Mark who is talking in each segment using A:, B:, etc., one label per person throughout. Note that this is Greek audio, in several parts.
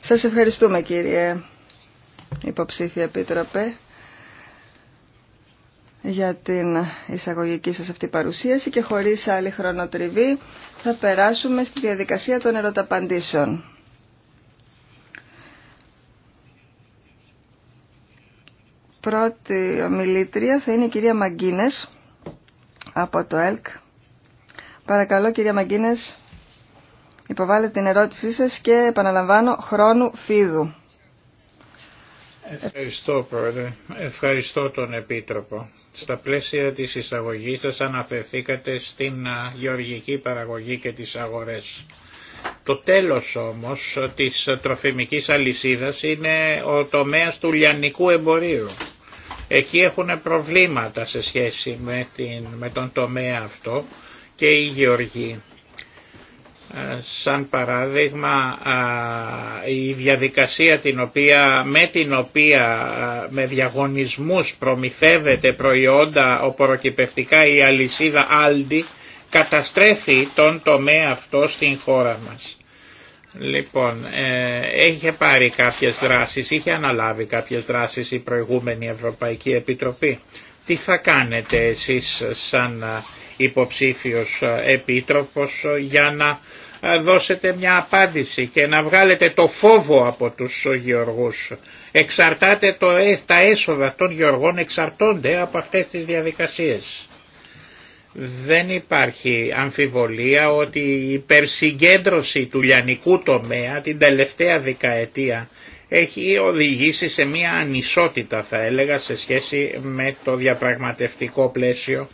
A: Σας ευχαριστούμε κύριε υποψήφια επίτροπε για την εισαγωγική σας αυτή παρουσίαση και χωρίς άλλη χρονοτριβή θα περάσουμε στη διαδικασία των ερωταπαντήσεων. Πρώτη ομιλήτρια θα είναι η κυρία Μαγκίνες από το ΕΛΚ. Παρακαλώ κυρία Μαγκίνες υποβάλλετε την ερώτησή σας και επαναλαμβάνω χρόνου φίδου.
B: Ευχαριστώ Πρόεδρε. Ευχαριστώ τον Επίτροπο. Στα πλαίσια της εισαγωγής σας αναφερθήκατε στην γεωργική παραγωγή και τις αγορές. Το τέλος όμως της τροφιμικής αλυσίδας είναι ο τομέας του λιανικού εμπορίου. Εκεί έχουν προβλήματα σε σχέση με, την, με τον τομέα αυτό και οι γεωργοί. Ε, σαν παράδειγμα η διαδικασία την οποία, με την οποία με διαγωνισμούς προμηθεύεται προϊόντα οποροκυπευτικά η αλυσίδα Aldi καταστρέφει τον τομέα αυτό στην χώρα μας. Λοιπόν, ε, είχε πάρει κάποιες δράσεις, είχε αναλάβει κάποιες δράσεις η προηγούμενη Ευρωπαϊκή Επιτροπή. Τι θα κάνετε εσείς σαν υποψήφιος ε, επίτροπος ε, για να ε, δώσετε μια απάντηση και να βγάλετε το φόβο από τους γεωργούς. Εξαρτάται το, τα έσοδα των γεωργών εξαρτώνται από αυτές τις διαδικασίες. Δεν υπάρχει αμφιβολία ότι η υπερσυγκέντρωση του λιανικού τομέα την τελευταία δεκαετία έχει οδηγήσει σε μια ανισότητα θα έλεγα σε σχέση με το διαπραγματευτικό πλαίσιο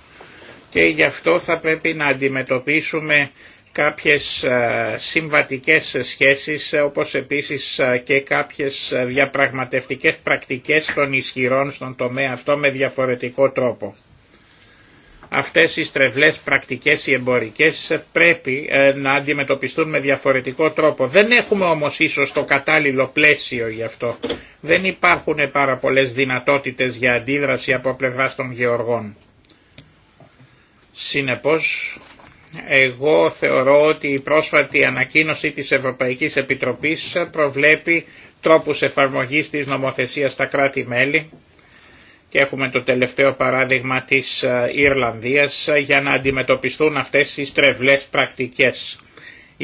B: και γι' αυτό θα πρέπει να αντιμετωπίσουμε κάποιες ε, συμβατικές σχέσεις όπως επίσης ε, και κάποιες διαπραγματευτικές πρακτικές των ισχυρών στον τομέα αυτό με διαφορετικό τρόπο. Αυτές οι στρεβλές πρακτικές οι εμπορικές πρέπει ε, να αντιμετωπιστούν με διαφορετικό τρόπο. Δεν έχουμε όμως ίσως το κατάλληλο πλαίσιο γι' αυτό. Δεν υπάρχουν πάρα πολλές δυνατότητες για αντίδραση από πλευρά των γεωργών. Συνεπώς, εγώ θεωρώ ότι η πρόσφατη ανακοίνωση της Ευρωπαϊκής Επιτροπής προβλέπει τρόπους εφαρμογής της νομοθεσίας στα κράτη-μέλη και έχουμε το τελευταίο παράδειγμα της ε, Ιρλανδίας ε, για να αντιμετωπιστούν αυτές οι στρεβλές πρακτικές.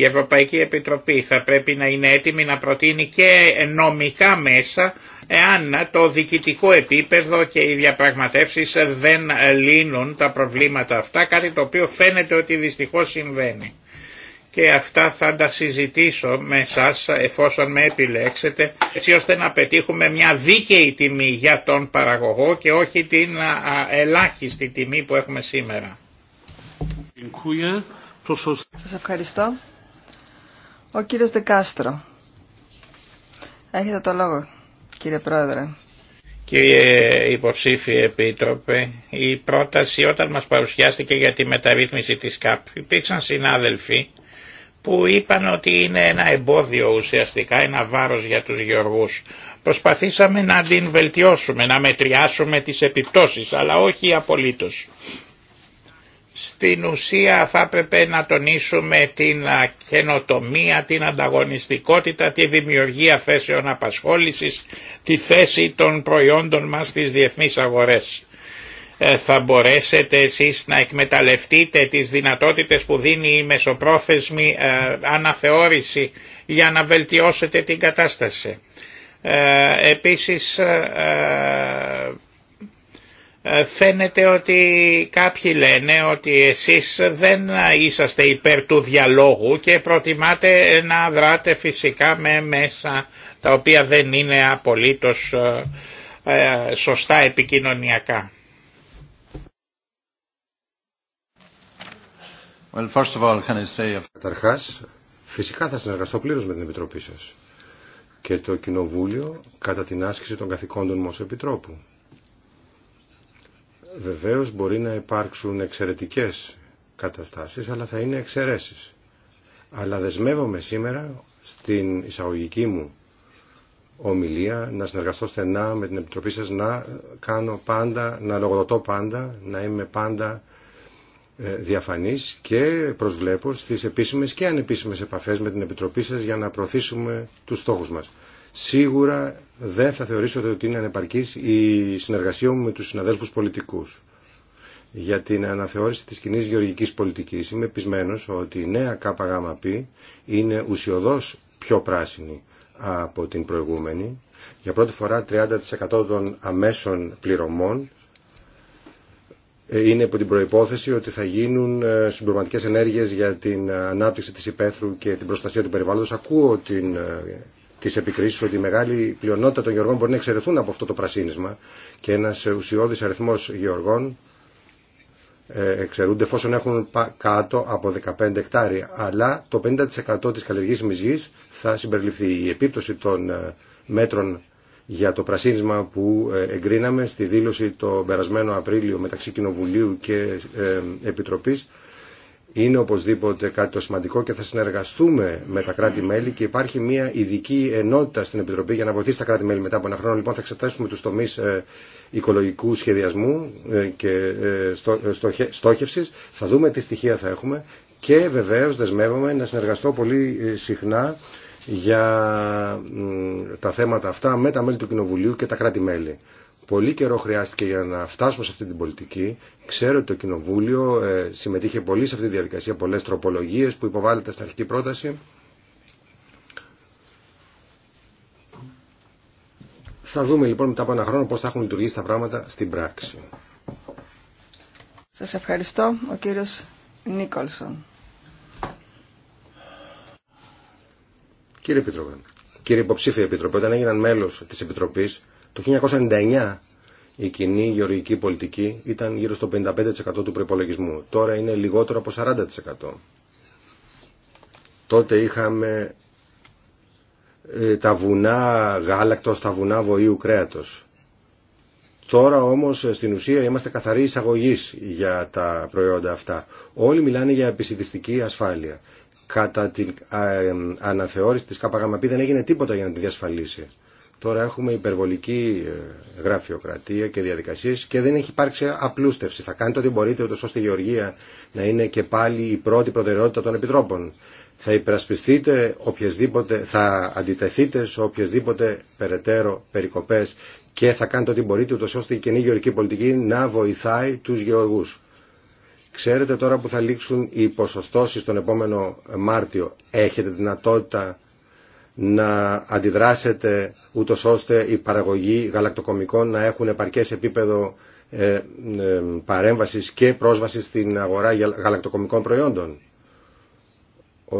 B: Η Ευρωπαϊκή Επιτροπή θα πρέπει να είναι έτοιμη να προτείνει και νομικά μέσα εάν το διοικητικό επίπεδο και οι διαπραγματεύσεις δεν λύνουν τα προβλήματα αυτά, κάτι το οποίο φαίνεται ότι δυστυχώς συμβαίνει. Και αυτά θα τα συζητήσω με σας εφόσον με επιλέξετε, έτσι ώστε να πετύχουμε μια δίκαιη τιμή για τον παραγωγό και όχι την ελάχιστη τιμή που έχουμε σήμερα.
A: Σας ευχαριστώ. Ο κύριος Δεκάστρο. Έχετε το λόγο, κύριε Πρόεδρε.
B: Κύριε Υποψήφιε Επίτροπε, η πρόταση όταν μας παρουσιάστηκε για τη μεταρρύθμιση της ΚΑΠ υπήρξαν συνάδελφοι που είπαν ότι είναι ένα εμπόδιο ουσιαστικά, ένα βάρος για τους γεωργούς. Προσπαθήσαμε να την βελτιώσουμε, να μετριάσουμε τις επιπτώσεις, αλλά όχι απολύτως. Στην ουσία θα έπρεπε να τονίσουμε την καινοτομία, την ανταγωνιστικότητα, τη δημιουργία θέσεων απασχόλησης, τη θέση των προϊόντων μας στις διεθνείς αγορές. Ε, θα μπορέσετε εσείς να εκμεταλλευτείτε τις δυνατότητες που δίνει η μεσοπρόθεσμη ε, αναθεώρηση για να βελτιώσετε την κατάσταση. Ε, επίσης ε, φαίνεται ότι κάποιοι λένε ότι εσείς δεν είσαστε υπέρ του διαλόγου και προτιμάτε να δράτε φυσικά με μέσα τα οποία δεν είναι απολύτως ε, ε, σωστά επικοινωνιακά.
C: Well, first of all, can I say... Καταρχάς, φυσικά θα συνεργαστώ πλήρως με την Επιτροπή σας και το Κοινοβούλιο κατά την άσκηση των καθηκόντων μου Επιτρόπου. Βεβαίως μπορεί να υπάρξουν εξαιρετικές καταστάσεις, αλλά θα είναι εξαιρέσεις. Αλλά δεσμεύομαι σήμερα στην εισαγωγική μου ομιλία, να συνεργαστώ στενά με την Επιτροπή σας, να κάνω πάντα, να λογοδοτώ πάντα, να είμαι πάντα ε, διαφανής και προσβλέπω στις επίσημες και ανεπίσημες επαφές με την Επιτροπή σας για να προωθήσουμε τους στόχους μας. Σίγουρα δεν θα θεωρήσω ότι είναι ανεπαρκής η συνεργασία μου με τους συναδέλφους πολιτικούς για την αναθεώρηση της κοινή γεωργικής πολιτικής. Είμαι πεισμένος ότι η νέα ΚΓΠ είναι ουσιοδός πιο πράσινη από την προηγούμενη. Για πρώτη φορά 30% των αμέσων πληρωμών είναι υπό την προϋπόθεση ότι θα γίνουν ε, συμπληρωματικές ενέργειες για την ε, ανάπτυξη της υπαίθρου και την προστασία του περιβάλλοντος. Ακούω την ε, τις επικρίσεις ότι η μεγάλη πλειονότητα των γεωργών μπορεί να εξαιρεθούν από αυτό το πρασίνισμα και ένας ουσιώδης αριθμός γεωργών ε, εξαιρούνται εφόσον έχουν κάτω από 15 εκτάρια. Αλλά το 50% της καλλιεργήσιμης γης θα συμπεριληφθεί. Η επίπτωση των ε, μέτρων για το πρασίνισμα που ε, εγκρίναμε στη δήλωση το περασμένο Απρίλιο μεταξύ Κοινοβουλίου και Επιτροπής είναι οπωσδήποτε κάτι το σημαντικό και θα συνεργαστούμε με τα κράτη-μέλη και υπάρχει μια ειδική ενότητα στην Επιτροπή για να βοηθήσει τα κράτη-μέλη μετά από ένα χρόνο. Λοιπόν, θα εξετάσουμε του τομεί ε, οικολογικού σχεδιασμού ε, και ε, στόχευση. Θα δούμε τι στοιχεία θα έχουμε και βεβαίω δεσμεύομαι να συνεργαστώ πολύ συχνά για τα θέματα αυτά με τα μέλη του Κοινοβουλίου και τα κράτη-μέλη. Πολύ καιρό χρειάστηκε για να φτάσουμε σε αυτή την πολιτική. Ξέρω ότι το Κοινοβούλιο ε, συμμετείχε πολύ σε αυτή τη διαδικασία, πολλές τροπολογίες που υποβάλλεται στην αρχική πρόταση. Θα δούμε λοιπόν μετά από ένα χρόνο πώς θα έχουν λειτουργήσει τα πράγματα στην πράξη.
A: Σας ευχαριστώ, ο κύριος Νίκολσον.
C: Κύριε Επίτροπε, κύριε υποψήφια Επίτροπε, όταν έγιναν μέλος της Επιτροπής, το 1999 η κοινή γεωργική πολιτική ήταν γύρω στο 55% του προπολογισμού. Τώρα είναι λιγότερο από 40%. Τότε είχαμε ε, τα βουνά γάλακτος, τα βουνά βοήου κρέατος. Τώρα όμως ε, στην ουσία είμαστε καθαροί εισαγωγή για τα προϊόντα αυτά. Όλοι μιλάνε για επισητιστική ασφάλεια. Κατά την ε, αναθεώρηση της ΚΑΠΑΓΑΜΑΠΗ δεν έγινε τίποτα για να τη διασφαλίσει. Τώρα έχουμε υπερβολική ε, γραφειοκρατία και διαδικασίες και δεν έχει υπάρξει απλούστευση. Θα κάνετε ό,τι μπορείτε ούτως ώστε η Γεωργία να είναι και πάλι η πρώτη προτεραιότητα των επιτρόπων. Θα υπερασπιστείτε οποιασδήποτε, θα αντιτεθείτε σε οποιασδήποτε περαιτέρω περικοπές και θα κάνετε ό,τι μπορείτε ούτως ώστε η καινή γεωργική πολιτική να βοηθάει τους γεωργούς. Ξέρετε τώρα που θα λήξουν οι ποσοστώσεις τον επόμενο Μάρτιο. Έχετε δυνατότητα να αντιδράσετε ούτως ώστε οι παραγωγοί γαλακτοκομικών να έχουν επαρκές επίπεδο ε, ε, παρέμβασης και πρόσβαση στην αγορά γαλακτοκομικών προϊόντων. Ο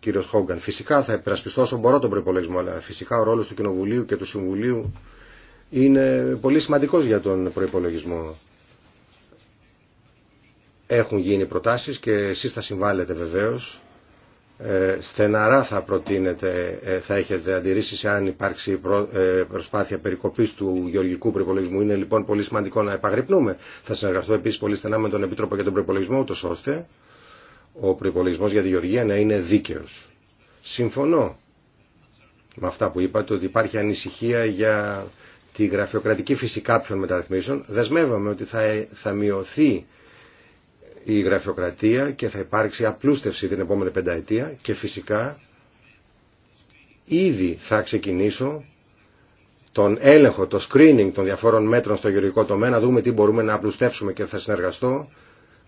C: κύριος Χόγκαν. Φυσικά θα επερασπιστώ όσο μπορώ τον προπολογισμό, αλλά φυσικά ο ρόλος του Κοινοβουλίου και του Συμβουλίου είναι πολύ σημαντικός για τον προπολογισμό. Έχουν γίνει προτάσεις και εσείς θα συμβάλλετε βεβαίως ε, στεναρά θα προτείνετε, ε, θα έχετε αντιρρήσεις αν υπάρξει ε, προσπάθεια περικοπής του γεωργικού προπολογισμού. Είναι λοιπόν πολύ σημαντικό να επαγρυπνούμε. Θα συνεργαστώ επίσης πολύ στενά με τον Επίτροπο για τον προπολογισμό, ούτως ώστε ο προπολογισμό για τη γεωργία να είναι δίκαιος. Συμφωνώ με αυτά που είπατε ότι υπάρχει ανησυχία για τη γραφειοκρατική φύση κάποιων μεταρρυθμίσεων. Δεσμεύομαι ότι θα, θα μειωθεί η γραφειοκρατία και θα υπάρξει απλούστευση την επόμενη πενταετία και φυσικά ήδη θα ξεκινήσω τον έλεγχο, το screening των διαφόρων μέτρων στο γεωργικό τομέα, να δούμε τι μπορούμε να απλουστεύσουμε και θα συνεργαστώ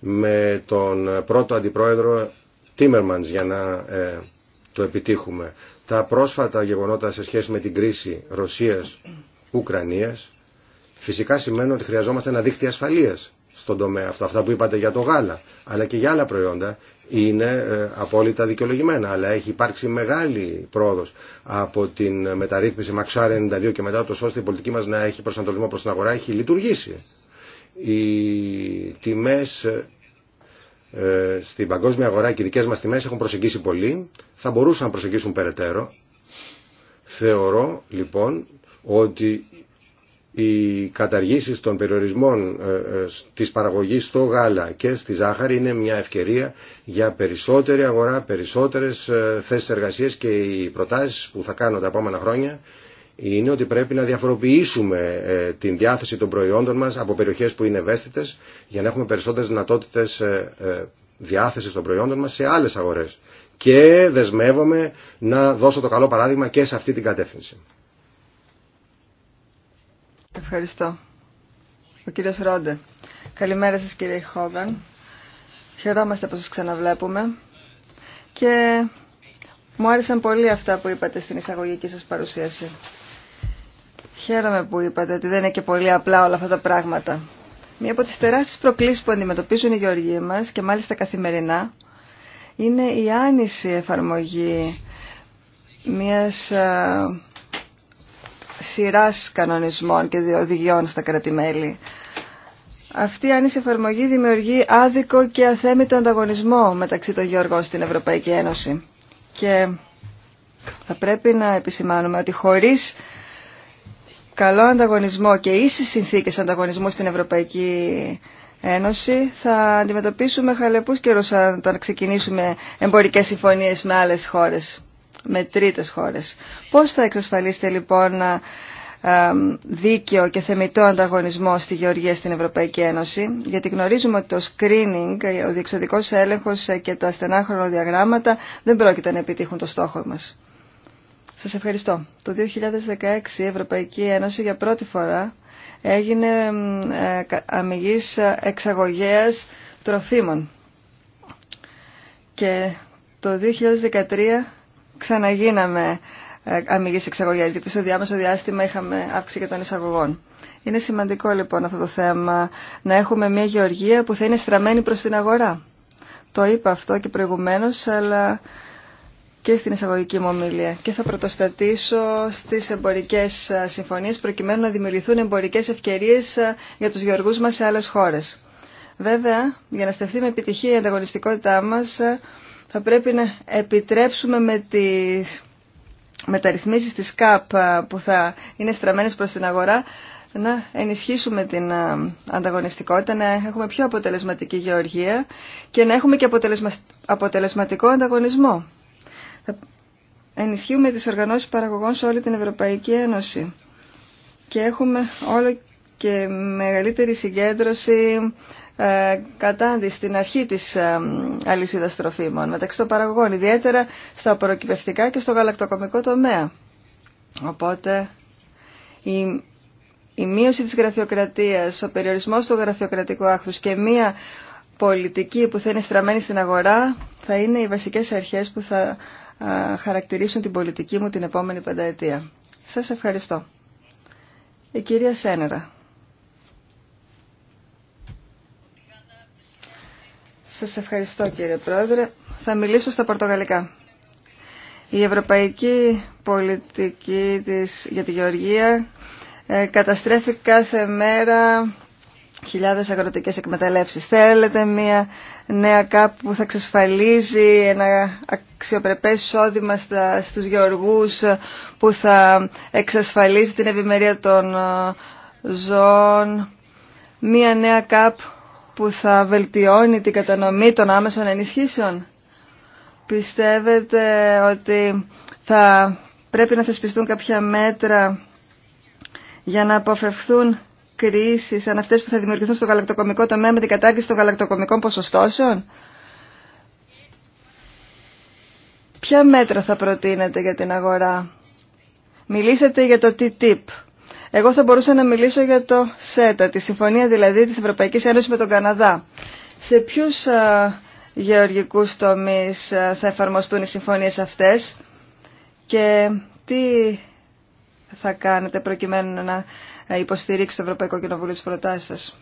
C: με τον πρώτο αντιπρόεδρο Τίμερμανς για να ε, το επιτύχουμε. Τα πρόσφατα γεγονότα σε σχέση με την κρίση Ρωσίας-Ουκρανίας φυσικά σημαίνουν ότι χρειαζόμαστε ένα δίχτυο ασφαλείας στον τομέα αυτό. Αυτά που είπατε για το γάλα, αλλά και για άλλα προϊόντα, είναι ε, απόλυτα δικαιολογημένα. Αλλά έχει υπάρξει μεγάλη πρόοδο από την μεταρρύθμιση Μαξάρ 92 και μετά, το ώστε η πολιτική μα να έχει προσανατολισμό προ την αγορά, έχει λειτουργήσει. Οι τιμέ ε, στην παγκόσμια αγορά και οι δικέ μα τιμέ έχουν προσεγγίσει πολύ. Θα μπορούσαν να προσεγγίσουν περαιτέρω. Θεωρώ λοιπόν ότι οι καταργήσεις των περιορισμών ε, ε, της παραγωγής στο γάλα και στη ζάχαρη είναι μια ευκαιρία για περισσότερη αγορά, περισσότερες ε, θέσεις εργασίας και οι προτάσεις που θα κάνω τα επόμενα χρόνια είναι ότι πρέπει να διαφοροποιήσουμε την διάθεση των προϊόντων μας από περιοχές που είναι ευαίσθητες για να έχουμε περισσότερες δυνατότητες διάθεσης των προϊόντων μας σε άλλες αγορές. Και δεσμεύομαι να δώσω το καλό παράδειγμα και σε αυτή την κατεύθυνση.
A: Ευχαριστώ. Ο κύριος Ρόντε. Καλημέρα σας κύριε Χόγκαν. Χαιρόμαστε που σας ξαναβλέπουμε. Και μου άρεσαν πολύ αυτά που είπατε στην εισαγωγική σας παρουσίαση. Χαίρομαι που είπατε ότι δεν είναι και πολύ απλά όλα αυτά τα πράγματα. Μία από τις τεράστιες προκλήσεις που αντιμετωπίζουν οι γεωργοί μας και μάλιστα καθημερινά είναι η άνηση εφαρμογή μιας ε, σειράς κανονισμών και οδηγιών στα κρατημέλη. Αυτή η άνηση εφαρμογή δημιουργεί άδικο και αθέμητο ανταγωνισμό μεταξύ των γεωργών στην Ευρωπαϊκή Ένωση. Και θα πρέπει να επισημάνουμε ότι χωρίς καλό ανταγωνισμό και ίσες συνθήκες ανταγωνισμού στην Ευρωπαϊκή Ένωση θα αντιμετωπίσουμε χαλεπούς καιρούς όταν ξεκινήσουμε εμπορικές συμφωνίες με άλλες χώρες με τρίτες χώρες. Πώς θα εξασφαλίσετε λοιπόν ε, ε, δίκαιο και θεμητό ανταγωνισμό στη Γεωργία στην Ευρωπαϊκή Ένωση, γιατί γνωρίζουμε ότι το screening, ο διεξοδικός έλεγχος και τα στενά χρονοδιαγράμματα δεν πρόκειται να επιτύχουν το στόχο μας. Σας ευχαριστώ. Το 2016 η Ευρωπαϊκή Ένωση για πρώτη φορά έγινε ε, αμυγής εξαγωγέας τροφίμων. Και το 2013 ξαναγίναμε ε, αμυγής εξαγωγές, γιατί στο διάμεσο διάστημα είχαμε αύξηση και των εισαγωγών. Είναι σημαντικό λοιπόν αυτό το θέμα να έχουμε μια γεωργία που θα είναι στραμμένη προς την αγορά. Το είπα αυτό και προηγουμένως, αλλά και στην εισαγωγική μου ομιλία. Και θα πρωτοστατήσω στις εμπορικές ε, συμφωνίες προκειμένου να δημιουργηθούν εμπορικές ευκαιρίες ε, για τους γεωργούς μας σε άλλες χώρες. Βέβαια, για να στεφθεί με επιτυχία η ανταγωνιστικότητά μας, θα πρέπει να επιτρέψουμε με τις μεταρρυθμίσεις της ΚΑΠ που θα είναι στραμμένες προς την αγορά να ενισχύσουμε την ανταγωνιστικότητα, να έχουμε πιο αποτελεσματική γεωργία και να έχουμε και αποτελεσματικό ανταγωνισμό. Θα ενισχύουμε τις οργανώσεις παραγωγών σε όλη την Ευρωπαϊκή Ένωση και έχουμε όλο και μεγαλύτερη συγκέντρωση ε, κατάντη στην αρχή της ε, αλυσίδας τροφίμων μεταξύ των παραγωγών, ιδιαίτερα στα προκυπευτικά και στο γαλακτοκομικό τομέα. Οπότε η, η μείωση της γραφειοκρατίας, ο περιορισμός του γραφειοκρατικού άχθους και μία πολιτική που θα είναι στραμμένη στην αγορά θα είναι οι βασικές αρχές που θα ε, χαρακτηρίσουν την πολιτική μου την επόμενη πενταετία. Σας ευχαριστώ. Η κυρία Σένερα. Σας ευχαριστώ κύριε Πρόεδρε. Θα μιλήσω στα πορτογαλικά. Η ευρωπαϊκή πολιτική της για τη Γεωργία ε, καταστρέφει κάθε μέρα χιλιάδες αγροτικές εκμεταλλεύσεις. Θέλετε μια νέα ΚΑΠ που θα εξασφαλίζει ένα αξιοπρεπές εισόδημα στα, στους γεωργούς που θα εξασφαλίζει την ευημερία των ε, ζώων. Μια νέα ΚΑΠ που θα βελτιώνει την κατανομή των άμεσων ενισχύσεων. Πιστεύετε ότι θα πρέπει να θεσπιστούν κάποια μέτρα για να αποφευχθούν κρίσεις σαν αυτές που θα δημιουργηθούν στο γαλακτοκομικό τομέα με την κατάργηση των γαλακτοκομικών ποσοστώσεων. Ποια μέτρα θα προτείνετε για την αγορά. Μιλήσατε για το TTIP εγώ θα μπορούσα να μιλήσω για το ΣΕΤΑ, τη συμφωνία δηλαδή της Ευρωπαϊκής Ένωσης με τον Καναδά. Σε ποιους γεωργικούς τομείς θα εφαρμοστούν οι συμφωνίες αυτές και τι θα κάνετε προκειμένου να υποστηρίξει το Ευρωπαϊκό Κοινοβούλιο τις προτάσεις σας.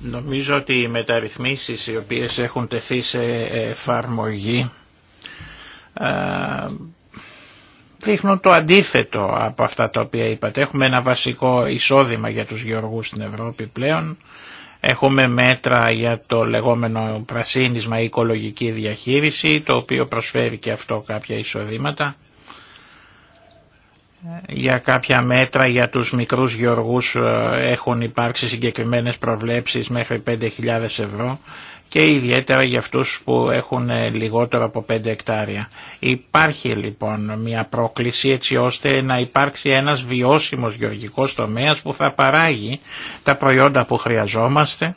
B: Νομίζω ότι οι μεταρρυθμίσεις οι οποίες έχουν τεθεί σε εφαρμογή δείχνουν το αντίθετο από αυτά τα οποία είπατε. Έχουμε ένα βασικό εισόδημα για τους γεωργούς στην Ευρώπη πλέον. Έχουμε μέτρα για το λεγόμενο πρασίνισμα οικολογική διαχείριση, το οποίο προσφέρει και αυτό κάποια εισοδήματα. Για κάποια μέτρα για τους μικρούς γεωργούς ε, έχουν υπάρξει συγκεκριμένες προβλέψεις μέχρι 5.000 ευρώ και ιδιαίτερα για αυτούς που έχουν ε, λιγότερο από 5 εκτάρια. Υπάρχει λοιπόν μια πρόκληση έτσι ώστε να υπάρξει ένας βιώσιμος γεωργικός τομέας που θα παράγει τα προϊόντα που χρειαζόμαστε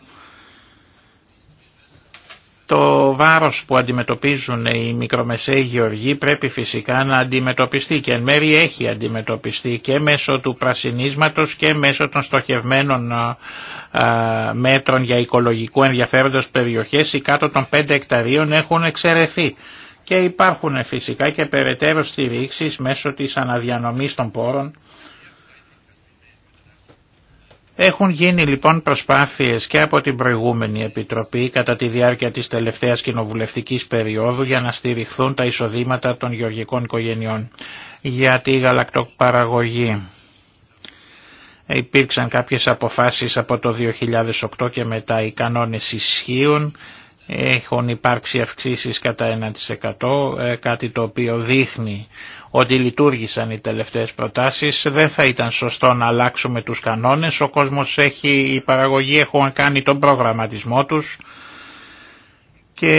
B: το βάρος που αντιμετωπίζουν οι μικρομεσαίοι γεωργοί πρέπει φυσικά να αντιμετωπιστεί και εν μέρει έχει αντιμετωπιστεί και μέσω του πρασινίσματος και μέσω των στοχευμένων μέτρων για οικολογικού ενδιαφέροντος περιοχές οι κάτω των 5 εκταρίων έχουν εξαιρεθεί και υπάρχουν φυσικά και περαιτέρω στηρίξεις μέσω της αναδιανομής των πόρων έχουν γίνει λοιπόν προσπάθειες και από την προηγούμενη Επιτροπή κατά τη διάρκεια της τελευταίας κοινοβουλευτικής περίοδου για να στηριχθούν τα εισοδήματα των γεωργικών οικογενειών για τη γαλακτοπαραγωγή. Υπήρξαν κάποιες αποφάσεις από το 2008 και μετά οι κανόνες ισχύουν, έχουν υπάρξει αυξήσεις κατά 1%, ε, κάτι το οποίο δείχνει ότι λειτουργήσαν οι τελευταίες προτάσεις. Δεν θα ήταν σωστό να αλλάξουμε τους κανόνες. Ο κόσμος έχει, οι παραγωγοί έχουν κάνει τον προγραμματισμό τους και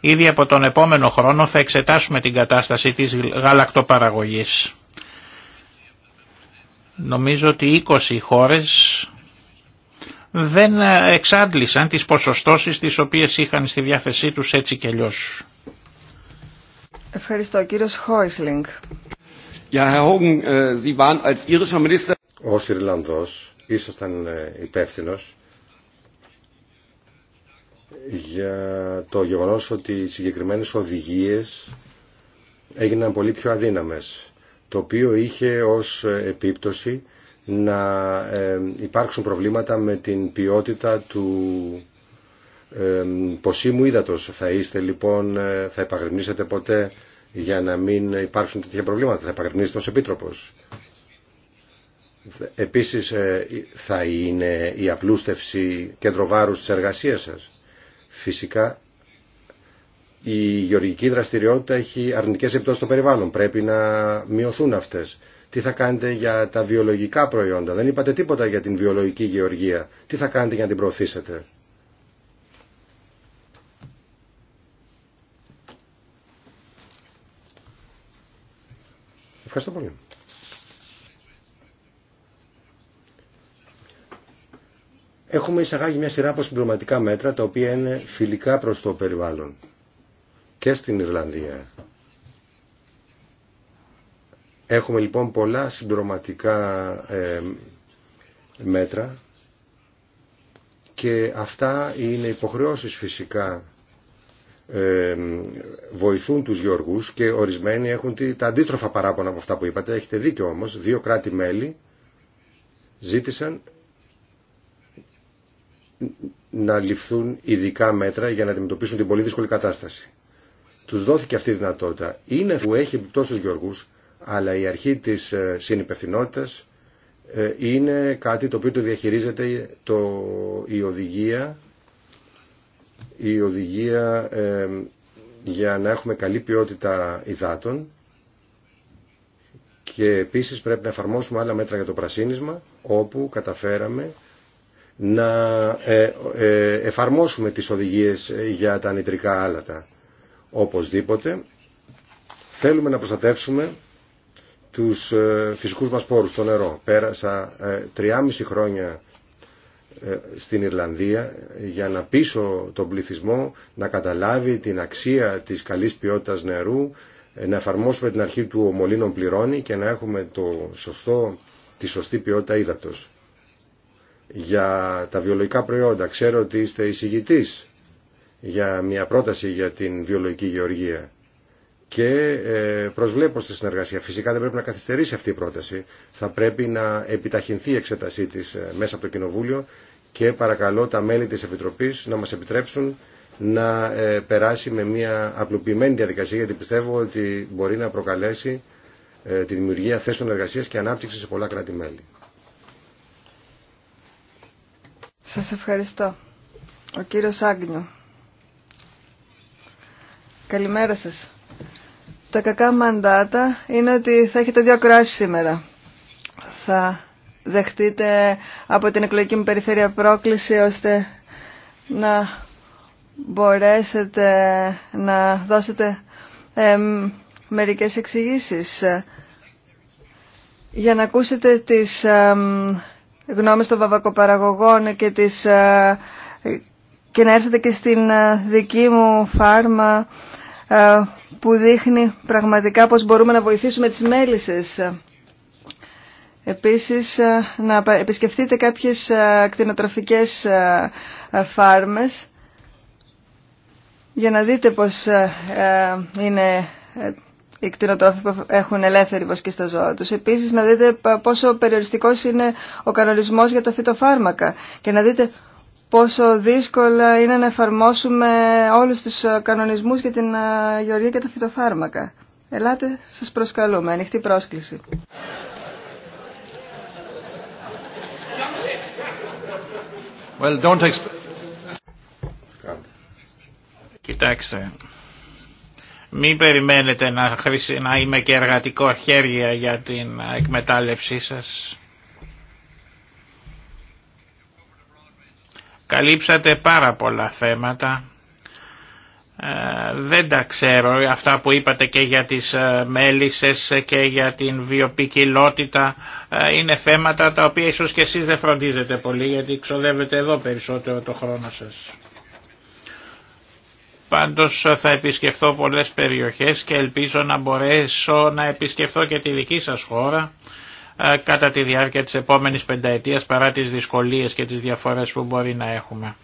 B: ήδη από τον επόμενο χρόνο θα εξετάσουμε την κατάσταση της γαλακτοπαραγωγής. Νομίζω ότι 20 χώρες δεν εξάντλησαν τις ποσοστώσεις τις οποίες είχαν στη διάθεσή τους έτσι και αλλιώς.
A: Ευχαριστώ. Κύριο Χόισλινγκ.
B: Äh, ως
C: Ιρλανδός ήσασταν ε, υπεύθυνο για το γεγονός ότι οι συγκεκριμένες οδηγίες έγιναν πολύ πιο αδύναμες το οποίο είχε ως επίπτωση να ε, υπάρξουν προβλήματα με την ποιότητα του ποσίμου ύδατος. Θα είστε λοιπόν, ε, θα επαγρυπνήσετε ποτέ για να μην υπάρξουν τέτοια προβλήματα. Θα επαγρυπνήσετε ως Επίτροπος. Επίσης ε, θα είναι η απλούστευση κέντρο βάρους της εργασίας σας. Φυσικά η γεωργική δραστηριότητα έχει αρνητικές επιπτώσεις στο περιβάλλον. Πρέπει να μειωθούν αυτές. Τι θα κάνετε για τα βιολογικά προϊόντα. Δεν είπατε τίποτα για την βιολογική γεωργία. Τι θα κάνετε για να την προωθήσετε. Ευχαριστώ πολύ. Έχουμε εισαγάγει μια σειρά από συμπληρωματικά μέτρα τα οποία είναι φιλικά προς το περιβάλλον και στην Ιρλανδία. Έχουμε λοιπόν πολλά συμπληρωματικά ε, μέτρα και αυτά είναι υποχρεώσεις φυσικά βοηθούν τους γεωργούς και ορισμένοι έχουν τα αντίστροφα παράπονα από αυτά που είπατε. Έχετε δίκιο όμως, δύο κράτη-μέλη ζήτησαν να ληφθούν ειδικά μέτρα για να αντιμετωπίσουν την πολύ δύσκολη κατάσταση. Τους δόθηκε αυτή η δυνατότητα. Είναι που έχει επιπτώσεις γεωργούς, αλλά η αρχή της ε, συνυπευθυνότητας ε, είναι κάτι το οποίο το διαχειρίζεται το, η οδηγία η οδηγία για να έχουμε καλή ποιότητα υδάτων και επίσης πρέπει να εφαρμόσουμε άλλα μέτρα για το πρασίνισμα όπου καταφέραμε να ε, ε, εφαρμόσουμε τις οδηγίες για τα νητρικά άλατα. Οπωσδήποτε θέλουμε να προστατεύσουμε τους ε, φυσικούς μας πόρους, το νερό. Πέρασα 3,5 χρόνια ε, στην Ιρλανδία για να πίσω τον πληθυσμό να καταλάβει την αξία της καλής ποιότητας νερού, ε, να εφαρμόσουμε την αρχή του ομολύνων πληρώνει και να έχουμε το σωστό, τη σωστή ποιότητα ύδατος. Για τα βιολογικά προϊόντα, ξέρω ότι είστε εισηγητής για μια πρόταση για την βιολογική γεωργία και ε, προσβλέπω στη συνεργασία. Φυσικά δεν πρέπει να καθυστερήσει αυτή η πρόταση. Θα πρέπει να επιταχυνθεί η εξέτασή της ε, μέσα από το Κοινοβούλιο και παρακαλώ τα μέλη της Επιτροπής να μας επιτρέψουν να ε, περάσει με μια απλοποιημένη διαδικασία γιατί πιστεύω ότι μπορεί να προκαλέσει τη δημιουργία θέσεων εργασίας και ανάπτυξη σε πολλά κράτη-μέλη.
A: Σας ευχαριστώ. Ο κύριος Άγγινου. Καλημέρα σας τα κακά μαντάτα είναι ότι θα έχετε δύο κράσει σήμερα. Θα δεχτείτε από την εκλογική μου περιφέρεια πρόκληση ώστε να μπορέσετε να δώσετε ε, μερικές εξηγήσεις για να ακούσετε τις ε, γνώμες των βαβακοπαραγωγών και, τις, ε, και να έρθετε και στην ε, δική μου φάρμα ε, που δείχνει πραγματικά πώς μπορούμε να βοηθήσουμε τις μέλισσες. Επίσης, ε, να επισκεφτείτε κάποιες ε, κτηνοτροφικές ε, φάρμες για να δείτε πώς είναι οι κτηνοτρόφοι που έχουν ελεύθερη βοσκή στα ζώα τους. Επίσης να δείτε πόσο περιοριστικός είναι ο κανονισμός για τα φυτοφάρμακα και να δείτε πόσο δύσκολα είναι να εφαρμόσουμε όλους τους ε, κανονισμούς για την ε, γεωργία και τα φυτοφάρμακα. Ελάτε, σας προσκαλούμε. Ανοιχτή πρόσκληση.
B: Well, don't Κοιτάξτε, μην περιμένετε να, να είμαι και εργατικό χέρια για την ε, εκμετάλλευσή σας. Καλύψατε πάρα πολλά θέματα. Ε, δεν τα ξέρω αυτά που είπατε και για τις ε, μέλισσες και για την βιοπικιλότητα ε, είναι θέματα τα οποία ίσως και εσείς δεν φροντίζετε πολύ γιατί ξοδεύετε εδώ περισσότερο το χρόνο σας. Πάντως θα επισκεφθώ πολλές περιοχές και ελπίζω να μπορέσω να επισκεφθώ και τη δική σας χώρα ε, κατά τη διάρκεια της επόμενης πενταετίας παρά τις δυσκολίες και τις διαφορές που μπορεί να έχουμε.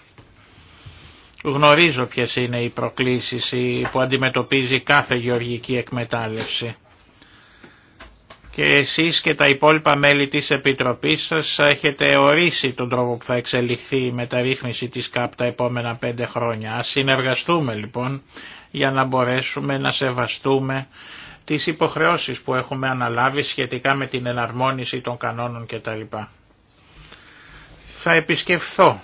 B: Γνωρίζω ποιες είναι οι προκλήσεις που αντιμετωπίζει κάθε γεωργική εκμετάλλευση. Και εσείς και τα υπόλοιπα μέλη της Επιτροπής σας έχετε ορίσει τον τρόπο που θα εξελιχθεί η μεταρρύθμιση της ΚΑΠ τα επόμενα πέντε χρόνια. Ας συνεργαστούμε λοιπόν για να μπορέσουμε να σεβαστούμε τις υποχρεώσεις που έχουμε αναλάβει σχετικά με την εναρμόνιση των κανόνων κτλ. Θα επισκεφθώ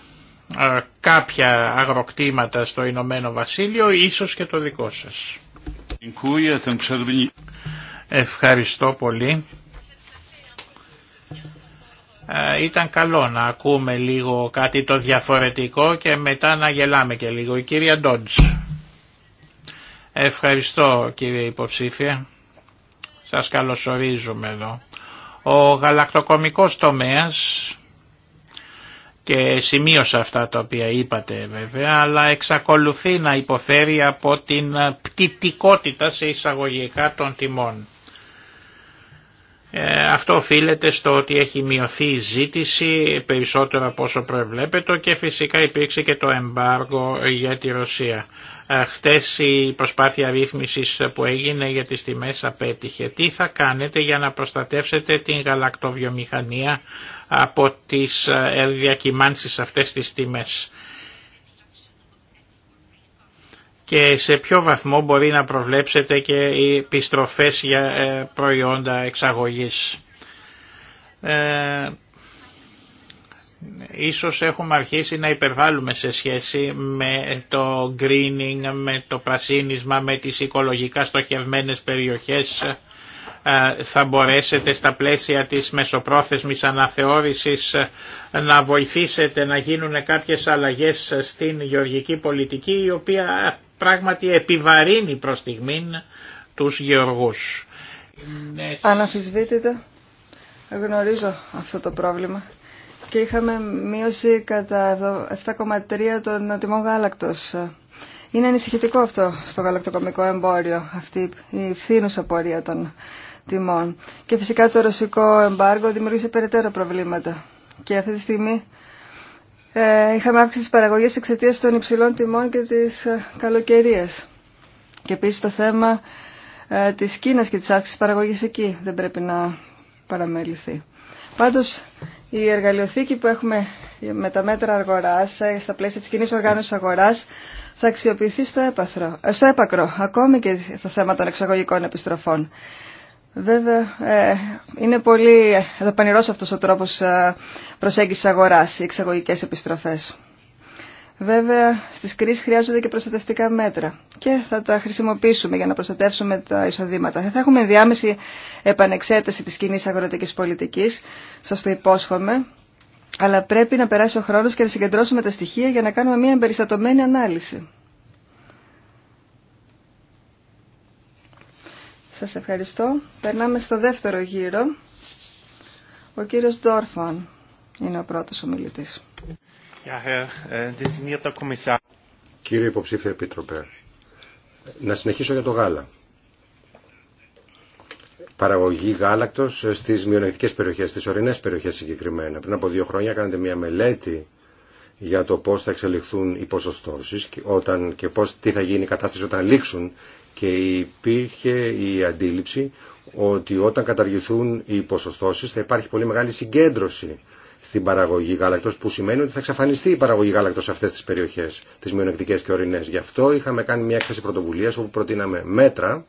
B: ε, κάποια αγροκτήματα στο Ηνωμένο Βασίλειο, ίσως και το δικό σας. Ευχαριστώ πολύ. Ε, ήταν καλό να ακούμε λίγο κάτι το διαφορετικό και μετά να γελάμε και λίγο. Η κυρία Ντότζ. Ευχαριστώ κύριε υποψήφια. Σας καλωσορίζουμε εδώ. Ο γαλακτοκομικός τομέας και σημείωσα αυτά τα οποία είπατε βέβαια, αλλά εξακολουθεί να υποφέρει από την πτυτικότητα σε εισαγωγικά των τιμών. Ε, αυτό οφείλεται στο ότι έχει μειωθεί η ζήτηση περισσότερο από όσο προβλέπετο και φυσικά υπήρξε και το εμπάργο για τη Ρωσία. Ε, χτες η προσπάθεια ρύθμισης που έγινε για τις τιμές απέτυχε. Τι θα κάνετε για να προστατεύσετε την γαλακτοβιομηχανία από τις ε, διακυμάνσει αυτές τις τιμές. Και σε ποιο βαθμό μπορεί να προβλέψετε και οι επιστροφές για ε, προϊόντα εξαγωγής ίσως έχουμε αρχίσει να υπερβάλλουμε σε σχέση με το greening, με το πρασίνισμα, με τις οικολογικά στοχευμένες περιοχές. Ε, θα μπορέσετε στα πλαίσια της μεσοπρόθεσμης αναθεώρησης ε, να βοηθήσετε να γίνουν κάποιες αλλαγές στην γεωργική πολιτική η οποία πράγματι επιβαρύνει προς στιγμήν τους γεωργούς.
A: Αναφυσβήτητα γνωρίζω αυτό το πρόβλημα και είχαμε μείωση κατά 7,3 των τιμών γάλακτος. Είναι ανησυχητικό αυτό στο γαλακτοκομικό εμπόριο, αυτή η φθήνουσα πορεία των τιμών. Και φυσικά το ρωσικό εμπάργο δημιούργησε περαιτέρω προβλήματα. Και αυτή τη στιγμή ε, είχαμε αύξηση της παραγωγής εξαιτία των υψηλών τιμών και της ε, καλοκαιρίας. Και επίση το θέμα ε, της Κίνας και της αύξησης παραγωγής εκεί δεν πρέπει να παραμεληθεί. Πάντως η εργαλειοθήκη που έχουμε με τα μέτρα αγοράς, ε, στα πλαίσια της κοινή οργάνωσης αγοράς, θα αξιοποιηθεί στο, έπαθρο, ε, στο έπακρο, ακόμη και το θέμα των εξαγωγικών επιστροφών. Βέβαια, ε, είναι πολύ δαπανηρός αυτός ο τρόπος προσέγγισης αγοράς, οι εξαγωγικές επιστροφές. Βέβαια, στις κρίσεις χρειάζονται και προστατευτικά μέτρα και θα τα χρησιμοποιήσουμε για να προστατεύσουμε τα εισοδήματα. Θα έχουμε διάμεση επανεξέταση της κοινή αγροτικής πολιτικής, σας το υπόσχομαι, αλλά πρέπει να περάσει ο χρόνος και να συγκεντρώσουμε τα στοιχεία για να κάνουμε μια εμπεριστατωμένη ανάλυση. Σας ευχαριστώ. Περνάμε στο δεύτερο γύρο. Ο κύριος Ντόρφαν είναι ο πρώτος ομιλητής.
B: Äh,
C: Κύριε υποψήφιοι επίτροπε,
A: να συνεχίσω για το
C: γάλα. Παραγωγή γάλακτος στις μειονεκτικές περιοχές, στις ορεινές περιοχές συγκεκριμένα. Πριν από δύο χρόνια κάνετε μια μελέτη για το πώς θα εξελιχθούν οι ποσοστώσεις όταν, και πώς, τι θα γίνει η κατάσταση όταν λήξουν και υπήρχε η αντίληψη ότι όταν καταργηθούν οι ποσοστώσεις θα υπάρχει πολύ μεγάλη συγκέντρωση στην παραγωγή γάλακτο που σημαίνει ότι θα εξαφανιστεί η παραγωγή γάλακτο σε αυτέ τι περιοχέ, τι μειονεκτικές και ορεινέ. Γι' αυτό είχαμε κάνει μια έκθεση πρωτοβουλία όπου προτείναμε μέτρα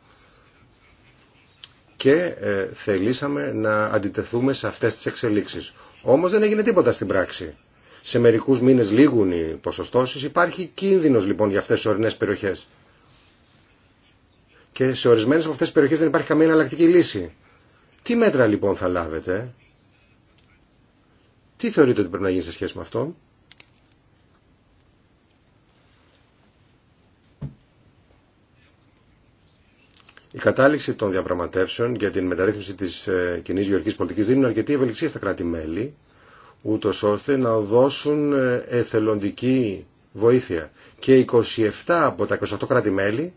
C: και ε, θελήσαμε να αντιτεθούμε σε αυτέ τι εξελίξει. Όμω δεν έγινε τίποτα στην πράξη. Σε μερικού μήνε λήγουν οι ποσοστώσει. Υπάρχει κίνδυνο λοιπόν για αυτέ τι ορεινές περιοχέ. Και σε ορισμένε από αυτές τι περιοχές δεν υπάρχει καμία εναλλακτική λύση. Τι μέτρα λοιπόν θα λάβετε τι θεωρείτε ότι πρέπει να γίνει σε σχέση με αυτό. Η κατάληξη των διαπραγματεύσεων για την μεταρρύθμιση της ε, κοινή γεωργικής πολιτικής δίνουν αρκετή ευελιξία στα κράτη-μέλη, ούτως ώστε να δώσουν ε, εθελοντική βοήθεια. Και 27 από τα 28 κράτη-μέλη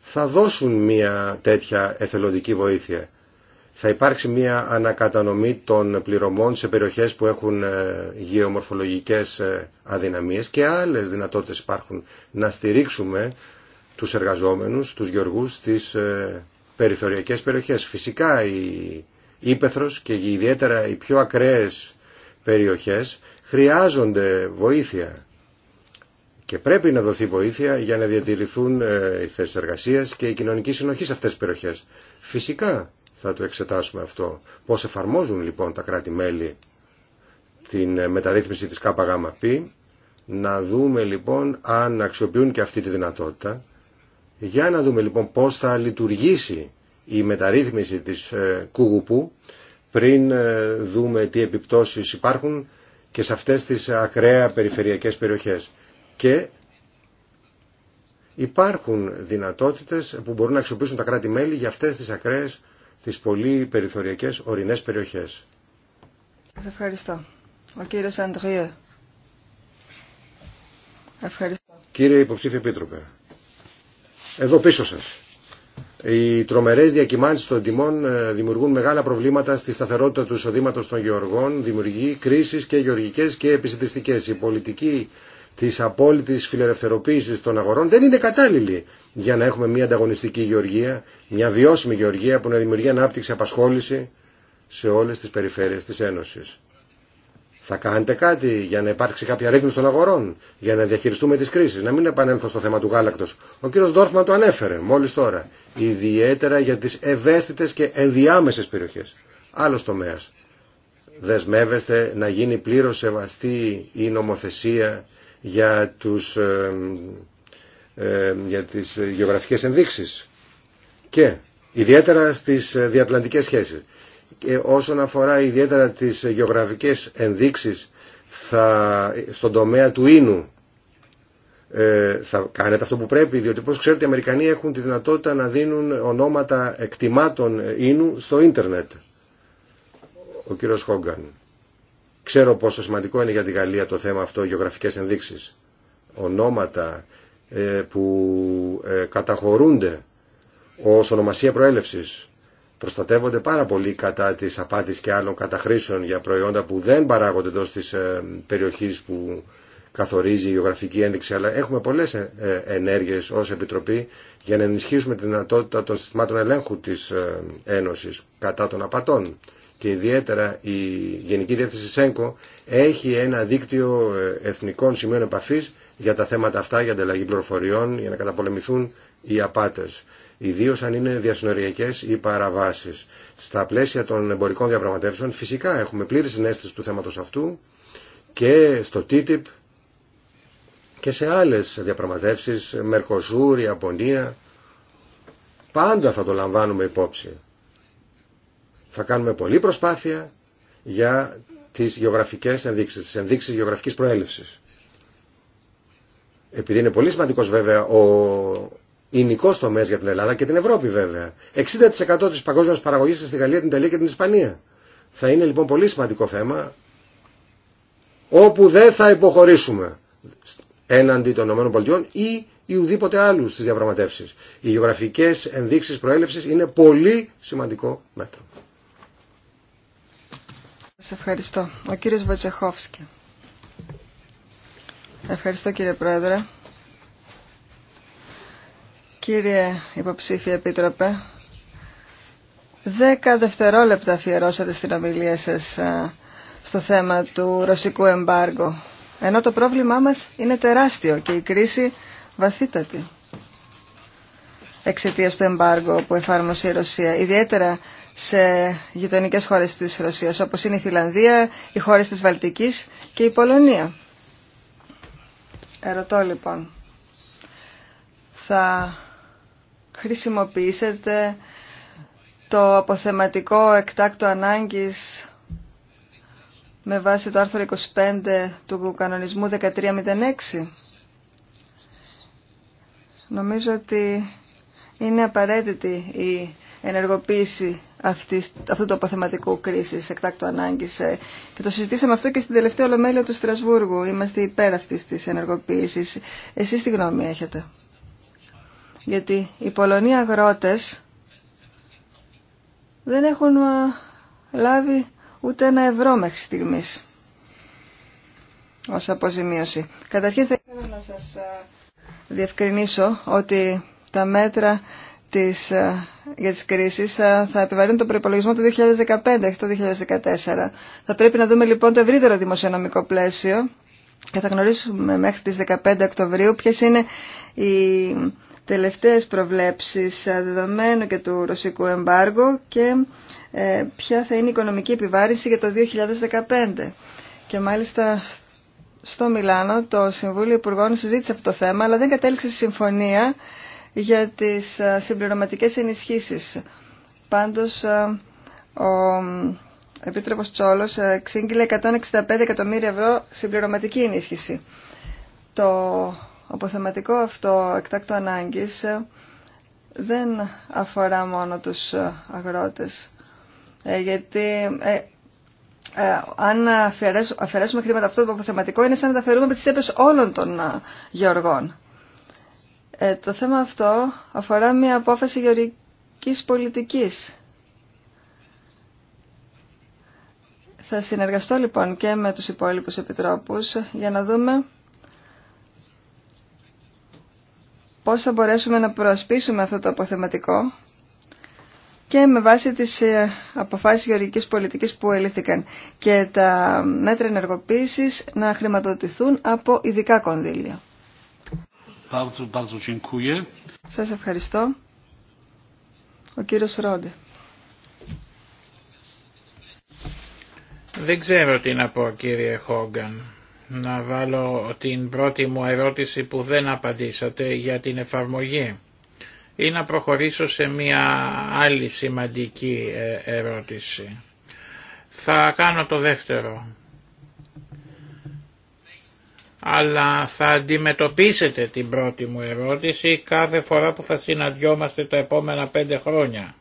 C: θα δώσουν μια τέτοια εθελοντική βοήθεια θα υπάρξει μια ανακατανομή των πληρωμών σε περιοχές που έχουν ε, γεωμορφολογικές ε, αδυναμίες και άλλες δυνατότητες υπάρχουν να στηρίξουμε τους εργαζόμενους, τους γεωργούς στις ε, περιθωριακές περιοχές. Φυσικά η Ήπεθρος και ιδιαίτερα οι πιο ακραίες περιοχές χρειάζονται βοήθεια και πρέπει να δοθεί βοήθεια για να διατηρηθούν οι θέσεις εργασίας και η κοινωνική συνοχή σε αυτές τις περιοχές. Φυσικά θα το εξετάσουμε αυτό. Πώς εφαρμόζουν λοιπόν τα κράτη-μέλη την ε, μεταρρύθμιση της ΚΚΠ, Να δούμε λοιπόν αν αξιοποιούν και αυτή τη δυνατότητα. Για να δούμε λοιπόν πώς θα λειτουργήσει η μεταρρύθμιση της ε, Κουγουπού πριν ε, δούμε τι επιπτώσεις υπάρχουν και σε αυτές τις ακραία περιφερειακές περιοχές. Και υπάρχουν δυνατότητες που μπορούν να αξιοποιήσουν τα κράτη-μέλη για αυτές τις ακραίες τις πολύ περιθωριακές ορεινές περιοχές.
A: Σας ευχαριστώ. Ο κύριος Αντρίε. Ευχαριστώ.
C: Κύριε Υποψήφιε Επίτροπε, εδώ πίσω σας. Οι τρομερές διακυμάνσεις των τιμών ε, δημιουργούν μεγάλα προβλήματα στη σταθερότητα του εισοδήματο των γεωργών, δημιουργεί κρίσεις και γεωργικές και επισητιστικές. Η πολιτική της απόλυτης φιλελευθερωποίησης των αγορών δεν είναι κατάλληλη για να έχουμε μια ανταγωνιστική γεωργία, μια βιώσιμη γεωργία που να δημιουργεί ανάπτυξη, απασχόληση σε όλες τις περιφέρειες της Ένωσης. Θα κάνετε κάτι για να υπάρξει κάποια ρύθμιση των αγορών, για να διαχειριστούμε τις κρίσεις, να μην επανέλθω στο θέμα του γάλακτος. Ο κύριος Ντόρφμα το ανέφερε μόλις τώρα, ιδιαίτερα για τις ευαίσθητες και ενδιάμεσες περιοχές. Άλλο τομέα. Δεσμεύεστε να γίνει πλήρω σεβαστή η νομοθεσία για, τους, ε, ε, για τις γεωγραφικές ενδείξεις και ιδιαίτερα στις διατλαντικές σχέσεις. Και όσον αφορά ιδιαίτερα τις γεωγραφικές ενδείξεις θα, στον τομέα του ίνου ε, θα κάνετε αυτό που πρέπει, διότι όπως ξέρετε οι Αμερικανοί έχουν τη δυνατότητα να δίνουν ονόματα εκτιμάτων ίνου στο ίντερνετ. Ο κύριος Χόγκαν. Ξέρω πόσο σημαντικό είναι για τη Γαλλία το θέμα αυτό, γεωγραφικές ενδείξεις. Ονόματα ε, που ε, καταχωρούνται ως ονομασία προέλευσης προστατεύονται πάρα πολύ κατά της απάτης και άλλων καταχρήσεων για προϊόντα που δεν παράγονται εντός της ε, περιοχής που καθορίζει η γεωγραφική ένδειξη, αλλά έχουμε πολλές ενέργειες ως Επιτροπή για να ενισχύσουμε τη δυνατότητα των συστημάτων ελέγχου της Ένωσης κατά των απατών και ιδιαίτερα η Γενική Διεύθυνση ΣΕΝΚΟ έχει ένα δίκτυο ε, εθνικών σημείων επαφής για τα θέματα αυτά, για ανταλλαγή πληροφοριών, για να καταπολεμηθούν οι απάτες. Ιδίως αν είναι διασυνοριακές ή παραβάσεις. Στα πλαίσια των εμπορικών διαπραγματεύσεων φυσικά έχουμε πλήρη συνέστηση του θέματος αυτού και στο TTIP και σε άλλες διαπραγματεύσεις, Μερκοζούρ, Ιαπωνία, πάντα θα το λαμβάνουμε υπόψη. Θα κάνουμε πολλή προσπάθεια για τις γεωγραφικές ενδείξεις, τις ενδείξεις γεωγραφικής προέλευσης. Επειδή είναι πολύ σημαντικό βέβαια ο εινικός τομέα για την Ελλάδα και την Ευρώπη βέβαια. 60% της παγκόσμιας παραγωγής στη Γαλλία, την Ιταλία και την Ισπανία. Θα είναι λοιπόν πολύ σημαντικό θέμα όπου δεν θα υποχωρήσουμε έναντι των ΗΠΑ ή ή ουδήποτε άλλου στις διαπραγματεύσεις. Οι γεωγραφικές ενδείξεις προέλευσης είναι πολύ σημαντικό μέτρο.
A: Σας ευχαριστώ. Ο κύριος Βοτσεχόφσκι. Ευχαριστώ κύριε Πρόεδρε. Κύριε Υποψήφια Επίτροπε, δέκα δευτερόλεπτα αφιερώσατε στην ομιλία σας στο θέμα του ρωσικού εμπάργου. Ενώ το πρόβλημά μας είναι τεράστιο και η κρίση βαθύτατη εξαιτία του εμπάργου που εφάρμοσε η Ρωσία. Ιδιαίτερα σε γειτονικέ χώρε τη Ρωσία, όπω είναι η Φιλανδία, οι χώρε τη Βαλτική και η Πολωνία. Ερωτώ λοιπόν, θα χρησιμοποιήσετε το αποθεματικό εκτάκτο ανάγκης με βάση το άρθρο 25 του κανονισμού 1306. Νομίζω ότι είναι απαραίτητη η ενεργοποίηση αυτού του αποθεματικού κρίση εκτάκτου ανάγκη. Ε, και το συζητήσαμε αυτό και στην τελευταία ολομέλεια του Στρασβούργου. Είμαστε υπέρ αυτή τη ενεργοποίηση. Εσεί τι γνώμη έχετε. Γιατί οι Πολωνοί αγρότε δεν έχουν ε, λάβει ούτε ένα ευρώ μέχρι στιγμής ως αποζημίωση. Καταρχήν θα ήθελα να σας ε, διευκρινίσω ότι τα μέτρα ε, για τις κρίσεις ε, θα επιβαρύνει τον προϋπολογισμό του 2015, όχι το 2014. Θα πρέπει να δούμε λοιπόν το ευρύτερο δημοσιονομικό πλαίσιο και θα γνωρίσουμε μέχρι τις 15 Οκτωβρίου ποιες είναι οι τελευταίες προβλέψεις ε, δεδομένου και του ρωσικού εμπάργου και ποια θα είναι η οικονομική επιβάρηση για το 2015. Και μάλιστα στο Μιλάνο το Συμβούλιο Υπουργών συζήτησε αυτό το θέμα αλλά δεν κατέληξε συμφωνία για τις ε, συμπληρωματικές ενισχύσεις. Πάντως, ε, ο Επίτροπος Τσόλος ε, εξήγηλε 165 εκατομμύρια ευρώ συμπληρωματική ενίσχυση. Το αποθεματικό αυτό εκτάκτο ανάγκης δεν αφορά μόνο τους αγρότες, γιατί αν αφαιρέσουμε χρήματα αυτό το αποθεματικό είναι σαν να τα αφαιρούμε από τις όλων των γεωργών. Ε, το θέμα αυτό αφορά μια απόφαση γεωργικής πολιτικής. Θα συνεργαστώ λοιπόν και με τους υπόλοιπους επιτρόπους για να δούμε πώς θα μπορέσουμε να προασπίσουμε αυτό το αποθεματικό και με βάση τις ε, αποφάσεις γεωργικής πολιτικής που ελήθηκαν και τα μέτρα ενεργοποίησης να χρηματοδοτηθούν από ειδικά κονδύλια.
D: Bardzo, bardzo dziękuję.
A: Σας ευχαριστώ. Ο κύριος Ρόντε.
B: Δεν ξέρω τι να πω κύριε Χόγκαν. Να βάλω την πρώτη μου ερώτηση που δεν απαντήσατε για την εφαρμογή ή να προχωρήσω σε μια άλλη σημαντική ε, ερώτηση. Θα κάνω το δεύτερο αλλά θα αντιμετωπίσετε την πρώτη μου ερώτηση κάθε φορά που θα συναντιόμαστε τα επόμενα πέντε χρόνια.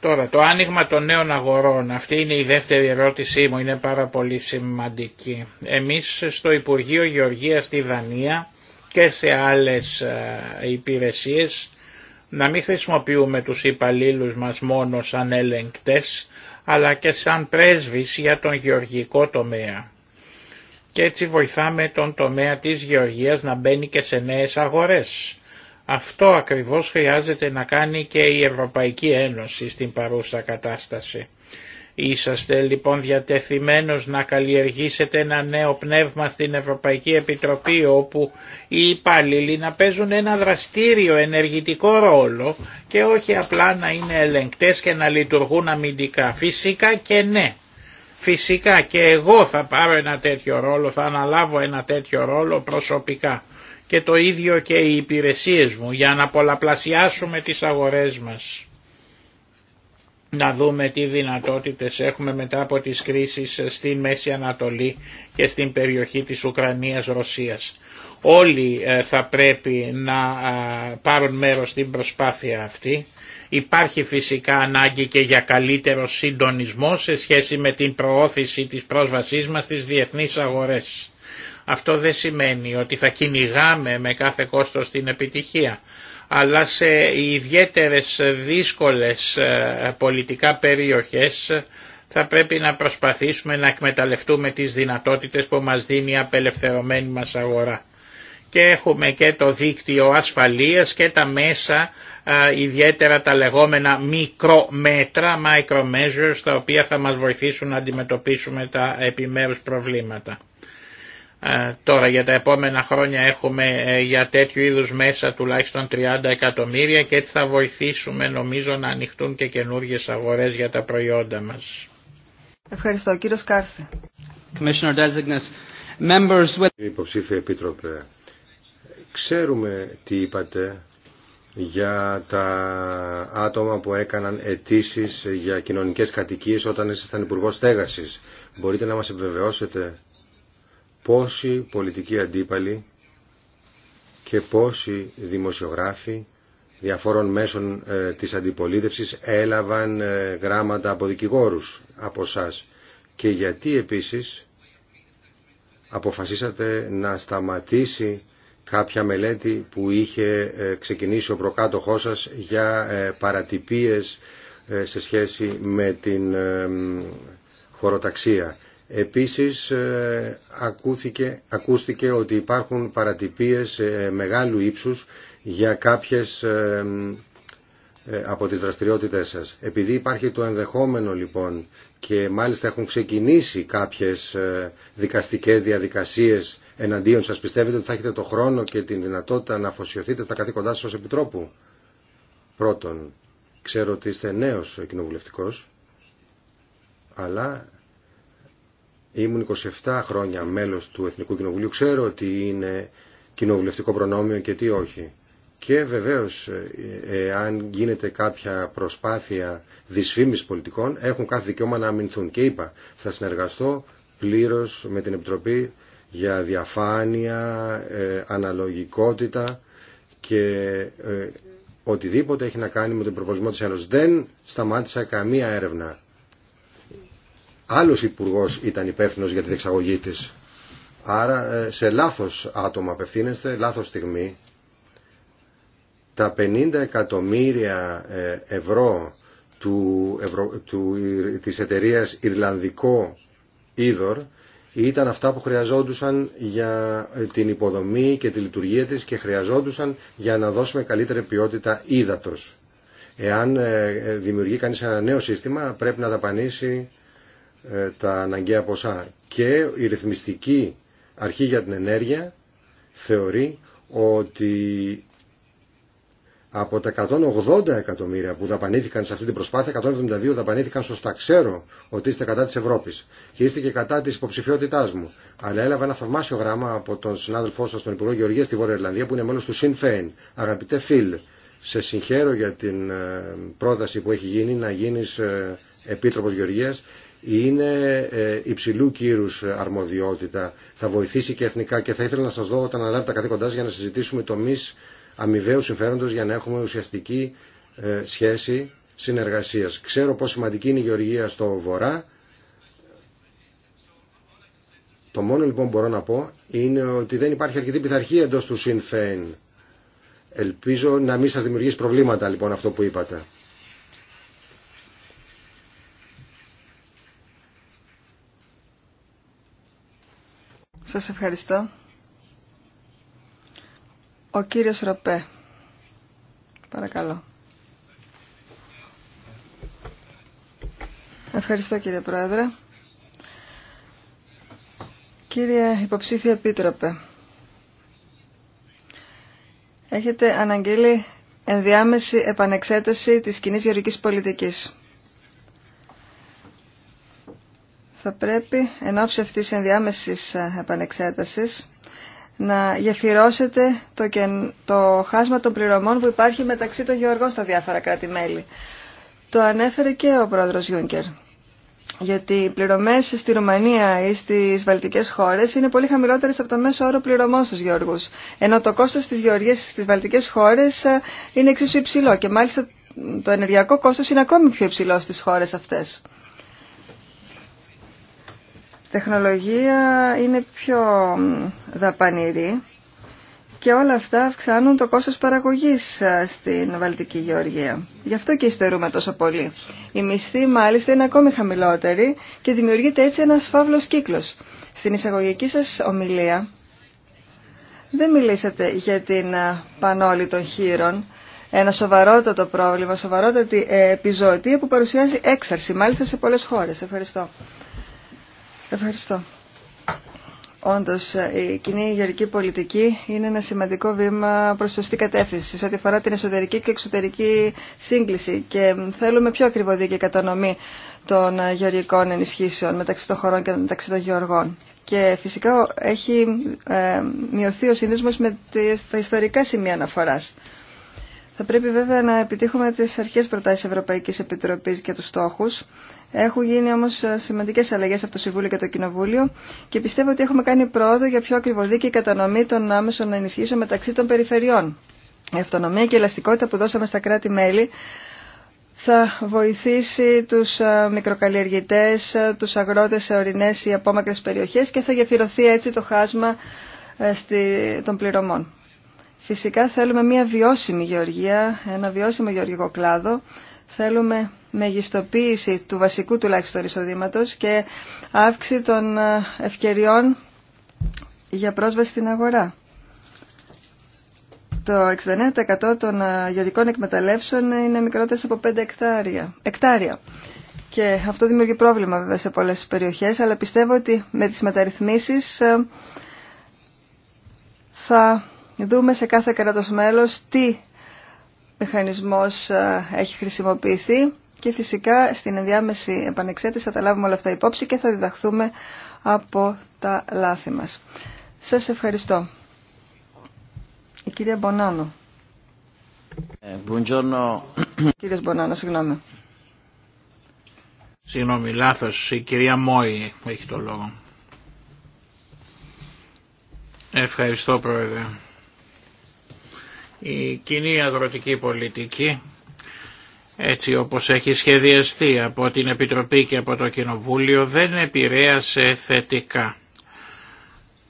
B: Τώρα, το άνοιγμα των νέων αγορών, αυτή είναι η δεύτερη ερώτησή μου, είναι πάρα πολύ σημαντική. Εμείς στο Υπουργείο Γεωργίας στη Δανία και σε άλλες ε, υπηρεσίες να μην χρησιμοποιούμε τους υπαλλήλους μας μόνο σαν ελεγκτές, αλλά και σαν πρέσβης για τον γεωργικό τομέα. Και έτσι βοηθάμε τον τομέα της γεωργίας να μπαίνει και σε νέες αγορές. Αυτό ακριβώς χρειάζεται να κάνει και η Ευρωπαϊκή Ένωση στην παρούσα κατάσταση. Είσαστε λοιπόν διατεθειμένος να καλλιεργήσετε ένα νέο πνεύμα στην Ευρωπαϊκή Επιτροπή όπου οι υπάλληλοι να παίζουν ένα δραστήριο ενεργητικό ρόλο και όχι απλά να είναι ελεγκτές και να λειτουργούν αμυντικά. Φυσικά και ναι. Φυσικά και εγώ θα πάρω ένα τέτοιο ρόλο, θα αναλάβω ένα τέτοιο ρόλο προσωπικά και το ίδιο και οι υπηρεσίες μου για να πολλαπλασιάσουμε τις αγορές μας να δούμε τι δυνατότητες έχουμε μετά από τις κρίσεις στη Μέση Ανατολή και στην περιοχή της Ουκρανίας-Ρωσίας. Όλοι ε, θα πρέπει να ε, πάρουν μέρος στην προσπάθεια αυτή. Υπάρχει φυσικά ανάγκη και για καλύτερο συντονισμό σε σχέση με την προώθηση της πρόσβασής μας στις διεθνείς αγορές. Αυτό δεν σημαίνει ότι θα κυνηγάμε με κάθε κόστος την επιτυχία αλλά σε ιδιαίτερες δύσκολες ε, πολιτικά περιοχές θα πρέπει να προσπαθήσουμε να εκμεταλλευτούμε τις δυνατότητες που μας δίνει η απελευθερωμένη μας αγορά. Και έχουμε και το δίκτυο ασφαλείας και τα μέσα, ε, ιδιαίτερα τα λεγόμενα μικρομέτρα, micro measures, τα οποία θα μας βοηθήσουν να αντιμετωπίσουμε τα επιμέρους προβλήματα. Ε, τώρα για τα επόμενα χρόνια έχουμε ε, για τέτοιου είδους μέσα τουλάχιστον 30 εκατομμύρια και έτσι θα βοηθήσουμε νομίζω να ανοιχτούν και καινούργιες αγορές για τα προϊόντα μας.
A: Ευχαριστώ. Κύριο Κάρθη.
C: Υποψήφια Επίτροπε, ξέρουμε τι είπατε για τα άτομα που έκαναν αιτήσει για κοινωνικές κατοικίες όταν ήσασταν υπουργό στέγασης. Μπορείτε να μας επιβεβαιώσετε πόσοι πολιτικοί αντίπαλοι και πόσοι δημοσιογράφοι διαφόρων μέσων ε, της αντιπολίτευσης έλαβαν ε, γράμματα από δικηγόρους από σας και γιατί επίσης αποφασίσατε να σταματήσει κάποια μελέτη που είχε ε, ξεκινήσει ο προκάτοχός σας για παρατυπίες σε σχέση με την χωροταξία. Επίσης ε, ακούθηκε, ακούστηκε ότι υπάρχουν παρατυπίες μεγάλου ύψους για κάποιες ε, ε, από τις δραστηριότητές σας. Επειδή υπάρχει το ενδεχόμενο λοιπόν και μάλιστα έχουν ξεκινήσει κάποιες δικαστικές διαδικασίες εναντίον σας, πιστεύετε ότι θα έχετε το χρόνο και την δυνατότητα να αφοσιωθείτε στα καθήκοντά σας ως Επιτρόπου. Πρώτον, ξέρω ότι είστε νέος κοινοβουλευτικός, αλλά Ήμουν 27 χρόνια μέλος του Εθνικού Κοινοβουλίου. Ξέρω ότι είναι κοινοβουλευτικό προνόμιο και τι όχι. Και βεβαίως, ε, ε, αν γίνεται κάποια προσπάθεια δυσφήμισης πολιτικών, έχουν κάθε δικαίωμα να αμυνθούν. Και είπα, θα συνεργαστώ πλήρως με την Επιτροπή για διαφάνεια, ε, αναλογικότητα και οτιδήποτε έχει να κάνει με τον προπολισμό της Ένωσης. Δεν σταμάτησα καμία έρευνα άλλος υπουργός ήταν υπεύθυνο για τη διεξαγωγή της. Άρα ε, σε λάθος άτομα απευθύνεστε, λάθος στιγμή. Τα 50 εκατομμύρια ε, ευρώ του, ευρω... του... της εταιρείας Ιρλανδικό Ίδωρ ήταν αυτά που χρειαζόντουσαν για ε, την υποδομή και τη λειτουργία της και χρειαζόντουσαν για να δώσουμε καλύτερη ποιότητα ύδατος. Εάν δημιουργεί κανείς ένα νέο σύστημα πρέπει να δαπανίσει ε, τα αναγκαία ποσά. Και η ρυθμιστική αρχή για την ενέργεια θεωρεί ότι από τα 180 εκατομμύρια που δαπανήθηκαν σε αυτή την προσπάθεια, 172 δαπανήθηκαν σωστά. Ξέρω ότι είστε κατά τη Ευρώπη και είστε και κατά τη υποψηφιότητά μου. Αλλά έλαβα ένα θαυμάσιο γράμμα από τον συνάδελφό σα, τον Υπουργό Γεωργία στη Βόρεια Ιρλανδία, που είναι μέλο του Sinn Féin. Αγαπητέ Φιλ, σε συγχαίρω για την ε, πρόταση που έχει γίνει να γίνει ε, Επίτροπο Γεωργία είναι ε, υψηλού κύρου ε, αρμοδιότητα. Θα βοηθήσει και εθνικά και θα ήθελα να σα δω όταν αναλάβετε τα καθήκοντά για να συζητήσουμε τομεί αμοιβαίου συμφέροντο για να έχουμε ουσιαστική ε, σχέση συνεργασία. Ξέρω πόσο σημαντική είναι η γεωργία στο Βορρά. Το μόνο λοιπόν που μπορώ να πω είναι ότι δεν υπάρχει αρκετή πειθαρχία εντό του Σινφέιν. Ελπίζω να μην σας δημιουργήσει προβλήματα λοιπόν αυτό που είπατε.
A: Σας ευχαριστώ. Ο κύριος Ροπέ. Παρακαλώ. Ευχαριστώ κύριε Πρόεδρε. Κύριε υποψήφιε Επίτροπε, έχετε αναγγείλει ενδιάμεση επανεξέταση της κοινή γεωργικής πολιτικής. Θα πρέπει εν ώψη αυτής ενδιάμεσης ε, επανεξέτασης να γεφυρώσετε το, το χάσμα των πληρωμών που υπάρχει μεταξύ των γεωργών στα διάφορα κράτη-μέλη. Το ανέφερε και ο πρόεδρος Γιούνκερ. Γιατί οι πληρωμές στη Ρουμανία ή στις βαλτικές χώρες είναι πολύ χαμηλότερες από το μέσο όρο πληρωμών στους γεωργούς. Ενώ το κόστος της γεωργίας στις βαλτικές χώρες ε, είναι εξίσου υψηλό και μάλιστα το ενεργειακό κόστος είναι ακόμη πιο υψηλό στις χώρες αυτές τεχνολογία είναι πιο δαπανηρή και όλα αυτά αυξάνουν το κόστος παραγωγής στην Βαλτική Γεωργία. Γι' αυτό και υστερούμε τόσο πολύ. Η μισθή μάλιστα είναι ακόμη χαμηλότερη και δημιουργείται έτσι ένας φαύλος κύκλος. Στην εισαγωγική σας ομιλία δεν μιλήσατε για την πανόλη των χείρων, ένα σοβαρότατο πρόβλημα, σοβαρότατη ε, επιζώτη που παρουσιάζει έξαρση, μάλιστα σε πολλές χώρες. Ευχαριστώ. Ευχαριστώ. Όντω, ε, η κοινή υγειορική πολιτική είναι ένα σημαντικό βήμα προ σωστή κατεύθυνση σε ό,τι αφορά την εσωτερική και εξωτερική σύγκληση και θέλουμε πιο ακριβωδίκη κατανομή των ε, γεωργικών ενισχύσεων μεταξύ των χωρών και μεταξύ των γεωργών. Και φυσικά έχει ε, μειωθεί ο σύνδεσμό με τα ιστορικά σημεία αναφορά. Θα πρέπει βέβαια να επιτύχουμε τι αρχέ προτάσει Ευρωπαϊκή Επιτροπή και του Στόχου. Έχουν γίνει όμως ε, σημαντικές αλλαγές από το Συμβούλιο και το Κοινοβούλιο και πιστεύω ότι έχουμε κάνει πρόοδο για πιο ακριβωδίκη κατανομή των άμεσων ενισχύσεων μεταξύ των περιφερειών. Η αυτονομία και η ελαστικότητα που δώσαμε στα κράτη-μέλη θα βοηθήσει τους ε, μικροκαλλιεργητές, ε, τους αγρότες σε ορεινές ή απόμακρες περιοχές και θα γεφυρωθεί έτσι το χάσμα των πληρωμών. Φυσικά θέλουμε μια βιώσιμη γεωργία, ένα βιώσιμο γεωργικό κλάδο. Θέλουμε μεγιστοποίηση του βασικού τουλάχιστον εισοδήματο και αύξηση των ε, ευκαιριών για πρόσβαση στην αγορά. Το 69% των ε, γεωργικών εκμεταλλεύσεων είναι μικρότερες από 5 εκτάρια. εκτάρια. Και αυτό δημιουργεί πρόβλημα βέβαια σε πολλές περιοχές, αλλά πιστεύω ότι με τις μεταρρυθμίσεις ε, θα δούμε σε κάθε κράτος μέλος τι μηχανισμός έχει χρησιμοποιηθεί και φυσικά στην ενδιάμεση επανεξέτηση θα τα λάβουμε όλα αυτά υπόψη και θα διδαχθούμε από τα λάθη μας. Σας ευχαριστώ. Η κυρία Μπονάνο. Ε, Κύριος Μπονάνο, συγγνώμη.
B: Συγγνώμη, λάθος. Η κυρία Μόη έχει το λόγο. Ευχαριστώ, Πρόεδρε. Η κοινή αγροτική πολιτική έτσι όπως έχει σχεδιαστεί από την Επιτροπή και από το Κοινοβούλιο δεν επηρέασε θετικά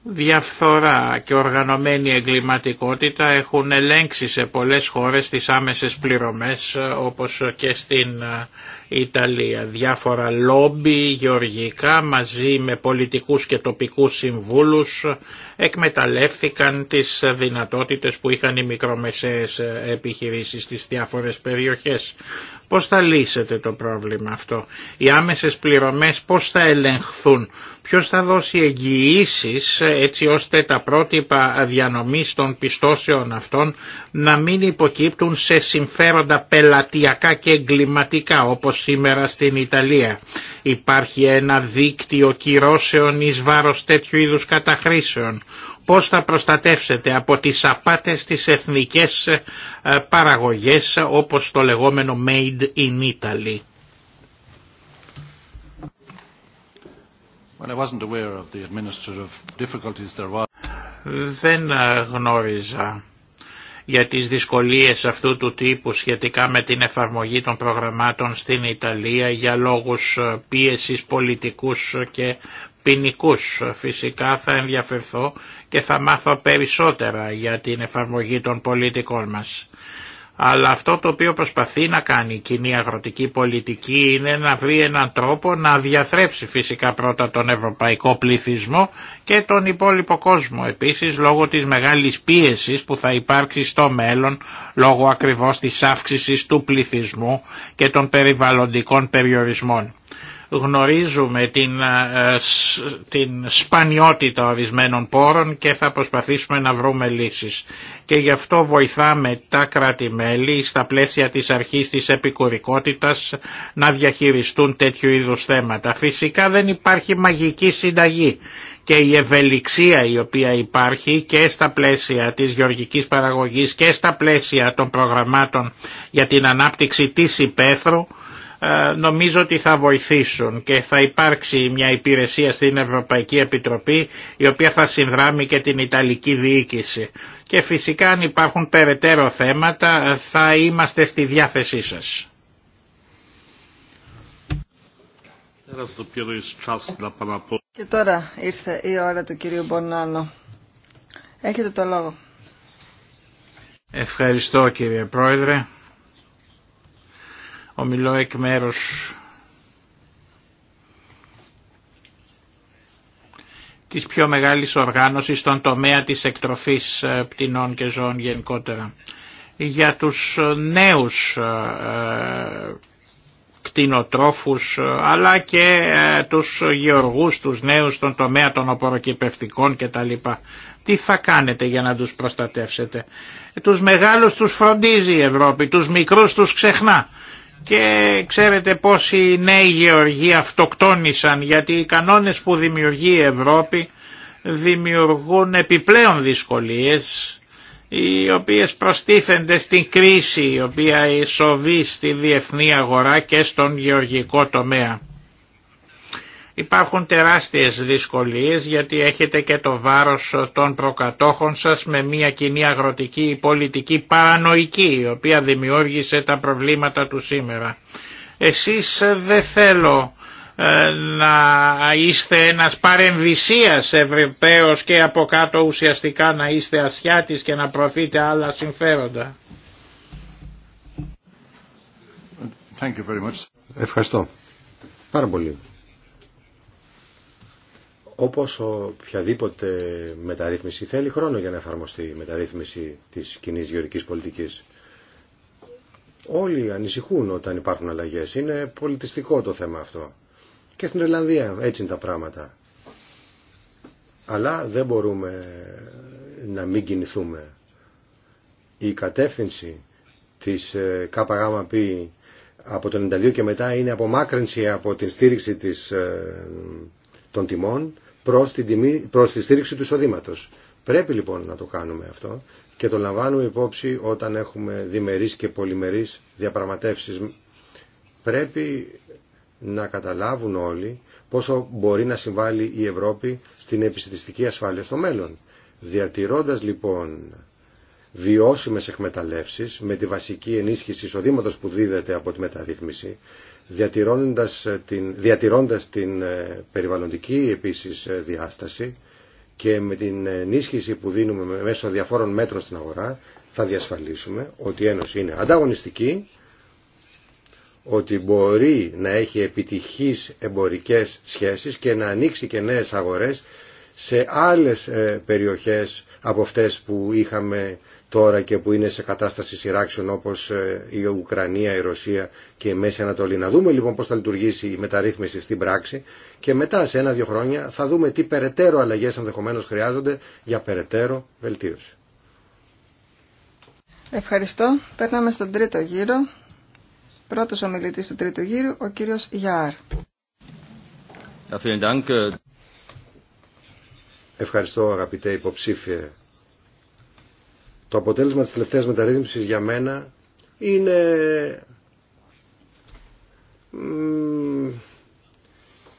B: Διαφθορά και οργανωμένη εγκληματικότητα έχουν ελέγξει σε πολλές χώρες τις άμεσες πληρωμές ε, όπως και στην ε, Ιταλία. Διάφορα λόμπι γεωργικά μαζί με πολιτικούς και τοπικούς συμβούλους εκμεταλλεύτηκαν τις δυνατότητες που είχαν οι μικρομεσαίες επιχειρήσεις στις διάφορες περιοχές. Πώς θα λύσετε το πρόβλημα αυτό. Οι άμεσες πληρωμές πώς θα ελεγχθούν. Ποιος θα δώσει εγγυήσει ε, έτσι ώστε τα πρότυπα διανομής των πιστώσεων αυτών να μην υποκύπτουν σε συμφέροντα πελατειακά και εγκληματικά όπως σήμερα στην Ιταλία. Υπάρχει ένα δίκτυο κυρώσεων εις βάρος τέτοιου είδους καταχρήσεων πώς θα προστατεύσετε από τις απάτες της εθνικές ε, παραγωγές όπως το λεγόμενο Made in Italy. Δεν γνώριζα για τις δυσκολίες αυτού του τύπου σχετικά με την εφαρμογή των προγραμμάτων στην Ιταλία για λόγους ε, πίεσης πολιτικούς και ποινικού. Φυσικά θα ενδιαφερθώ και θα μάθω περισσότερα για την εφαρμογή των πολιτικών μας. Αλλά αυτό το οποίο προσπαθεί να κάνει η κοινή αγροτική πολιτική είναι να βρει έναν τρόπο να διαθρέψει φυσικά πρώτα τον ευρωπαϊκό πληθυσμό και τον υπόλοιπο κόσμο. Επίσης λόγω της μεγάλης πίεσης που θα υπάρξει στο μέλλον λόγω ακριβώς της αύξησης του πληθυσμού και των περιβαλλοντικών περιορισμών γνωρίζουμε την, ε, την σπανιότητα ορισμένων πόρων και θα προσπαθήσουμε να βρούμε λύσεις. Και γι' αυτό βοηθάμε τα κράτη-μέλη στα πλαίσια της αρχής της επικουρικότητας να διαχειριστούν τέτοιου είδους θέματα. Φυσικά δεν υπάρχει μαγική συνταγή και η ευελιξία η οποία υπάρχει και στα πλαίσια της γεωργικής παραγωγής και στα πλαίσια των προγραμμάτων για την ανάπτυξη της υπαίθρου ε, νομίζω ότι θα βοηθήσουν και θα υπάρξει μια υπηρεσία στην Ευρωπαϊκή Επιτροπή η οποία θα συνδράμει και την Ιταλική Διοίκηση. Και φυσικά αν υπάρχουν περαιτέρω θέματα θα είμαστε στη διάθεσή σας.
A: Και τώρα ήρθε η ώρα του κυρίου Μπονάνο. Έχετε το λόγο.
B: Ευχαριστώ κύριε Πρόεδρε. Ομιλώ εκ μέρους της πιο μεγάλης οργάνωσης στον τομέα της εκτροφής ε, πτηνών και ζώων γενικότερα. Για τους νέους ε, κτηνοτρόφους ε, αλλά και τους γεωργούς, τους νέους στον τομέα των οποροκυπευτικών κτλ. Τι θα κάνετε για να τους προστατεύσετε. Τους μεγάλους τους φροντίζει η Ευρώπη, τους μικρούς τους ξεχνά και ξέρετε πόσοι νέοι γεωργοί αυτοκτόνησαν γιατί οι κανόνες που δημιουργεί η Ευρώπη δημιουργούν επιπλέον δυσκολίες οι οποίες προστίθενται στην κρίση η οποία ισοβεί στη διεθνή αγορά και στον γεωργικό τομέα. Υπάρχουν τεράστιες δυσκολίες γιατί έχετε και το βάρος των προκατόχων σας με μια κοινή αγροτική πολιτική παρανοϊκή η οποία δημιούργησε τα προβλήματα του σήμερα. Εσείς ε, δεν θέλω ε, να είστε ένας παρεμβησίας Ευρωπαίος και από κάτω ουσιαστικά να είστε ασιάτης και να προωθείτε άλλα συμφέροντα.
C: Thank you very Ευχαριστώ πάρα πολύ. Όπως οποιαδήποτε μεταρρύθμιση θέλει χρόνο για να εφαρμοστεί η μεταρρύθμιση της κοινή γεωρικής πολιτικής. Όλοι ανησυχούν όταν υπάρχουν αλλαγές. Είναι πολιτιστικό το θέμα αυτό. Και στην Ιρλανδία έτσι είναι τα πράγματα. Αλλά δεν μπορούμε να μην κινηθούμε. Η κατεύθυνση της ε, ΚΚΠ από το 92 και μετά είναι απομάκρυνση από την στήριξη της, ε, των τιμών προς, την προς τη στήριξη του εισοδήματο. Πρέπει λοιπόν να το κάνουμε αυτό και το λαμβάνουμε υπόψη όταν έχουμε διμερείς και πολυμερείς διαπραγματεύσεις. Πρέπει να καταλάβουν όλοι πόσο μπορεί να συμβάλλει η Ευρώπη στην επιστημιστική ασφάλεια στο μέλλον. Διατηρώντας λοιπόν βιώσιμες εκμεταλλεύσεις με τη βασική ενίσχυση εισοδήματο που δίδεται από τη μεταρρύθμιση διατηρώντας ε, την, διατηρώντας την ε, περιβαλλοντική επίσης ε, διάσταση και με την ενίσχυση που δίνουμε μέσω διαφόρων μέτρων στην αγορά θα διασφαλίσουμε ότι η Ένωση είναι ανταγωνιστική, ότι μπορεί να έχει επιτυχείς εμπορικές σχέσεις και να ανοίξει και νέες αγορές σε άλλες περιοχές από αυτές που είχαμε τώρα και που είναι σε κατάσταση σειράξεων όπως ε, η Ουκρανία, η Ρωσία και η Μέση Ανατολή. Να δούμε λοιπόν πώς θα λειτουργήσει η μεταρρύθμιση στην πράξη και μετά σε ένα-δύο χρόνια θα δούμε τι περαιτέρω αλλαγές ενδεχομένω χρειάζονται για περαιτέρω βελτίωση.
A: Ευχαριστώ. Περνάμε στον τρίτο γύρο. Πρώτος ομιλητής του τρίτου γύρου, ο κύριος Γιάρ.
C: Ευχαριστώ αγαπητέ υποψήφιε το αποτέλεσμα της τελευταίας μεταρρύθμισης για μένα είναι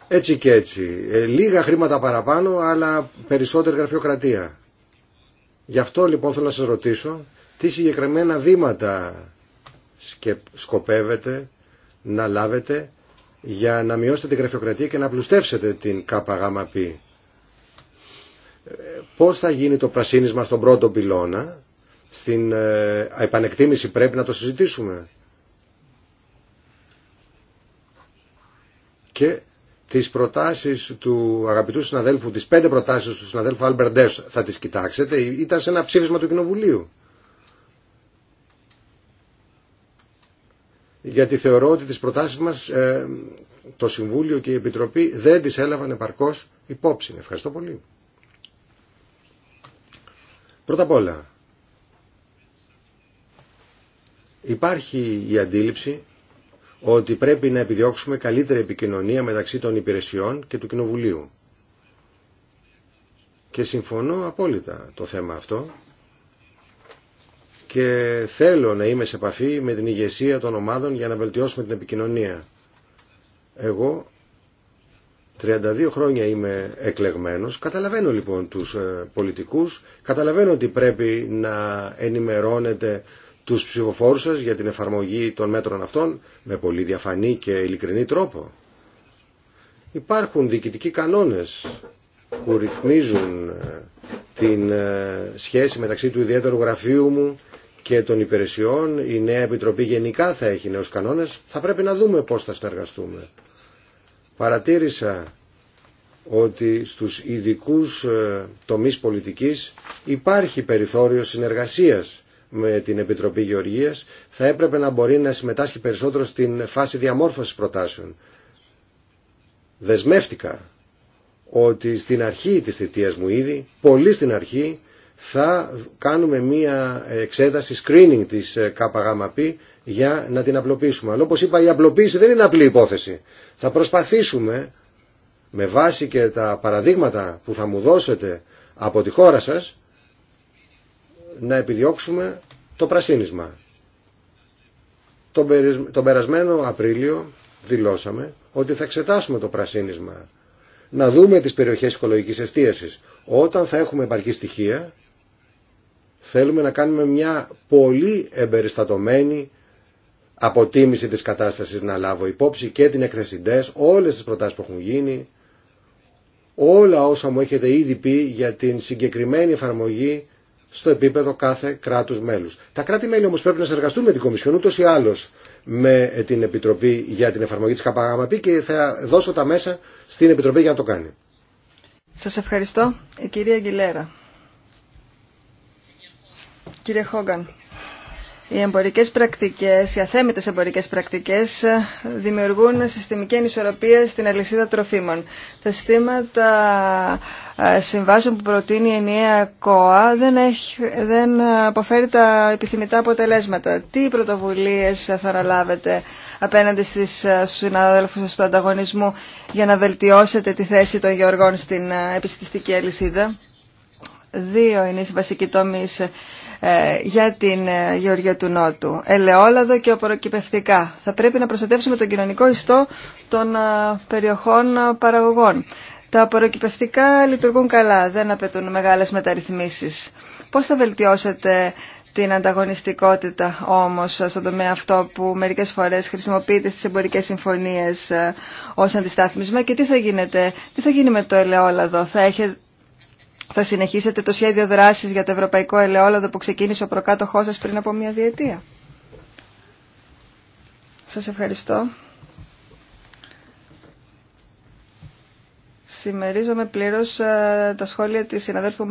C: έτσι και έτσι. Ε, λίγα χρήματα παραπάνω αλλά περισσότερη γραφειοκρατία. Γι' αυτό λοιπόν θέλω να σας ρωτήσω τι συγκεκριμένα βήματα σκοπεύετε να λάβετε για να μειώσετε την γραφειοκρατία και να πλουστεύσετε την ΚΓΠ. Ε, πώς θα γίνει το πρασίνισμα στον πρώτο πυλώνα στην ε, επανεκτίμηση πρέπει να το συζητήσουμε. Και τις προτάσεις του αγαπητού συναδέλφου, τις πέντε προτάσεις του συναδέλφου Άλμπερντες θα τις κοιτάξετε, ήταν σε ένα ψήφισμα του Κοινοβουλίου. Γιατί θεωρώ ότι τις προτάσεις μας ε, το Συμβούλιο και η Επιτροπή δεν τις έλαβαν επαρκώς υπόψη. Ευχαριστώ πολύ. Πρώτα απ' όλα, Υπάρχει η αντίληψη ότι πρέπει να επιδιώξουμε καλύτερη επικοινωνία μεταξύ των υπηρεσιών και του Κοινοβουλίου. Και συμφωνώ απόλυτα το θέμα αυτό και θέλω να είμαι σε επαφή με την ηγεσία των ομάδων για να βελτιώσουμε την επικοινωνία. Εγώ 32 χρόνια είμαι εκλεγμένος, καταλαβαίνω λοιπόν τους ε, πολιτικούς, καταλαβαίνω ότι πρέπει να ενημερώνετε του ψηφοφόρου σα για την εφαρμογή των μέτρων αυτών με πολύ διαφανή και ειλικρινή τρόπο. Υπάρχουν διοικητικοί κανόνε που ρυθμίζουν ε, την ε, σχέση μεταξύ του ιδιαίτερου γραφείου μου και των υπηρεσιών. Η νέα Επιτροπή γενικά θα έχει νέου κανόνε, Θα πρέπει να δούμε πώ θα συνεργαστούμε. Παρατήρησα ότι στους ειδικού ε, τομείς πολιτικής υπάρχει περιθώριο συνεργασίας με την Επιτροπή Γεωργίας θα έπρεπε να μπορεί να συμμετάσχει περισσότερο στην φάση διαμόρφωσης προτάσεων. Δεσμεύτηκα ότι στην αρχή της θητείας μου ήδη, πολύ στην αρχή, θα κάνουμε μία εξέταση screening της ΚΚΠ για να την απλοποιήσουμε. Αλλά όπως είπα η απλοποίηση δεν είναι απλή υπόθεση. Θα προσπαθήσουμε με βάση και τα παραδείγματα που θα μου δώσετε από τη χώρα σας να επιδιώξουμε το πρασίνισμα. Τον περασμένο Απρίλιο δηλώσαμε ότι θα εξετάσουμε το πρασίνισμα, να δούμε τις περιοχές οικολογικής εστίασης. Όταν θα έχουμε επαρκή στοιχεία, θέλουμε να κάνουμε μια πολύ εμπεριστατωμένη αποτίμηση της κατάστασης να λάβω υπόψη και την εκθεσιντές, όλες τις προτάσεις που έχουν γίνει, όλα όσα μου έχετε ήδη πει για την συγκεκριμένη εφαρμογή στο επίπεδο κάθε κράτους μέλους. Τα κράτη-μέλη όμως πρέπει να συνεργαστούν με την Κομισιόν ούτως ή άλλως με την Επιτροπή για την Εφαρμογή της ΚΑΠΑΓΑΜΑΠΗ και θα δώσω τα μέσα στην Επιτροπή για να το κάνει.
A: Σας ευχαριστώ. Η ε, κυρία Αγγιλέρα. Κύριε Χόγκαν. Οι εμπορικές πρακτικές, οι αθέμητες εμπορικές πρακτικές ε, δημιουργούν συστημική ανισορροπία στην αλυσίδα τροφίμων. Τα συστήματα ε, συμβάσεων που προτείνει η ενιαία ΚΟΑ δεν, δεν αποφέρει τα επιθυμητά αποτελέσματα. Τι πρωτοβουλίες θα αναλάβετε απέναντι στις, ε, στους συναδέλφους του ανταγωνισμού για να βελτιώσετε τη θέση των γεωργών στην επιστηστική αλυσίδα. Δύο είναι οι βασικοί τόμοι ε, για την ε, Γεωργία του Νότου. Ελαιόλαδο και οπωροκυπευτικά. Θα πρέπει να προστατεύσουμε τον κοινωνικό ιστό των ε, περιοχών παραγωγών. Τα απορροκυπευτικά λειτουργούν καλά, δεν απαιτούν μεγάλες μεταρρυθμίσεις. Πώς θα βελτιώσετε την ανταγωνιστικότητα όμως στον τομέα αυτό που μερικές φορές χρησιμοποιείται στις εμπορικές συμφωνίες ως αντιστάθμισμα και τι θα, γίνεται, τι θα γίνει με το ελαιόλαδο, θα, θα συνεχίσετε το σχέδιο δράσης για το ευρωπαϊκό ελαιόλαδο που ξεκίνησε ο προκάτοχός σας πριν από μια διετία. Σας ευχαριστώ. Συμμερίζομαι πλήρως ε, τα σχόλια της συναδέλφου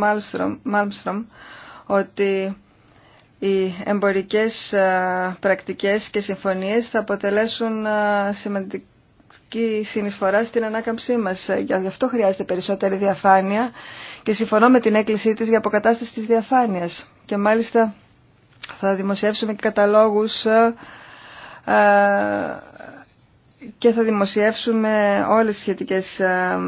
A: Μάλμστρομ ότι οι εμπορικές ε, πρακτικές και συμφωνίες θα αποτελέσουν ε, σημαντική συνεισφορά στην ανάκαμψή μας. Γι' αυτό χρειάζεται περισσότερη διαφάνεια και συμφωνώ με την έκκλησή της για αποκατάσταση της διαφάνειας. Και μάλιστα θα δημοσιεύσουμε και καταλόγους ε, ε, και θα δημοσιεύσουμε όλες τις σχετικές ε,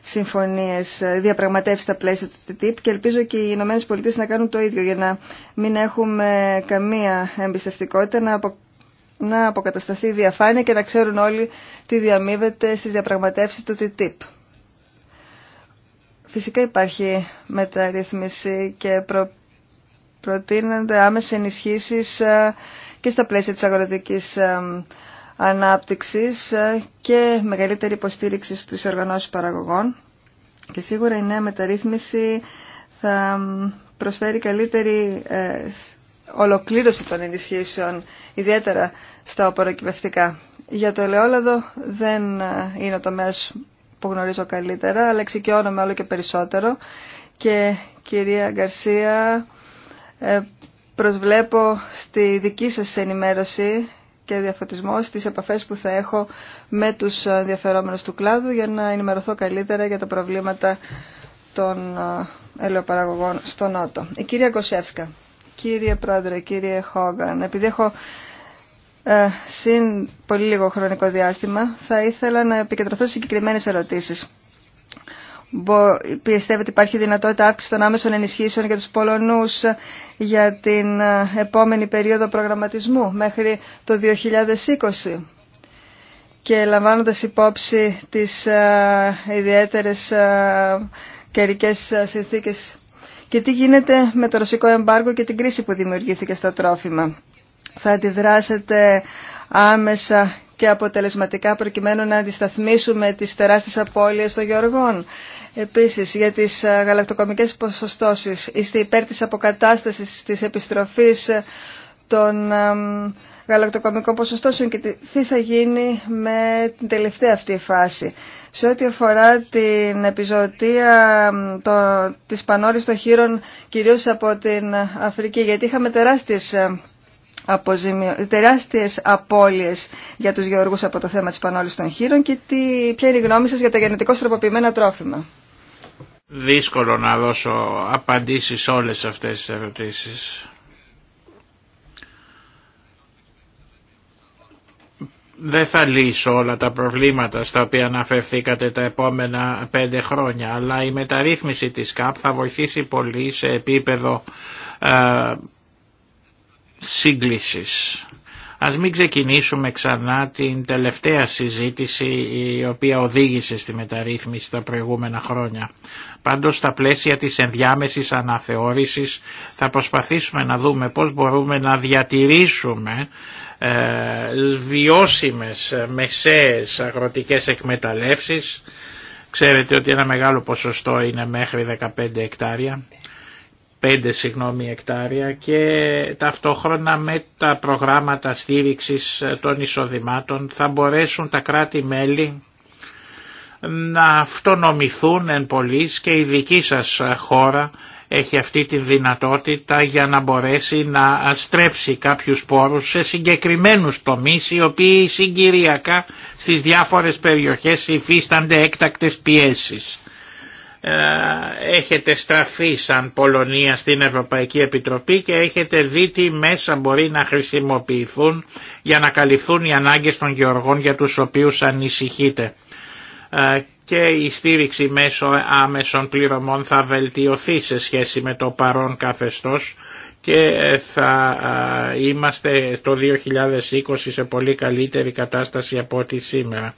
A: συμφωνίες διαπραγματεύσεις στα πλαίσια του TTIP και ελπίζω και οι Ηνωμένε Πολιτείε να κάνουν το ίδιο για να μην έχουμε καμία εμπιστευτικότητα να, απο... να αποκατασταθεί η διαφάνεια και να ξέρουν όλοι τι διαμείβεται στις διαπραγματεύσεις του TTIP. Φυσικά υπάρχει μεταρρύθμιση και προ... προτείνονται άμεσα ενισχύσεις ε, και στα πλαίσια της αγροτικής ε, ανάπτυξης ε, και μεγαλύτερη υποστήριξη στους οργανώσεις παραγωγών. Και σίγουρα η νέα μεταρρύθμιση θα προσφέρει καλύτερη ολοκλήρωση των ενισχύσεων, ιδιαίτερα στα οποροκυπευτικά. Για το ελαιόλαδο δεν είναι ο τομέας που γνωρίζω καλύτερα, αλλά εξοικειώνομαι όλο και περισσότερο. Και κυρία Γκαρσία, ε, προσβλέπω στη δική σας ενημέρωση και διαφωτισμό στις επαφές που θα έχω με τους διαφερόμενους του κλάδου για να ενημερωθώ καλύτερα για τα προβλήματα των ε, ελαιοπαραγωγών στο Νότο. Η κυρία Κοσεύσκα, κύριε Πρόεδρε, κύριε Χόγκαν, επειδή έχω ε, συν πολύ λίγο χρονικό διάστημα, θα ήθελα να επικεντρωθώ σε συγκεκριμένες ερωτήσεις. Πιστεύετε ότι υπάρχει δυνατότητα αύξηση των άμεσων ενισχύσεων για τους Πολωνούς για την ε, επόμενη περίοδο προγραμματισμού μέχρι το 2020 και λαμβάνοντας υπόψη τις ε, ιδιαίτερες καιρικές συνθήκες και τι γίνεται με το ρωσικό εμπάργο και την κρίση που δημιουργήθηκε στα τρόφιμα θα αντιδράσετε άμεσα και αποτελεσματικά προκειμένου να αντισταθμίσουμε τις τεράστιες απώλειες των γεωργών. Επίσης, για τις ε, γαλακτοκομικές ποσοστώσεις, είστε υπέρ της αποκατάστασης της επιστροφής ε, των γαλακτοκομικών ποσοστώσεων και τι θα γίνει με την τελευταία αυτή φάση. Σε ό,τι αφορά την επιζωτία το, της των χείρων, κυρίως από την Αφρική, γιατί είχαμε τεράστιες ε, αποζημιω... τεράστιες απώλειες για τους γεωργούς από το θέμα της πανόλης των χείρων και τι... ποια είναι η γνώμη σας για τα γενετικώς τροποποιημένα τρόφιμα.
B: Δύσκολο να δώσω απαντήσεις σε όλες αυτές τις ερωτήσεις. δεν θα λύσω όλα τα προβλήματα στα οποία αναφερθήκατε τα επόμενα πέντε χρόνια, αλλά η μεταρρύθμιση της ΚΑΠ θα βοηθήσει πολύ σε επίπεδο ε, σύγκλησης. Ας μην ξεκινήσουμε ξανά την τελευταία συζήτηση η οποία οδήγησε στη μεταρρύθμιση τα προηγούμενα χρόνια. Πάντως στα πλαίσια της ενδιάμεσης αναθεώρησης θα προσπαθήσουμε να δούμε πώς μπορούμε να διατηρήσουμε ε, βιώσιμες μεσαίες αγροτικές εκμεταλλεύσεις. Ξέρετε ότι ένα μεγάλο ποσοστό είναι μέχρι 15 εκτάρια 5 συγγνώμη, εκτάρια και ταυτόχρονα με τα προγράμματα στήριξης των εισοδημάτων θα μπορέσουν τα κράτη-μέλη να αυτονομηθούν εν πολλής και η δική σας χώρα έχει αυτή τη δυνατότητα για να μπορέσει να στρέψει κάποιους πόρους σε συγκεκριμένους τομείς οι οποίοι συγκυριακά στις διάφορες περιοχές υφίστανται έκτακτες πιέσεις. Ε, έχετε στραφεί σαν Πολωνία στην Ευρωπαϊκή Επιτροπή και έχετε δει τι μέσα μπορεί να χρησιμοποιηθούν για να καλυφθούν οι ανάγκες των γεωργών για τους οποίους ανησυχείτε. Ε, και η στήριξη μέσω άμεσων πληρωμών θα βελτιωθεί σε σχέση με το παρόν καθεστώς και θα είμαστε το 2020 σε πολύ καλύτερη κατάσταση από ό,τι σήμερα.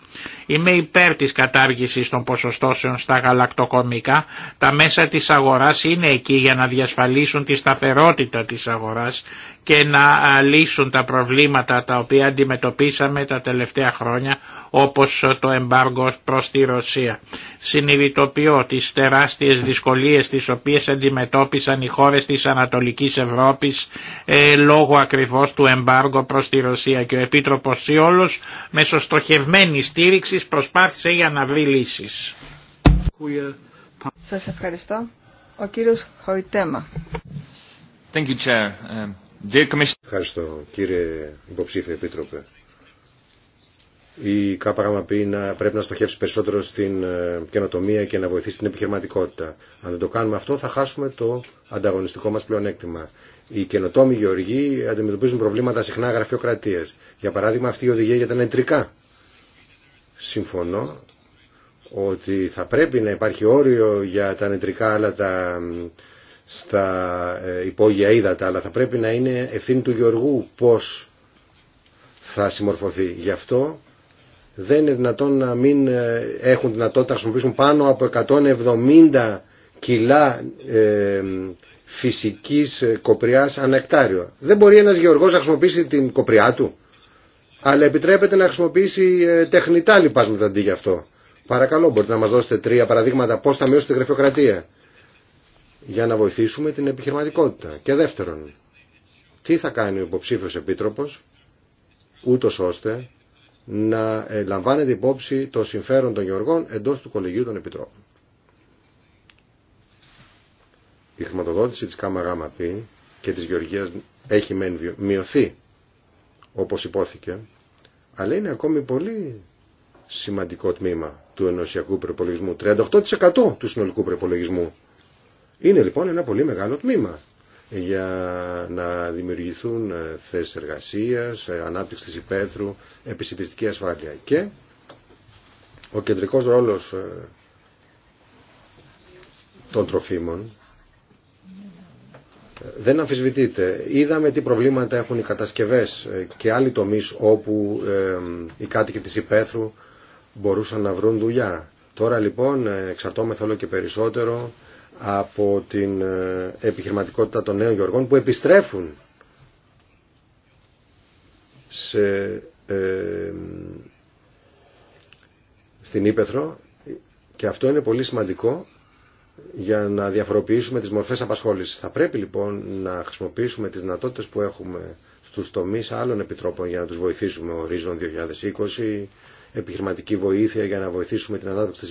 B: Είμαι υπέρ της κατάργησης των ποσοστώσεων στα γαλακτοκομικά. Τα μέσα της αγοράς είναι εκεί για να διασφαλίσουν τη σταθερότητα της αγοράς και να λύσουν τα προβλήματα τα οποία αντιμετωπίσαμε τα τελευταία χρόνια όπως το εμπάργο προς τη Ρωσία. Συνειδητοποιώ τις τεράστιες δυσκολίες τις οποίες αντιμετώπισαν οι χώρες της Ανατολικής Ευρώπης ε, λόγω ακριβώς του εμπάργο προς τη Ρωσία και ο Επίτροπος Σιόλος μέσω στοχευμένη στήριξης προσπάθησε
A: για να βρει λύσεις. Σας ευχαριστώ. Ο κύριος
C: um, Ευχαριστώ κύριε υποψήφιε επίτροπε. Η πει να πρέπει να στοχεύσει περισσότερο στην ε, καινοτομία και να βοηθήσει την επιχειρηματικότητα. Αν δεν το κάνουμε αυτό θα χάσουμε το ανταγωνιστικό μας πλεονέκτημα. Οι καινοτόμοι γεωργοί αντιμετωπίζουν προβλήματα συχνά γραφειοκρατίας. Για παράδειγμα αυτή η οδηγία για τα νετρικά. Συμφωνώ ότι θα πρέπει να υπάρχει όριο για τα νετρικά αλλά τα στα ε, υπόγεια ύδατα, αλλά θα πρέπει να είναι ευθύνη του Γεωργού πώς θα συμμορφωθεί. Γι' αυτό δεν είναι δυνατόν να μην ε, έχουν δυνατότητα να χρησιμοποιήσουν πάνω από 170 κιλά ε, φυσικής ε, κοπριάς ανεκτάριο. Δεν μπορεί ένας γεωργός να χρησιμοποιήσει την κοπριά του, αλλά επιτρέπεται να χρησιμοποιήσει τεχνητά λοιπάσματα αντί γι' αυτό. Παρακαλώ, μπορείτε να μας δώσετε τρία παραδείγματα πώς θα μειώσετε τη γραφειοκρατία για να βοηθήσουμε την επιχειρηματικότητα. Και δεύτερον, τι θα κάνει ο υποψήφιος επίτροπος, ούτω ώστε να ε, λαμβάνεται υπόψη το συμφέρον των γεωργών εντός του κολεγίου των επιτρόπων. Η χρηματοδότηση της ΚΑΜΑΓΑΜΑΠΗ και της γεωργίας έχει μειωθεί, όπως υπόθηκε, αλλά είναι ακόμη πολύ σημαντικό τμήμα του ενωσιακού προπολογισμού, 38% του συνολικού προπολογισμού. Είναι λοιπόν ένα πολύ μεγάλο τμήμα για να δημιουργηθούν ε, θέσει εργασίας, ε, ανάπτυξη της υπαίθρου, επισητιστική ασφάλεια. Και ο κεντρικός ρόλος ε, των τροφίμων δεν αμφισβητείται. Είδαμε τι προβλήματα έχουν οι κατασκευές και άλλοι τομεί όπου οι κάτοικοι της υπαίθρου μπορούσαν να βρουν δουλειά. Τώρα λοιπόν εξαρτώμεθα όλο και περισσότερο από την ε, επιχειρηματικότητα των νέων γεωργών που επιστρέφουν σε, ε, στην Ήπεθρο και αυτό είναι πολύ σημαντικό για να διαφοροποιήσουμε τις μορφές απασχόλησης. Θα πρέπει λοιπόν να χρησιμοποιήσουμε τις δυνατότητες που έχουμε στους τομείς άλλων επιτρόπων για να τους βοηθήσουμε. Ορίζον 2020, επιχειρηματική βοήθεια για να βοηθήσουμε την ανάπτυξη της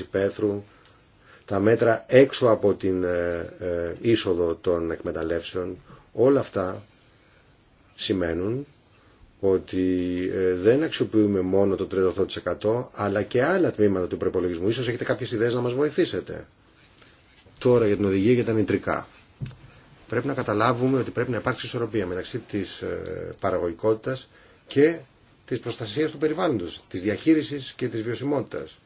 C: τα μέτρα έξω από την ε, ε, είσοδο των εκμεταλλεύσεων, όλα αυτά σημαίνουν ότι ε, δεν αξιοποιούμε μόνο το 38% αλλά και άλλα τμήματα του προπολογισμού. Ίσως έχετε κάποιες ιδέες να μας βοηθήσετε. Τώρα για την οδηγία για τα νητρικά. Πρέπει να καταλάβουμε ότι πρέπει να υπάρξει ισορροπία μεταξύ της παραγωγικότητας και της προστασίας του περιβάλλοντος, της διαχείρισης και της βιωσιμότητας.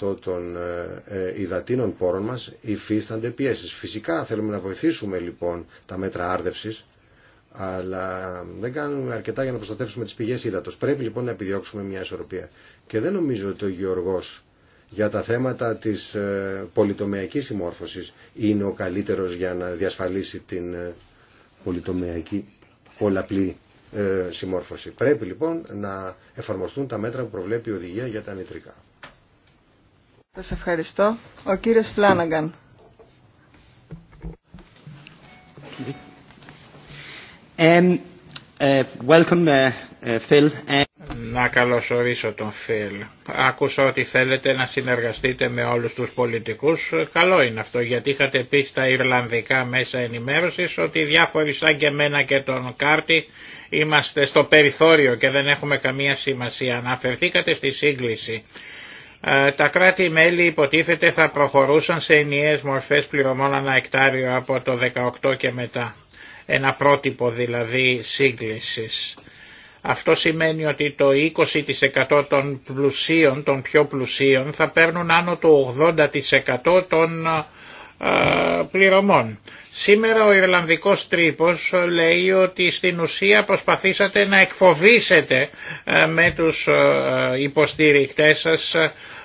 C: 45% των ε, ε, υδατίνων πόρων μας υφίστανται πιέσεις. Φυσικά θέλουμε να βοηθήσουμε λοιπόν τα μέτρα άρδευσης, αλλά δεν κάνουμε αρκετά για να προστατεύσουμε τις πηγές ύδατος. Πρέπει λοιπόν να επιδιώξουμε μια ισορροπία. Και δεν νομίζω ότι ο Γεωργός για τα θέματα της ε, πολυτομιακής συμμόρφωσης είναι ο καλύτερος για να διασφαλίσει την πολυτομιακή πολλαπλή ε, συμμόρφωση. Πρέπει λοιπόν να εφαρμοστούν τα μέτρα που προβλέπει η οδηγία για τα νητρικά.
A: Σας ευχαριστώ. Ο κύριος Φλάναγκαν.
B: Ε, ε, welcome, Phil. Να καλωσορίσω τον Φιλ. Άκουσα ότι θέλετε να συνεργαστείτε με όλους τους πολιτικούς. Καλό είναι αυτό γιατί είχατε πει στα Ιρλανδικά μέσα ενημέρωσης ότι διάφοροι σαν και εμένα και τον Κάρτη είμαστε στο περιθώριο και δεν έχουμε καμία σημασία. Αναφερθήκατε στη σύγκληση. Ε, τα κράτη-μέλη υποτίθεται θα προχωρούσαν σε ενιαίες μορφές πληρωμών ανά εκτάριο από το 18 και μετά. Ένα πρότυπο δηλαδή σύγκλησης. Αυτό σημαίνει ότι το 20% των πλουσίων, των πιο πλουσίων, θα παίρνουν άνω το 80% των ε, πληρωμών. Σήμερα ο Ιρλανδικός τρύπος λέει ότι στην ουσία προσπαθήσατε να εκφοβήσετε ε, με τους ε, υποστηρικτές σας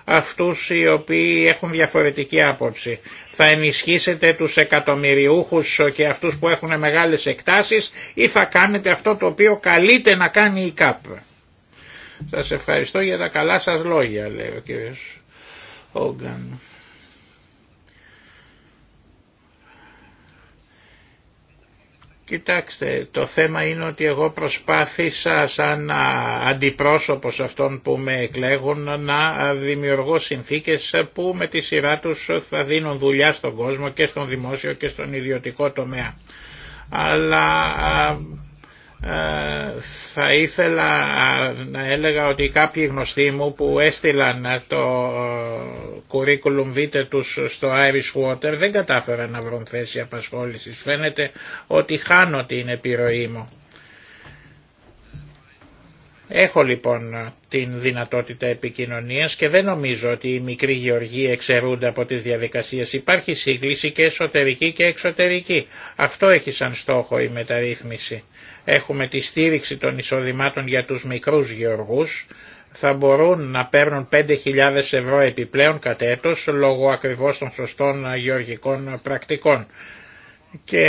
B: αυτούς οι οποίοι έχουν διαφορετική άποψη. Θα ενισχύσετε τους εκατομμυριούχους και αυτούς που έχουν μεγάλες εκτάσεις ή θα κάνετε αυτό το οποίο καλείται να κάνει η ΚΑΠ. Σας ευχαριστώ για τα καλά σας λόγια λέει ο κύριος Όγκαν. Κοιτάξτε, το θέμα είναι ότι εγώ προσπάθησα σαν αντιπρόσωπος αυτών που με εκλέγουν να δημιουργώ συνθήκες που με τη σειρά τους θα δίνουν δουλειά στον κόσμο και στον δημόσιο και στον ιδιωτικό τομέα. Αλλά θα ήθελα να έλεγα ότι κάποιοι γνωστοί μου που έστειλαν το curriculum vitae τους στο Irish Water δεν κατάφεραν να βρουν θέση απασχόλησης. Φαίνεται ότι χάνω την επιρροή μου. Έχω λοιπόν την δυνατότητα επικοινωνίας και δεν νομίζω ότι οι μικροί γεωργοί εξαιρούνται από τις διαδικασίες. Υπάρχει σύγκληση και εσωτερική και εξωτερική. Αυτό έχει σαν στόχο η μεταρρύθμιση. Έχουμε τη στήριξη των εισοδημάτων για τους μικρούς γεωργούς θα μπορούν να παίρνουν 5.000 ευρώ επιπλέον κατ' έτος λόγω ακριβώς των σωστών ε, γεωργικών ε, πρακτικών. Και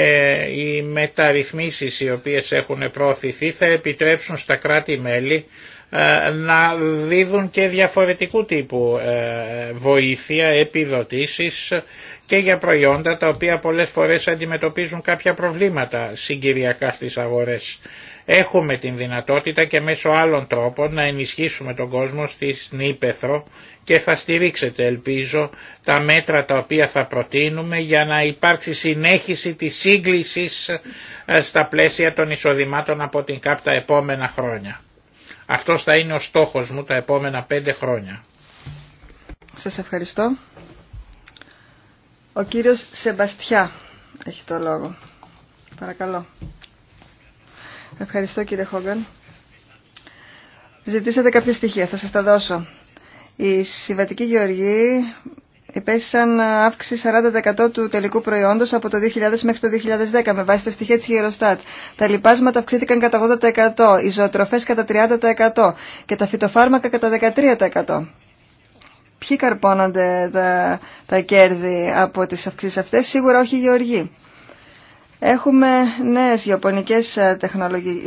B: οι μεταρρυθμίσεις οι οποίες έχουν προωθηθεί θα επιτρέψουν στα κράτη-μέλη ε, να δίδουν και διαφορετικού τύπου βοήθεια, επιδοτήσεις και για προϊόντα τα οποία πολλές φορές αντιμετωπίζουν κάποια προβλήματα συγκυριακά στις αγορές. Έχουμε την δυνατότητα και μέσω άλλων τρόπων να ενισχύσουμε τον κόσμο στη Σνήπεθρο και θα στηρίξετε ελπίζω τα μέτρα τα οποία θα προτείνουμε για να υπάρξει συνέχιση της σύγκλησης ε, στα πλαίσια των εισοδημάτων από την ΚΑΠ τα επόμενα χρόνια. Αυτός θα είναι ο στόχος μου τα επόμενα πέντε χρόνια.
A: Σας ευχαριστώ. Ο κύριος Σεμπαστιά έχει το λόγο. Παρακαλώ. Ευχαριστώ κύριε Χόγκαν. Ζητήσατε κάποια στοιχεία, θα σας τα δώσω. Οι συμβατικοί γεωργοί υπέστησαν αύξηση 40% του τελικού προϊόντος από το 2000 μέχρι το 2010 με βάση τα στοιχεία της Γεροστάτ. Τα λιπάσματα αυξήθηκαν κατά 80%, οι ζωοτροφές κατά 30% και τα φυτοφάρμακα κατά 13%. Ποιοι καρπώνονται τα, τα κέρδη από τις αυξήσεις αυτές, σίγουρα όχι οι γεωργοί. Έχουμε νέες γεωπονικές ε,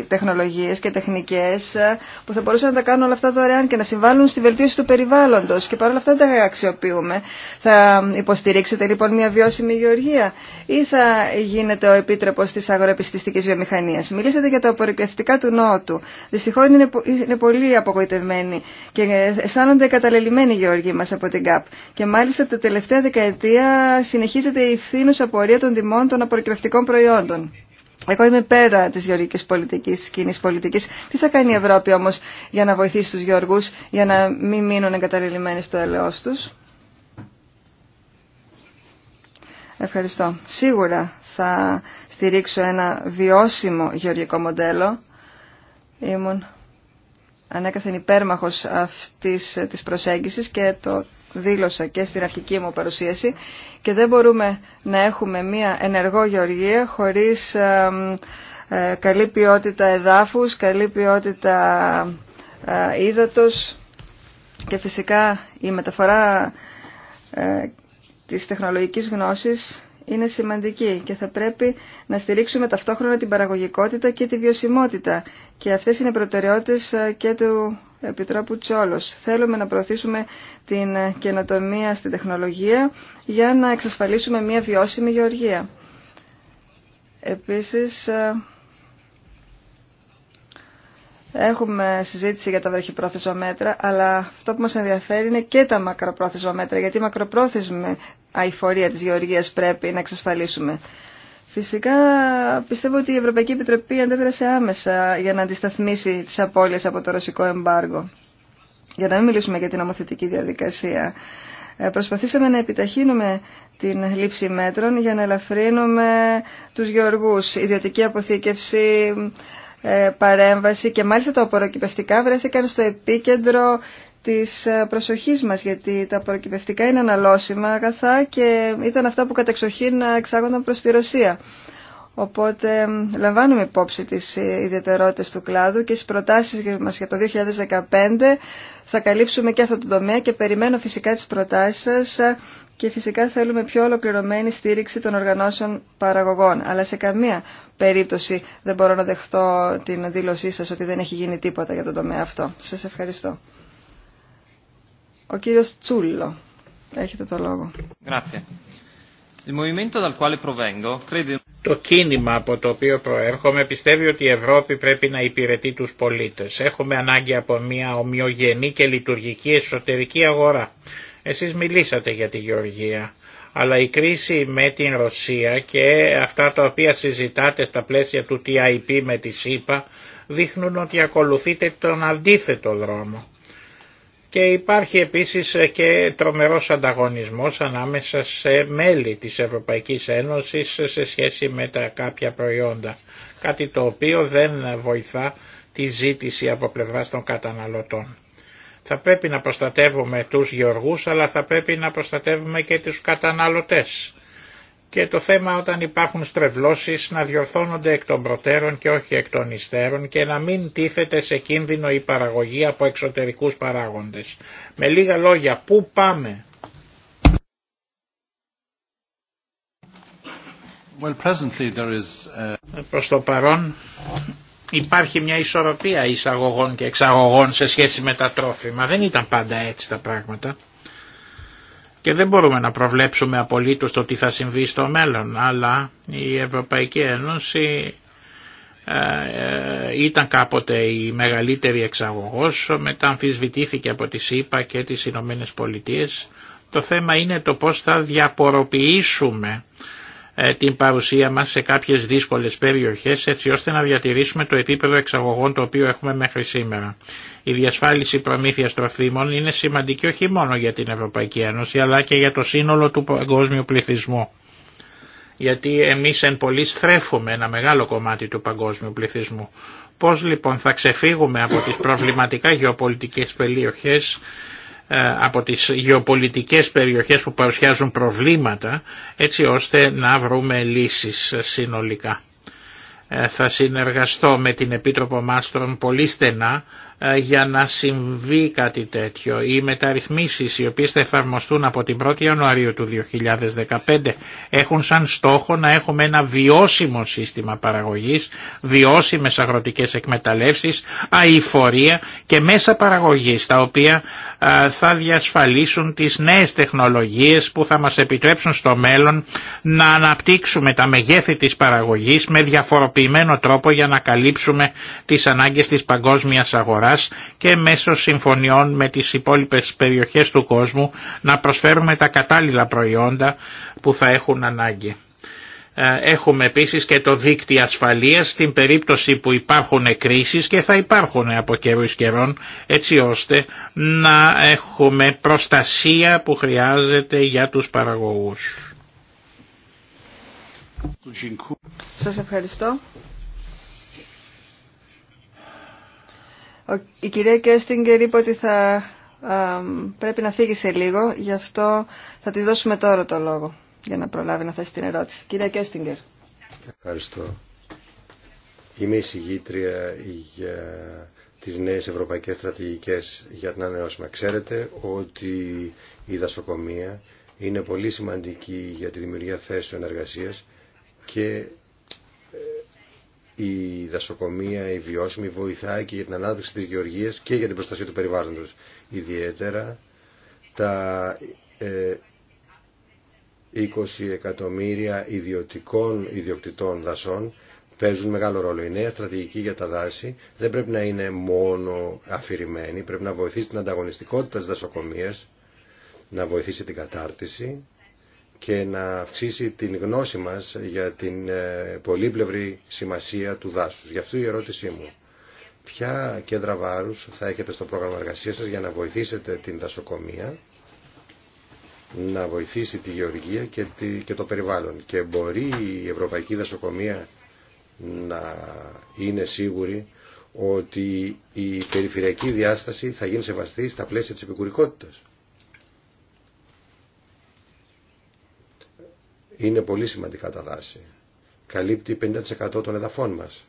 A: τεχνολογίες και τεχνικές ε, που θα μπορούσαν να τα κάνουν όλα αυτά δωρεάν και να συμβάλλουν στη βελτίωση του περιβάλλοντος και παρόλα αυτά τα αξιοποιούμε. Θα υποστηρίξετε λοιπόν μια βιώσιμη γεωργία ή θα γίνεται ο Επίτρεπος της αγροεπιστηστικής βιομηχανίας. Μιλήσατε για τα απορριπευτικά του Νότου. Δυστυχώ είναι, πολύ απογοητευμένοι και αισθάνονται καταλελειμμένοι οι γεωργοί μας από την ΚΑΠ. Και μάλιστα τα τελευταία δεκαετία συνεχίζεται η πορεία των τιμών των απορριπευτικών προϊόντων. Εγώ είμαι πέρα τη γεωργική πολιτική, τη κοινή πολιτική. Τι θα κάνει η Ευρώπη όμω για να βοηθήσει του γεωργού για να μην μείνουν εγκαταλελειμμένοι στο έλεος του. Ευχαριστώ. Σίγουρα θα στηρίξω ένα βιώσιμο γεωργικό μοντέλο. Ήμουν ανέκαθεν υπέρμαχος αυτής της προσέγγισης και το δήλωσα και στην αρχική μου παρουσίαση και δεν μπορούμε να έχουμε μια ενεργό γεωργία χωρίς ε, καλή ποιότητα εδάφους, καλή ποιότητα ε, ύδατος και φυσικά η μεταφορά ε, της τεχνολογικής γνώσης είναι σημαντική και θα πρέπει να στηρίξουμε ταυτόχρονα την παραγωγικότητα και τη βιωσιμότητα. Και αυτές είναι προτεραιότητες ε, και του Επιτρόπου Τσόλος. Θέλουμε να προωθήσουμε την καινοτομία στην τεχνολογία για να εξασφαλίσουμε μια βιώσιμη γεωργία. Επίσης, ε, Έχουμε συζήτηση για τα βραχυπρόθεσμα μέτρα, αλλά αυτό που μας ενδιαφέρει είναι και τα μακροπρόθεσμα μέτρα, γιατί οι αηφορία της γεωργίας πρέπει να εξασφαλίσουμε. Φυσικά πιστεύω ότι η Ευρωπαϊκή Επιτροπή αντέδρασε άμεσα για να αντισταθμίσει τις απώλειες από το ρωσικό εμπάργο. Για να μην μιλήσουμε για την νομοθετική διαδικασία. Ε, προσπαθήσαμε να επιταχύνουμε την λήψη μέτρων για να ελαφρύνουμε τους γεωργούς. Ιδιωτική αποθήκευση, ε, παρέμβαση και μάλιστα τα απορροκυπευτικά βρέθηκαν στο επίκεντρο της ε, προσοχής μας, γιατί τα προκυπευτικά είναι αναλώσιμα αγαθά και ήταν αυτά που κατεξοχήν εξάγονταν προς τη Ρωσία. Οπότε λαμβάνουμε υπόψη τις ε, ιδιαιτερότητες του κλάδου και στις προτάσεις μας για το 2015 θα καλύψουμε και αυτό το τομέα και περιμένω φυσικά τις προτάσεις σας ε, και φυσικά θέλουμε πιο ολοκληρωμένη στήριξη των οργανώσεων παραγωγών. Αλλά σε καμία περίπτωση δεν μπορώ να δεχτώ την δήλωσή σας ότι δεν έχει γίνει τίποτα για τον τομέα αυτό. Σας ευχαριστώ. Ο κύριος Τσούλο. Έχετε το λόγο.
B: Το κίνημα από το οποίο προέρχομαι πιστεύει ότι η Ευρώπη πρέπει να υπηρετεί τους πολίτες. Έχουμε ανάγκη από μια ομοιογενή και λειτουργική εσωτερική αγορά. Εσείς μιλήσατε για τη Γεωργία, αλλά η κρίση με την Ρωσία και αυτά τα οποία συζητάτε στα πλαίσια του TIP με τη ΣΥΠΑ δείχνουν ότι ακολουθείτε τον αντίθετο δρόμο και υπάρχει επίσης και τρομερός ανταγωνισμός ανάμεσα σε μέλη της Ευρωπαϊκής Ένωσης σε σχέση με τα κάποια προϊόντα, κάτι το οποίο δεν βοηθά τη ζήτηση από πλευράς των καταναλωτών. Θα πρέπει να προστατεύουμε τους γεωργούς αλλά θα πρέπει να προστατεύουμε και τους καταναλωτές και το θέμα όταν υπάρχουν στρεβλώσεις να διορθώνονται εκ των προτέρων και όχι εκ των υστέρων και να μην τίθεται σε κίνδυνο η παραγωγή από εξωτερικούς παράγοντες. Με λίγα λόγια, πού πάμε. Well, presently there is... Uh, Προς το παρόν υπάρχει μια ισορροπία εισαγωγών και εξαγωγών σε σχέση με τα τρόφιμα. Δεν ήταν πάντα έτσι τα πράγματα και δεν μπορούμε να προβλέψουμε απολύτως το τι θα συμβεί στο μέλλον, αλλά η Ευρωπαϊκή Ένωση ε, ε, ήταν κάποτε η μεγαλύτερη εξαγωγός, μετά αμφισβητήθηκε από τη ΣΥΠΑ και τις Ηνωμένες Πολιτείες. Το θέμα είναι το πώς θα διαποροποιήσουμε ε, την παρουσία μας σε κάποιες δύσκολες περιοχές έτσι ώστε να διατηρήσουμε το επίπεδο εξαγωγών το οποίο έχουμε μέχρι σήμερα. Η διασφάλιση προμήθειας τροφίμων είναι σημαντική όχι μόνο για την Ευρωπαϊκή Ένωση αλλά και για το σύνολο του παγκόσμιου πληθυσμού. Γιατί εμείς εν πολύ στρέφουμε ένα μεγάλο κομμάτι του παγκόσμιου πληθυσμού. Πώς λοιπόν θα ξεφύγουμε από τις προβληματικά γεωπολιτικές περιοχές ε, από τις γεωπολιτικές περιοχές που παρουσιάζουν προβλήματα έτσι ώστε να βρούμε λύσεις συνολικά. Ε, θα συνεργαστώ με την Επίτροπο Μάστρον πολύ στενά ε, για να συμβεί κάτι τέτοιο. Οι μεταρρυθμίσεις οι οποίες θα εφαρμοστούν από την 1η Ιανουαρίου του 2015 έχουν σαν στόχο να έχουμε ένα βιώσιμο σύστημα παραγωγής, βιώσιμες αγροτικές εκμεταλλεύσεις, αηφορία και μέσα παραγωγής τα οποία ε, θα διασφαλίσουν τις νέες τεχνολογίες που θα μας επιτρέψουν στο μέλλον να αναπτύξουμε τα μεγέθη της παραγωγής με διαφοροποιημένο τρόπο για να καλύψουμε τις ανάγκες της παγκόσμιας αγοράς και μέσω συμφωνιών με τις υπόλοιπες περιοχές του κόσμου να προσφέρουμε τα κατάλληλα προϊόντα που θα έχουν ανάγκη. Ε, έχουμε επίσης και το δίκτυο ασφαλείας στην περίπτωση που υπάρχουν κρίσεις και θα υπάρχουν από καιρούς καιρών έτσι ώστε να έχουμε προστασία που χρειάζεται για τους παραγωγούς.
A: Σας ευχαριστώ. Η κυρία Κέστιγκερ είπε ότι θα πρέπει να φύγει σε λίγο, γι' αυτό θα τη δώσουμε τώρα το λόγο για να προλάβει να θέσει την ερώτηση. Κυρία Κέστιγκερ.
D: Ευχαριστώ.
C: Είμαι συγγήτρια για τις νέες ευρωπαϊκές στρατηγικές για την ανανεώσιμα. Ξέρετε ότι η δασοκομεία είναι πολύ σημαντική για τη δημιουργία θέσεων εργασίας και ε, η δασοκομεία, η βιώσιμη βοηθάει και για την ανάπτυξη της γεωργίας και για την προστασία του περιβάλλοντος. Ιδιαίτερα τα 20 ε, εκατομμύρια ιδιωτικών ιδιοκτητών δασών παίζουν μεγάλο ρόλο. Η νέα στρατηγική για τα δάση δεν πρέπει να είναι μόνο αφηρημένη, πρέπει να βοηθήσει την ανταγωνιστικότητα της δασοκομείας, να βοηθήσει την κατάρτιση και να αυξήσει την γνώση μας για την ε, πολύπλευρη σημασία του δάσους. Γι' αυτό η ερώτησή μου. Ποια κέντρα βάρους θα έχετε στο πρόγραμμα εργασίας σας για να βοηθήσετε την δασοκομεία, να βοηθήσει τη γεωργία και, το περιβάλλον. Και μπορεί η Ευρωπαϊκή Δασοκομεία να είναι σίγουρη ότι η περιφερειακή διάσταση θα γίνει σεβαστή στα πλαίσια της επικουρικότητας. Είναι πολύ σημαντικά τα δάση. Καλύπτει 50% των εδαφών μας.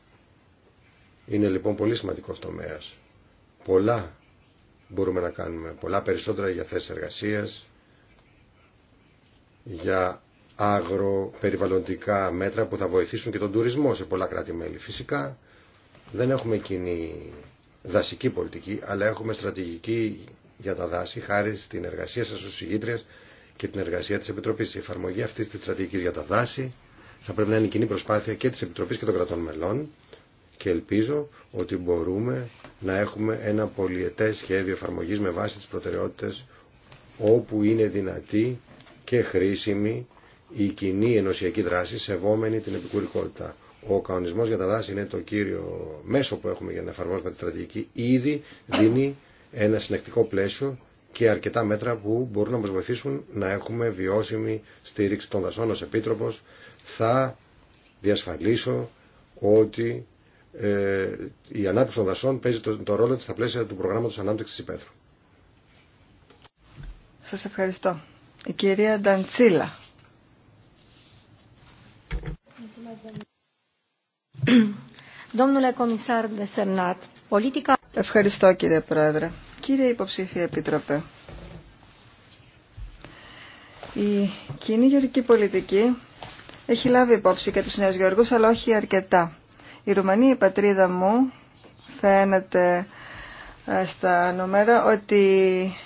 C: Είναι λοιπόν πολύ σημαντικός τομέας. Πολλά μπορούμε να κάνουμε. Πολλά περισσότερα για θέσεις εργασίας, για αγροπεριβαλλοντικά μέτρα που θα βοηθήσουν και τον τουρισμό σε πολλά κράτη-μέλη. Φυσικά δεν έχουμε κοινή δασική πολιτική, αλλά έχουμε στρατηγική για τα δάση χάρη στην εργασία σας ως συγκήτριας και την εργασία τη Επιτροπή. Η εφαρμογή αυτή τη στρατηγική για τα δάση θα πρέπει να είναι κοινή προσπάθεια και τη Επιτροπή και των κρατών μελών και ελπίζω ότι μπορούμε να έχουμε ένα πολιετέ σχέδιο εφαρμογή με βάση τις προτεραιότητες όπου είναι δυνατή και χρήσιμη η κοινή ενωσιακή δράση σεβόμενη την επικουρικότητα. Ο κανονισμό για τα δάση είναι το κύριο μέσο που έχουμε για να εφαρμόσουμε τη στρατηγική. Ήδη δίνει ένα συνεκτικό πλαίσιο και αρκετά μέτρα που μπορούν να μας βοηθήσουν να έχουμε βιώσιμη στήριξη των δασών ως Επίτροπος. Θα διασφαλίσω ότι ε, η ανάπτυξη των δασών παίζει τον το ρόλο της στα πλαίσια του προγράμματος ανάπτυξης υπαίθρου.
A: Σας ευχαριστώ. Η κυρία Νταντσίλα. Ευχαριστώ κύριε Πρόεδρε. Κύριε Υποψήφια Επίτροπε, η κοινή γεωργική πολιτική έχει λάβει υπόψη και τους νέους γεωργούς, αλλά όχι αρκετά. Η Ρουμανία, η πατρίδα μου, φαίνεται ε, στα νούμερα ότι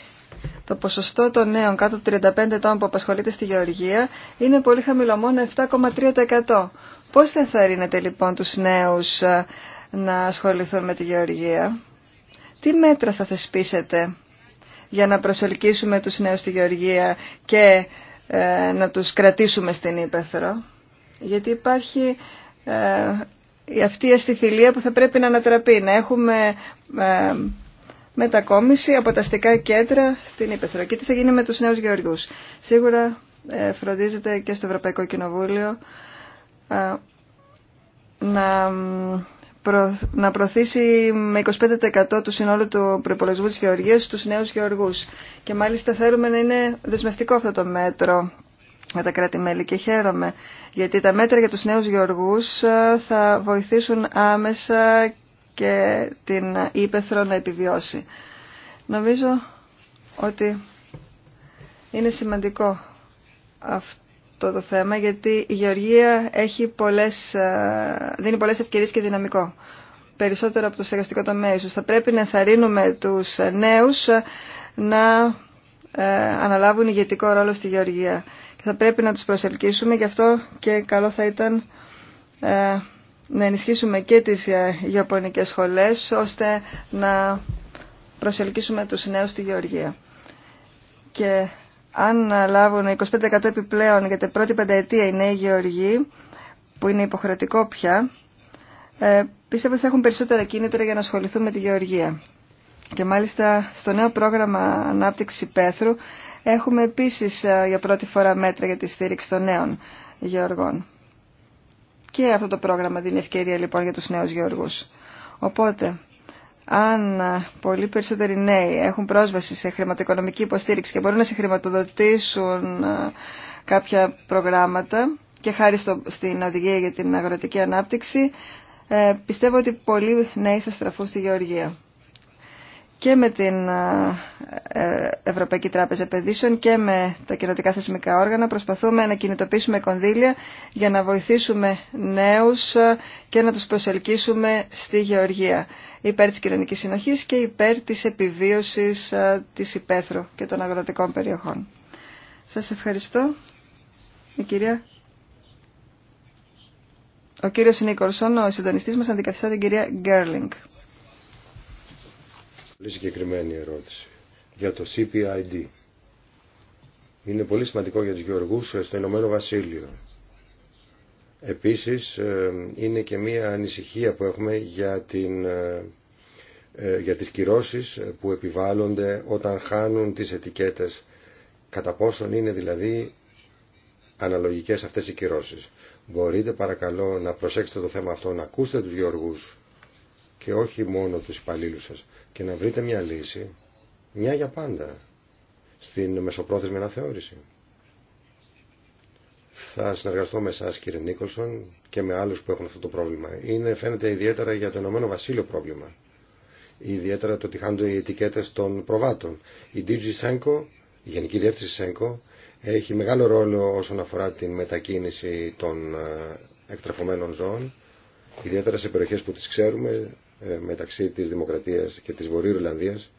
A: το ποσοστό των νέων κάτω των 35 ετών που απασχολείται στη γεωργία είναι πολύ χαμηλό, μόνο 7,3%. Πώς θα ενθαρρύνετε λοιπόν τους νέους ε, να ασχοληθούν με τη γεωργία. Τι μέτρα θα θεσπίσετε για να προσελκύσουμε τους νέους στη Γεωργία και ε, να τους κρατήσουμε στην Ήπεθρο. Γιατί υπάρχει ε, αυτή η αστιφιλία που θα πρέπει να ανατραπεί. Να έχουμε ε, μετακόμιση από τα αστικά κέντρα στην Ήπεθρο. Και τι θα γίνει με τους νέους Γεωργούς. Σίγουρα ε, φροντίζεται και στο Ευρωπαϊκό Κοινοβούλιο να να προωθήσει με 25% του συνόλου του προπολογισμού της γεωργίας στους νέους γεωργούς. Και μάλιστα θέλουμε να είναι δεσμευτικό αυτό το μέτρο με τα κράτη-μέλη και χαίρομαι γιατί τα μέτρα για τους νέους γεωργούς ε, θα βοηθήσουν άμεσα και την ύπεθρο να επιβιώσει. Νομίζω ότι είναι σημαντικό αυτό το θέμα γιατί η γεωργία έχει ε, δίνει πολλές ευκαιρίες και δυναμικό. Περισσότερο από το στεγαστικό τομέα ίσως. Θα πρέπει να ενθαρρύνουμε τους νέους να ε, αναλάβουν ηγετικό ρόλο στη γεωργία. Και θα πρέπει να τους προσελκύσουμε γι' αυτό και καλό θα ήταν ε, να ενισχύσουμε και τις γεωπονικές σχολές ώστε να προσελκύσουμε τους νέους στη γεωργία. Και αν λάβουν 25% επιπλέον για την πρώτη πενταετία οι νέοι γεωργοί, που είναι υποχρεωτικό πια, ε, πιστεύω ότι θα έχουν περισσότερα κίνητρα για να ασχοληθούν με τη γεωργία. Και μάλιστα στο νέο πρόγραμμα ανάπτυξη πέθρου έχουμε επίσης ε, για πρώτη φορά μέτρα για τη στήριξη των νέων γεωργών. Και αυτό το πρόγραμμα δίνει ευκαιρία λοιπόν για τους νέους γεωργούς. Οπότε, αν πολύ περισσότεροι νέοι έχουν πρόσβαση σε χρηματοοικονομική υποστήριξη και μπορούν να συγχρηματοδοτήσουν ε, κάποια προγράμματα και χάρη στο, στην οδηγία για την αγροτική ανάπτυξη, ε, πιστεύω ότι πολλοί νέοι θα στραφούν στη Γεωργία και με την ε, ε, Ευρωπαϊκή Τράπεζα Επενδύσεων και με τα κοινοτικά θεσμικά όργανα προσπαθούμε να κινητοποιήσουμε κονδύλια για να βοηθήσουμε νέους ε, και να τους προσελκύσουμε στη γεωργία υπέρ της κοινωνικής συνοχής και υπέρ της επιβίωσης της υπαίθρου και των αγροτικών περιοχών. Σας ευχαριστώ. Η κυρία... Ο κύριος Νίκορσον, ο συντονιστής μας, αντικαθιστά την κυρία Γκέρλινγκ.
C: Πολύ συγκεκριμένη ερώτηση για το CPID. Είναι πολύ σημαντικό για τους γεωργούς στο Ηνωμένο Βασίλειο. Επίσης ε, είναι και μία ανησυχία που έχουμε για, την, ε, ε, για τις κυρώσεις που επιβάλλονται όταν χάνουν τις ετικέτες. Κατά πόσον είναι δηλαδή αναλογικές αυτές οι κυρώσεις. Μπορείτε παρακαλώ να προσέξετε το θέμα αυτό, να ακούσετε τους γεωργούς και όχι μόνο τους υπαλλήλους σας και να βρείτε μια λύση, μια για πάντα, στην μεσοπρόθεσμη αναθεώρηση. Θα συνεργαστώ με εσά κύριε Νίκολσον και με άλλου που έχουν αυτό το πρόβλημα. Είναι φαίνεται ιδιαίτερα για το Ηνωμένο Βασίλειο πρόβλημα. Ιδιαίτερα το ότι χάνονται οι ετικέτε των προβάτων. Η DG Senko, η Γενική Διεύθυνση Senko, έχει μεγάλο ρόλο όσον αφορά την μετακίνηση των ε, εκτρεφωμένων ζώων, ιδιαίτερα σε περιοχέ που τι ξέρουμε, ε, μεταξύ της Δημοκρατίας και της Βορείου Ιρλανδίας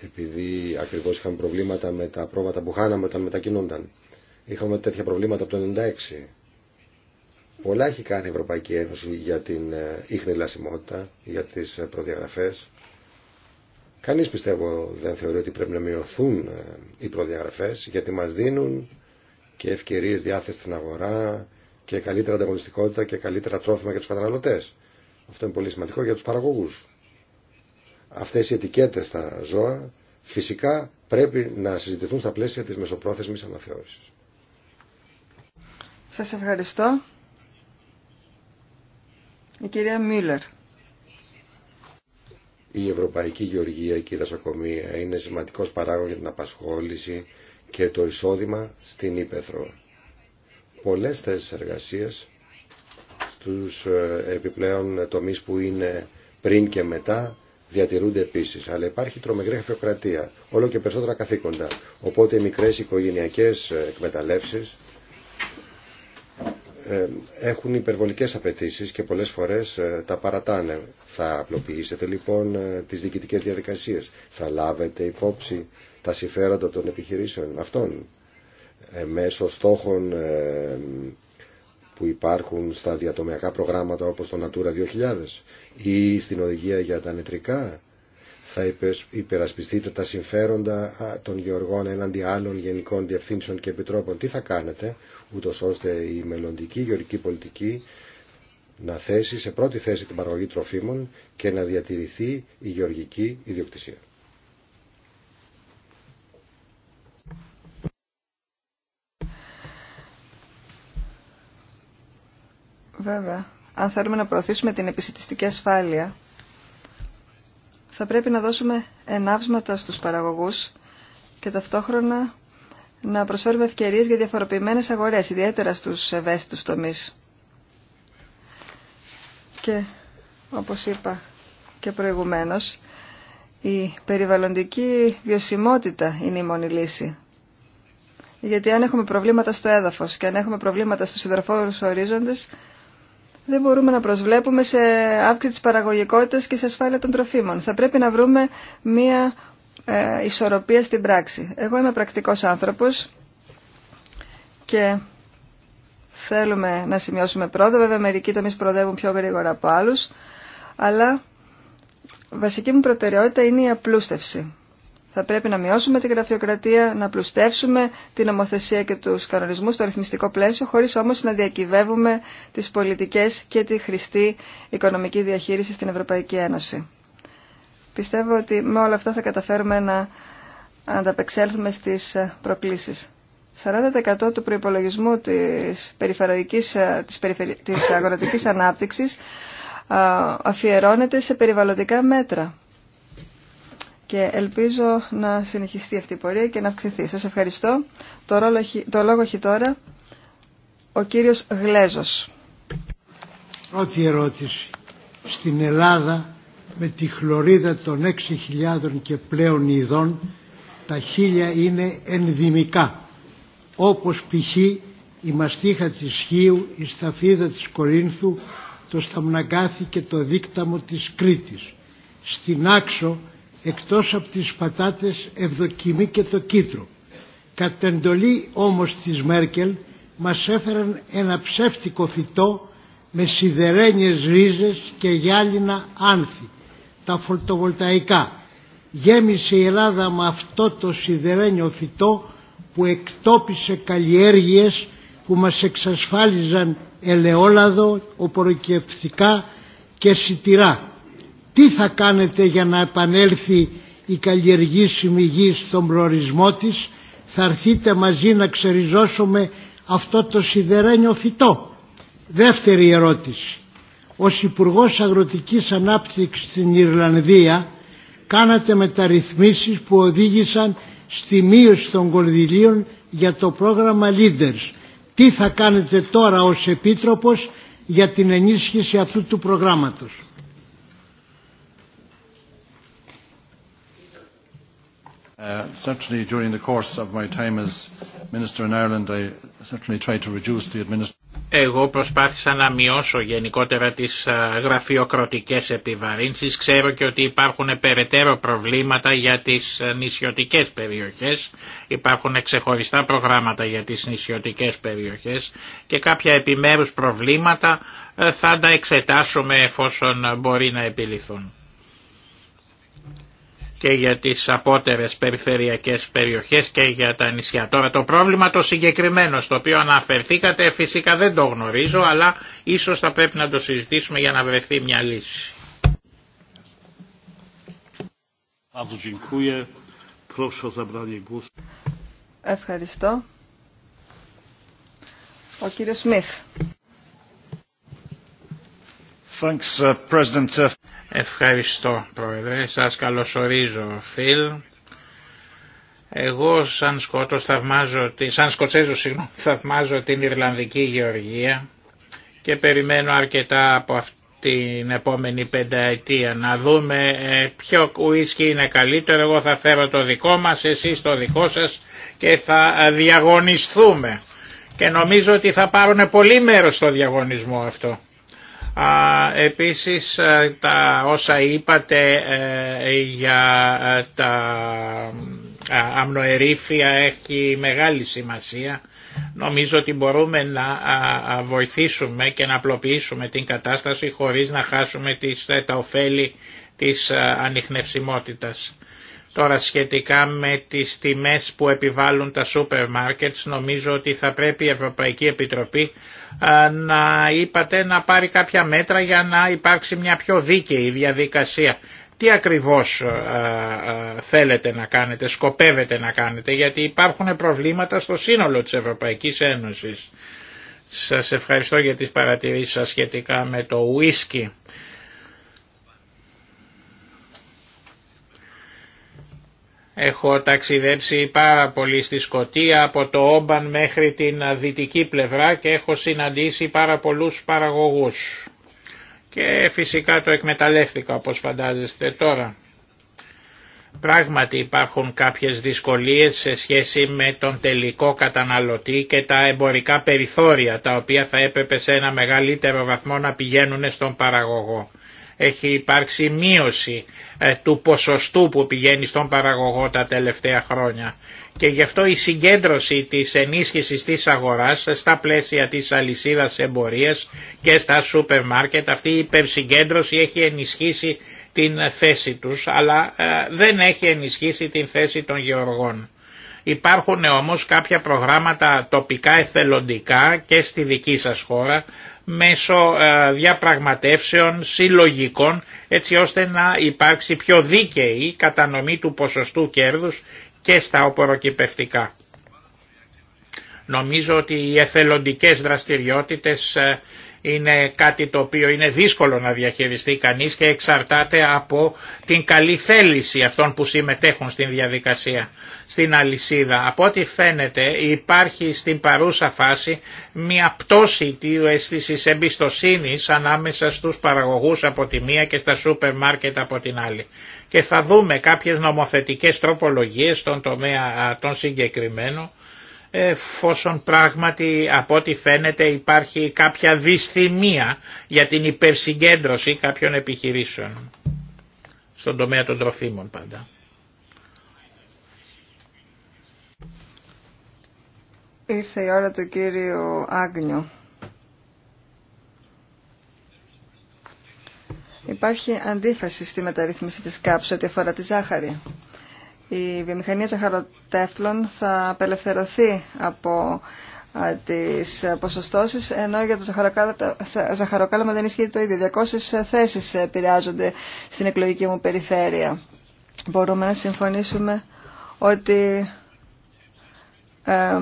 C: επειδή ακριβώς είχαμε προβλήματα με τα πρόβατα που χάναμε όταν μετακινούνταν. Είχαμε τέτοια προβλήματα από το 1996. Πολλά έχει κάνει η Ευρωπαϊκή Ένωση για την ε, ίχνη λασιμότητα, για τις ε, προδιαγραφές. Κανείς πιστεύω δεν θεωρεί ότι πρέπει να μειωθούν οι προδιαγραφές γιατί μας δίνουν και ευκαιρίες διάθεση στην αγορά και καλύτερα ανταγωνιστικότητα και καλύτερα τρόφιμα για τους καταναλωτές. Αυτό είναι πολύ σημαντικό για τους παραγωγούς. Αυτές οι ετικέτες στα ζώα φυσικά πρέπει να συζητηθούν στα πλαίσια της μεσοπρόθεσμης
A: αναθεώρησης. Σας ευχαριστώ. Η κυρία Μίλλερ.
C: Η Ευρωπαϊκή Γεωργία και η Δασοκομεία είναι σημαντικός παράγον για την απασχόληση και το εισόδημα στην Ήπεθρο. Πολλές θέσεις εργασίας τους ε, επιπλέον ε, τομείς που είναι πριν και μετά διατηρούνται επίσης. Αλλά υπάρχει τρομεγρή αφιοκρατία. όλο και περισσότερα καθήκοντα. Οπότε μικρές οικογενειακές ε, εκμεταλλεύσεις έχουν υπερβολικές απαιτήσεις και πολλές φορές τα παρατάνε. Θα απλοποιήσετε λοιπόν τις διοικητικές διαδικασίες. Θα λάβετε υπόψη τα συμφέροντα των επιχειρήσεων αυτών μέσω στόχων που υπάρχουν στα διατομιακά προγράμματα όπως το Natura 2000 ή στην οδηγία για τα νετρικά θα υπερασπιστείτε τα συμφέροντα των γεωργών έναντι άλλων γενικών διευθύνσεων και επιτρόπων. Τι θα κάνετε, ούτω ώστε η μελλοντική γεωργική πολιτική να θέσει σε πρώτη θέση την παραγωγή τροφίμων και να διατηρηθεί η γεωργική ιδιοκτησία.
A: Βέβαια, αν θέλουμε να προωθήσουμε την επισητιστική ασφάλεια, θα πρέπει να δώσουμε ενάψματα στους παραγωγούς και ταυτόχρονα να προσφέρουμε ευκαιρίες για διαφοροποιημένες αγορές, ιδιαίτερα στους ευαίσθητους τομείς. Και, όπως είπα και προηγουμένως, η περιβαλλοντική βιωσιμότητα είναι η μόνη λύση. Γιατί αν έχουμε προβλήματα στο έδαφος και αν έχουμε προβλήματα στους υδροφόρους ορίζοντες, δεν μπορούμε να προσβλέπουμε σε αύξηση της παραγωγικότητας και σε ασφάλεια των τροφίμων. Θα πρέπει να βρούμε μία ε, ισορροπία στην πράξη. Εγώ είμαι πρακτικός άνθρωπος και θέλουμε να σημειώσουμε πρόοδο. Βέβαια μερικοί τομείς προοδεύουν πιο γρήγορα από άλλους, αλλά βασική μου προτεραιότητα είναι η απλούστευση. Θα πρέπει να μειώσουμε την γραφειοκρατία, να πλουστεύσουμε την νομοθεσία και τους κανονισμούς στο ρυθμιστικό πλαίσιο, χωρίς όμως να διακυβεύουμε τις πολιτικές και τη χρηστή οικονομική διαχείριση στην Ευρωπαϊκή Ένωση. Πιστεύω ότι με όλα αυτά θα καταφέρουμε να ανταπεξέλθουμε στις προκλήσεις. 40% του προϋπολογισμού της, περιφερειακής, της, της αγροτικής ανάπτυξης αφιερώνεται σε περιβαλλοντικά μέτρα και ελπίζω να συνεχιστεί αυτή η πορεία και να αυξηθεί. Σας ευχαριστώ. Το, ρόλο, το λόγο έχει τώρα ο κύριος Γλέζος.
D: Πρώτη ερώτηση. Στην Ελλάδα με τη χλωρίδα των 6.000 και πλέον ειδών τα χίλια είναι ενδυμικά όπως π.χ. η μαστίχα της Χίου, η σταφίδα της Κορίνθου, το σταμναγκάθι και το δίκταμο της Κρήτης. Στην Άξο εκτός από τις πατάτες ευδοκιμή και το κίτρο. Κατ' εντολή όμως της Μέρκελ μας έφεραν ένα ψεύτικο φυτό με σιδερένιες ρίζες και γυάλινα άνθη, τα φωτοβολταϊκά. Γέμισε η Ελλάδα με αυτό το σιδερένιο φυτό που εκτόπισε καλλιέργειες που μας εξασφάλιζαν ελαιόλαδο, οποροκευτικά και σιτηρά τι θα κάνετε για να επανέλθει η καλλιεργήσιμη γη στον προορισμό της, θα έρθείτε μαζί να ξεριζώσουμε αυτό το σιδερένιο φυτό. Δεύτερη ερώτηση. Ως υπουργό Αγροτικής Ανάπτυξης στην Ιρλανδία κάνατε μεταρρυθμίσεις που οδήγησαν στη μείωση των κονδυλίων για το πρόγραμμα Leaders. Τι θα κάνετε τώρα ως Επίτροπος για την ενίσχυση αυτού του προγράμματος.
B: Uh, certainly during the course of my time as minister in Εγώ προσπάθησα να μειώσω γενικότερα τις ε, γραφειοκροτικές επιβαρύνσεις. Ξέρω και ότι υπάρχουν περαιτέρω προβλήματα για τις ε, νησιωτικές περιοχές. Υπάρχουν ξεχωριστά προγράμματα για τις νησιωτικές περιοχές και κάποια επιμέρους προβλήματα ε, θα τα εξετάσουμε εφόσον μπορεί να επιληθούν και για τις απότερες περιφερειακές περιοχές και για τα νησιά. Τώρα το πρόβλημα το συγκεκριμένο στο οποίο αναφερθήκατε φυσικά δεν το γνωρίζω αλλά ίσως θα πρέπει να το συζητήσουμε για να βρεθεί μια λύση.
A: Ευχαριστώ. Ο κύριος Σμιθ.
B: Uh, Ευχαριστώ Πρόεδρε, σας καλωσορίζω Φιλ. Εγώ σαν Σκότος θαυμάζω, σαν Σκοτσέζο συγγνώμη, θαυμάζω την Ιρλανδική Γεωργία και περιμένω αρκετά από την επόμενη πενταετία να δούμε ε, ποιο ουίσκι είναι καλύτερο, εγώ θα φέρω το δικό μας, εσείς το δικό σας και θα ε, διαγωνιστούμε. Και νομίζω ότι θα πάρουν πολύ μέρος στο διαγωνισμό αυτό. Επίσης ε, τα όσα είπατε ε, για ε, τα αμνοερήφια έχει μεγάλη σημασία. Νομίζω ότι μπορούμε να βοηθήσουμε και να απλοποιήσουμε την κατάσταση χωρίς να χάσουμε τις, τα ωφέλη της ανιχνευσιμότητας. Τώρα σχετικά με τις τιμές που επιβάλλουν τα σούπερ μάρκετς νομίζω ότι θα πρέπει η Ευρωπαϊκή Επιτροπή να είπατε να πάρει κάποια μέτρα για να υπάρξει μια πιο δίκαιη διαδικασία. Τι ακριβώς θέλετε να κάνετε, σκοπεύετε να κάνετε, γιατί υπάρχουν προβλήματα στο σύνολο της Ευρωπαϊκής Ένωσης. Σας ευχαριστώ για τις παρατηρήσεις σας σχετικά με το ουίσκι. Έχω ταξιδέψει πάρα πολύ στη Σκοτία από το Όμπαν μέχρι την δυτική πλευρά και έχω συναντήσει πάρα πολλούς παραγωγούς. Και φυσικά το εκμεταλλεύτηκα όπως φαντάζεστε τώρα. Πράγματι υπάρχουν κάποιες δυσκολίες σε σχέση με τον τελικό καταναλωτή και τα εμπορικά περιθώρια τα οποία θα έπρεπε σε ένα μεγαλύτερο βαθμό να πηγαίνουν στον παραγωγό. Έχει υπάρξει μείωση ε, του ποσοστού που πηγαίνει στον παραγωγό τα τελευταία χρόνια. Και γι' αυτό η συγκέντρωση της ενίσχυσης της αγοράς στα πλαίσια της αλυσίδας εμπορίας και στα σούπερ μάρκετ αυτή η υπερσυγκέντρωση έχει ενισχύσει την θέση τους αλλά ε, δεν έχει ενισχύσει την θέση των γεωργών. Υπάρχουν όμως κάποια προγράμματα τοπικά εθελοντικά και στη δική σας χώρα μέσω ε, διαπραγματεύσεων συλλογικών έτσι ώστε να υπάρξει πιο δίκαιη κατανομή του ποσοστού κέρδους και στα οποροκυπευτικά. Νομίζω ότι οι εθελοντικές δραστηριότητες ε, είναι κάτι το οποίο είναι δύσκολο να διαχειριστεί κανείς και εξαρτάται από την καλή θέληση αυτών που συμμετέχουν στην διαδικασία στην αλυσίδα. Από ό,τι φαίνεται υπάρχει στην παρούσα φάση μια πτώση της εμπιστοσύνη ανάμεσα στους παραγωγούς από τη μία και στα σούπερ μάρκετ από την άλλη. Και θα δούμε κάποιες νομοθετικές τροπολογίες στον τομέα των συγκεκριμένων εφόσον πράγματι από ό,τι φαίνεται υπάρχει κάποια δυσθυμία για την υπερσυγκέντρωση κάποιων επιχειρήσεων στον τομέα των τροφίμων πάντα.
A: Ήρθε η ώρα του κύριου Άγνιου. Υπάρχει αντίφαση στη μεταρρύθμιση της ΚΑΠΣ ό,τι αφορά τη ζάχαρη. Η βιομηχανία ζαχαροτέφλων θα απελευθερωθεί από τις ποσοστώσεις, ενώ για το ζαχαροκάλαμα δεν ισχύει το ίδιο. 200 θέσεις επηρεάζονται στην εκλογική μου περιφέρεια. Μπορούμε να συμφωνήσουμε ότι... Ε,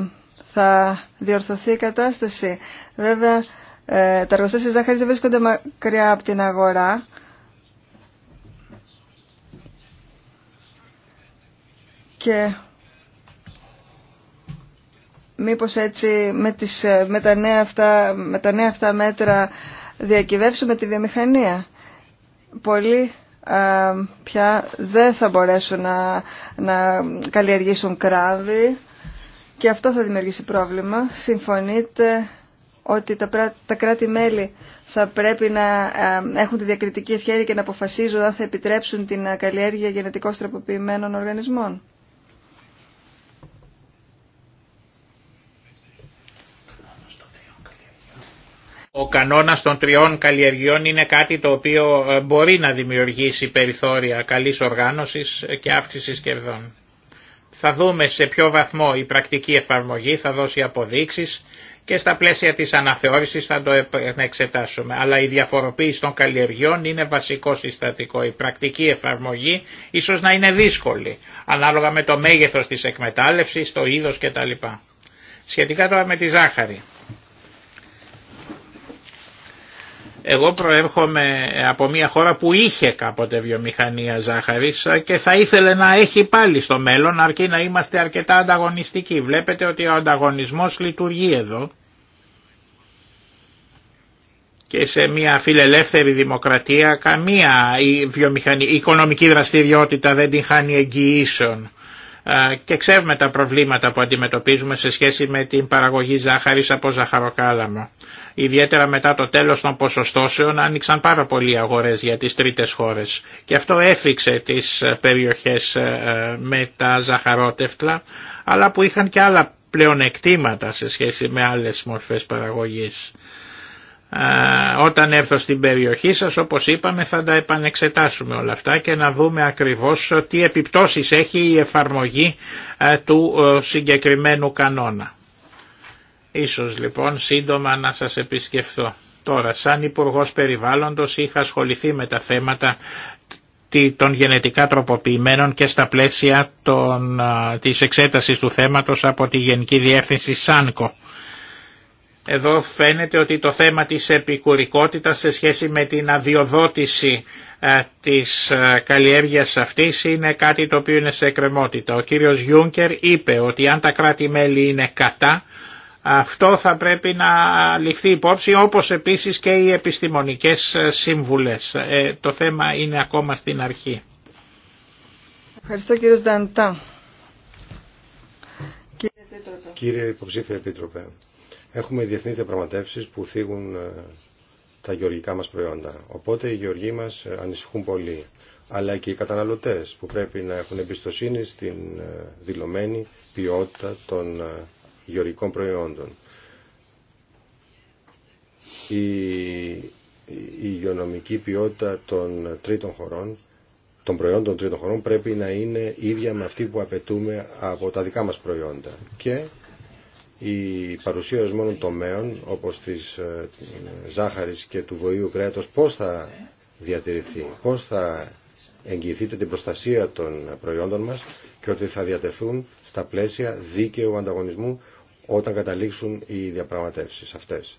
A: θα διορθωθεί η κατάσταση. Βέβαια, ε, τα εργοστάσια ζάχαρης δεν βρίσκονται μακριά από την αγορά. Και μήπως έτσι με, τις, ε, με, τα, νέα αυτά, με τα νέα αυτά μέτρα διακυβεύσουμε τη βιομηχανία. Πολλοί πια δεν θα μπορέσουν να, να καλλιεργήσουν κράβη και αυτό θα δημιουργήσει πρόβλημα. Συμφωνείτε ότι τα κράτη-μέλη θα πρέπει να ε, έχουν τη διακριτική ευχαίρεια και να αποφασίζουν αν θα επιτρέψουν την ε, καλλιέργεια γενετικώς τροποποιημένων οργανισμών.
B: Ο κανόνας των τριών καλλιεργειών είναι κάτι το οποίο ε, μπορεί να δημιουργήσει περιθώρια καλής οργάνωσης και αύξησης κερδών. Θα δούμε σε ποιο βαθμό η πρακτική εφαρμογή θα δώσει αποδείξεις και στα πλαίσια της αναθεώρησης θα το εξετάσουμε. Αλλά η διαφοροποίηση των καλλιεργιών είναι βασικό συστατικό. Η πρακτική εφαρμογή ίσως να είναι δύσκολη, ανάλογα με το μέγεθος της εκμετάλλευσης, το είδος κτλ. Σχετικά τώρα με τη ζάχαρη. Εγώ προέρχομαι από μια χώρα που είχε κάποτε βιομηχανία ζάχαρης και θα ήθελε να έχει πάλι στο μέλλον αρκεί να είμαστε αρκετά ανταγωνιστικοί. Βλέπετε ότι ο ανταγωνισμός λειτουργεί εδώ και σε μια φιλελεύθερη δημοκρατία καμία βιομηχανία, οικονομική δραστηριότητα δεν την χάνει εγγυήσεων και ξέρουμε τα προβλήματα που αντιμετωπίζουμε σε σχέση με την παραγωγή ζάχαρης από ζαχαροκάλαμο ιδιαίτερα μετά το τέλος των ποσοστώσεων άνοιξαν πάρα πολλοί αγορές για τις τρίτες χώρες και αυτό έφυξε τις ε, περιοχές ε, ε, με τα ζαχαρότευτλα αλλά που είχαν και άλλα πλεονεκτήματα σε σχέση με άλλες μορφές παραγωγής. Όταν έρθω στην περιοχή σας όπως είπαμε θα τα επανεξετάσουμε όλα αυτά και να δούμε ακριβώς τι επιπτώσεις έχει η εφαρμογή του συγκεκριμένου κανόνα. Ίσως λοιπόν σύντομα να σας επισκεφθώ. Τώρα, σαν Υπουργός Περιβάλλοντος είχα ασχοληθεί με τα θέματα των γενετικά τροποποιημένων και στα πλαίσια των, της εξέτασης του θέματος από τη Γενική Διεύθυνση ΣΑΝΚΟ. Εδώ φαίνεται ότι το θέμα της επικουρικότητας σε σχέση με την αδειοδότηση της καλλιέργειας αυτής είναι κάτι το οποίο είναι σε εκκρεμότητα. Ο κύριος Γιούνκερ είπε ότι αν τα κράτη-μέλη είναι κατά αυτό θα πρέπει να ληφθεί υπόψη όπως επίσης και οι επιστημονικές σύμβουλες. Ε, το θέμα είναι ακόμα στην αρχή.
A: Ευχαριστώ κύριε Σταντά.
C: Κύριε Υποψήφια Επίτροπε, έχουμε διεθνείς διαπραγματεύσεις που θίγουν ε, τα γεωργικά μας προϊόντα. Οπότε οι γεωργοί μας ε, ανησυχούν πολύ. Αλλά και οι καταναλωτές που πρέπει να έχουν εμπιστοσύνη στην δηλωμένη ποιότητα των γεωργικών προϊόντων. Η, η υγειονομική ποιότητα των τρίτων χωρών, των προϊόντων των τρίτων χωρών πρέπει να είναι ίδια με αυτή που απαιτούμε από τα δικά μας προϊόντα. Και η παρουσία ορισμένων τομέων όπως της ε, ζάχαρης και του βοήου κρέατος πώς θα διατηρηθεί, πώς θα εγγυηθείτε την προστασία των προϊόντων μας και ότι θα διατεθούν στα πλαίσια δίκαιου ανταγωνισμού όταν καταλήξουν οι διαπραγματεύσεις αυτές.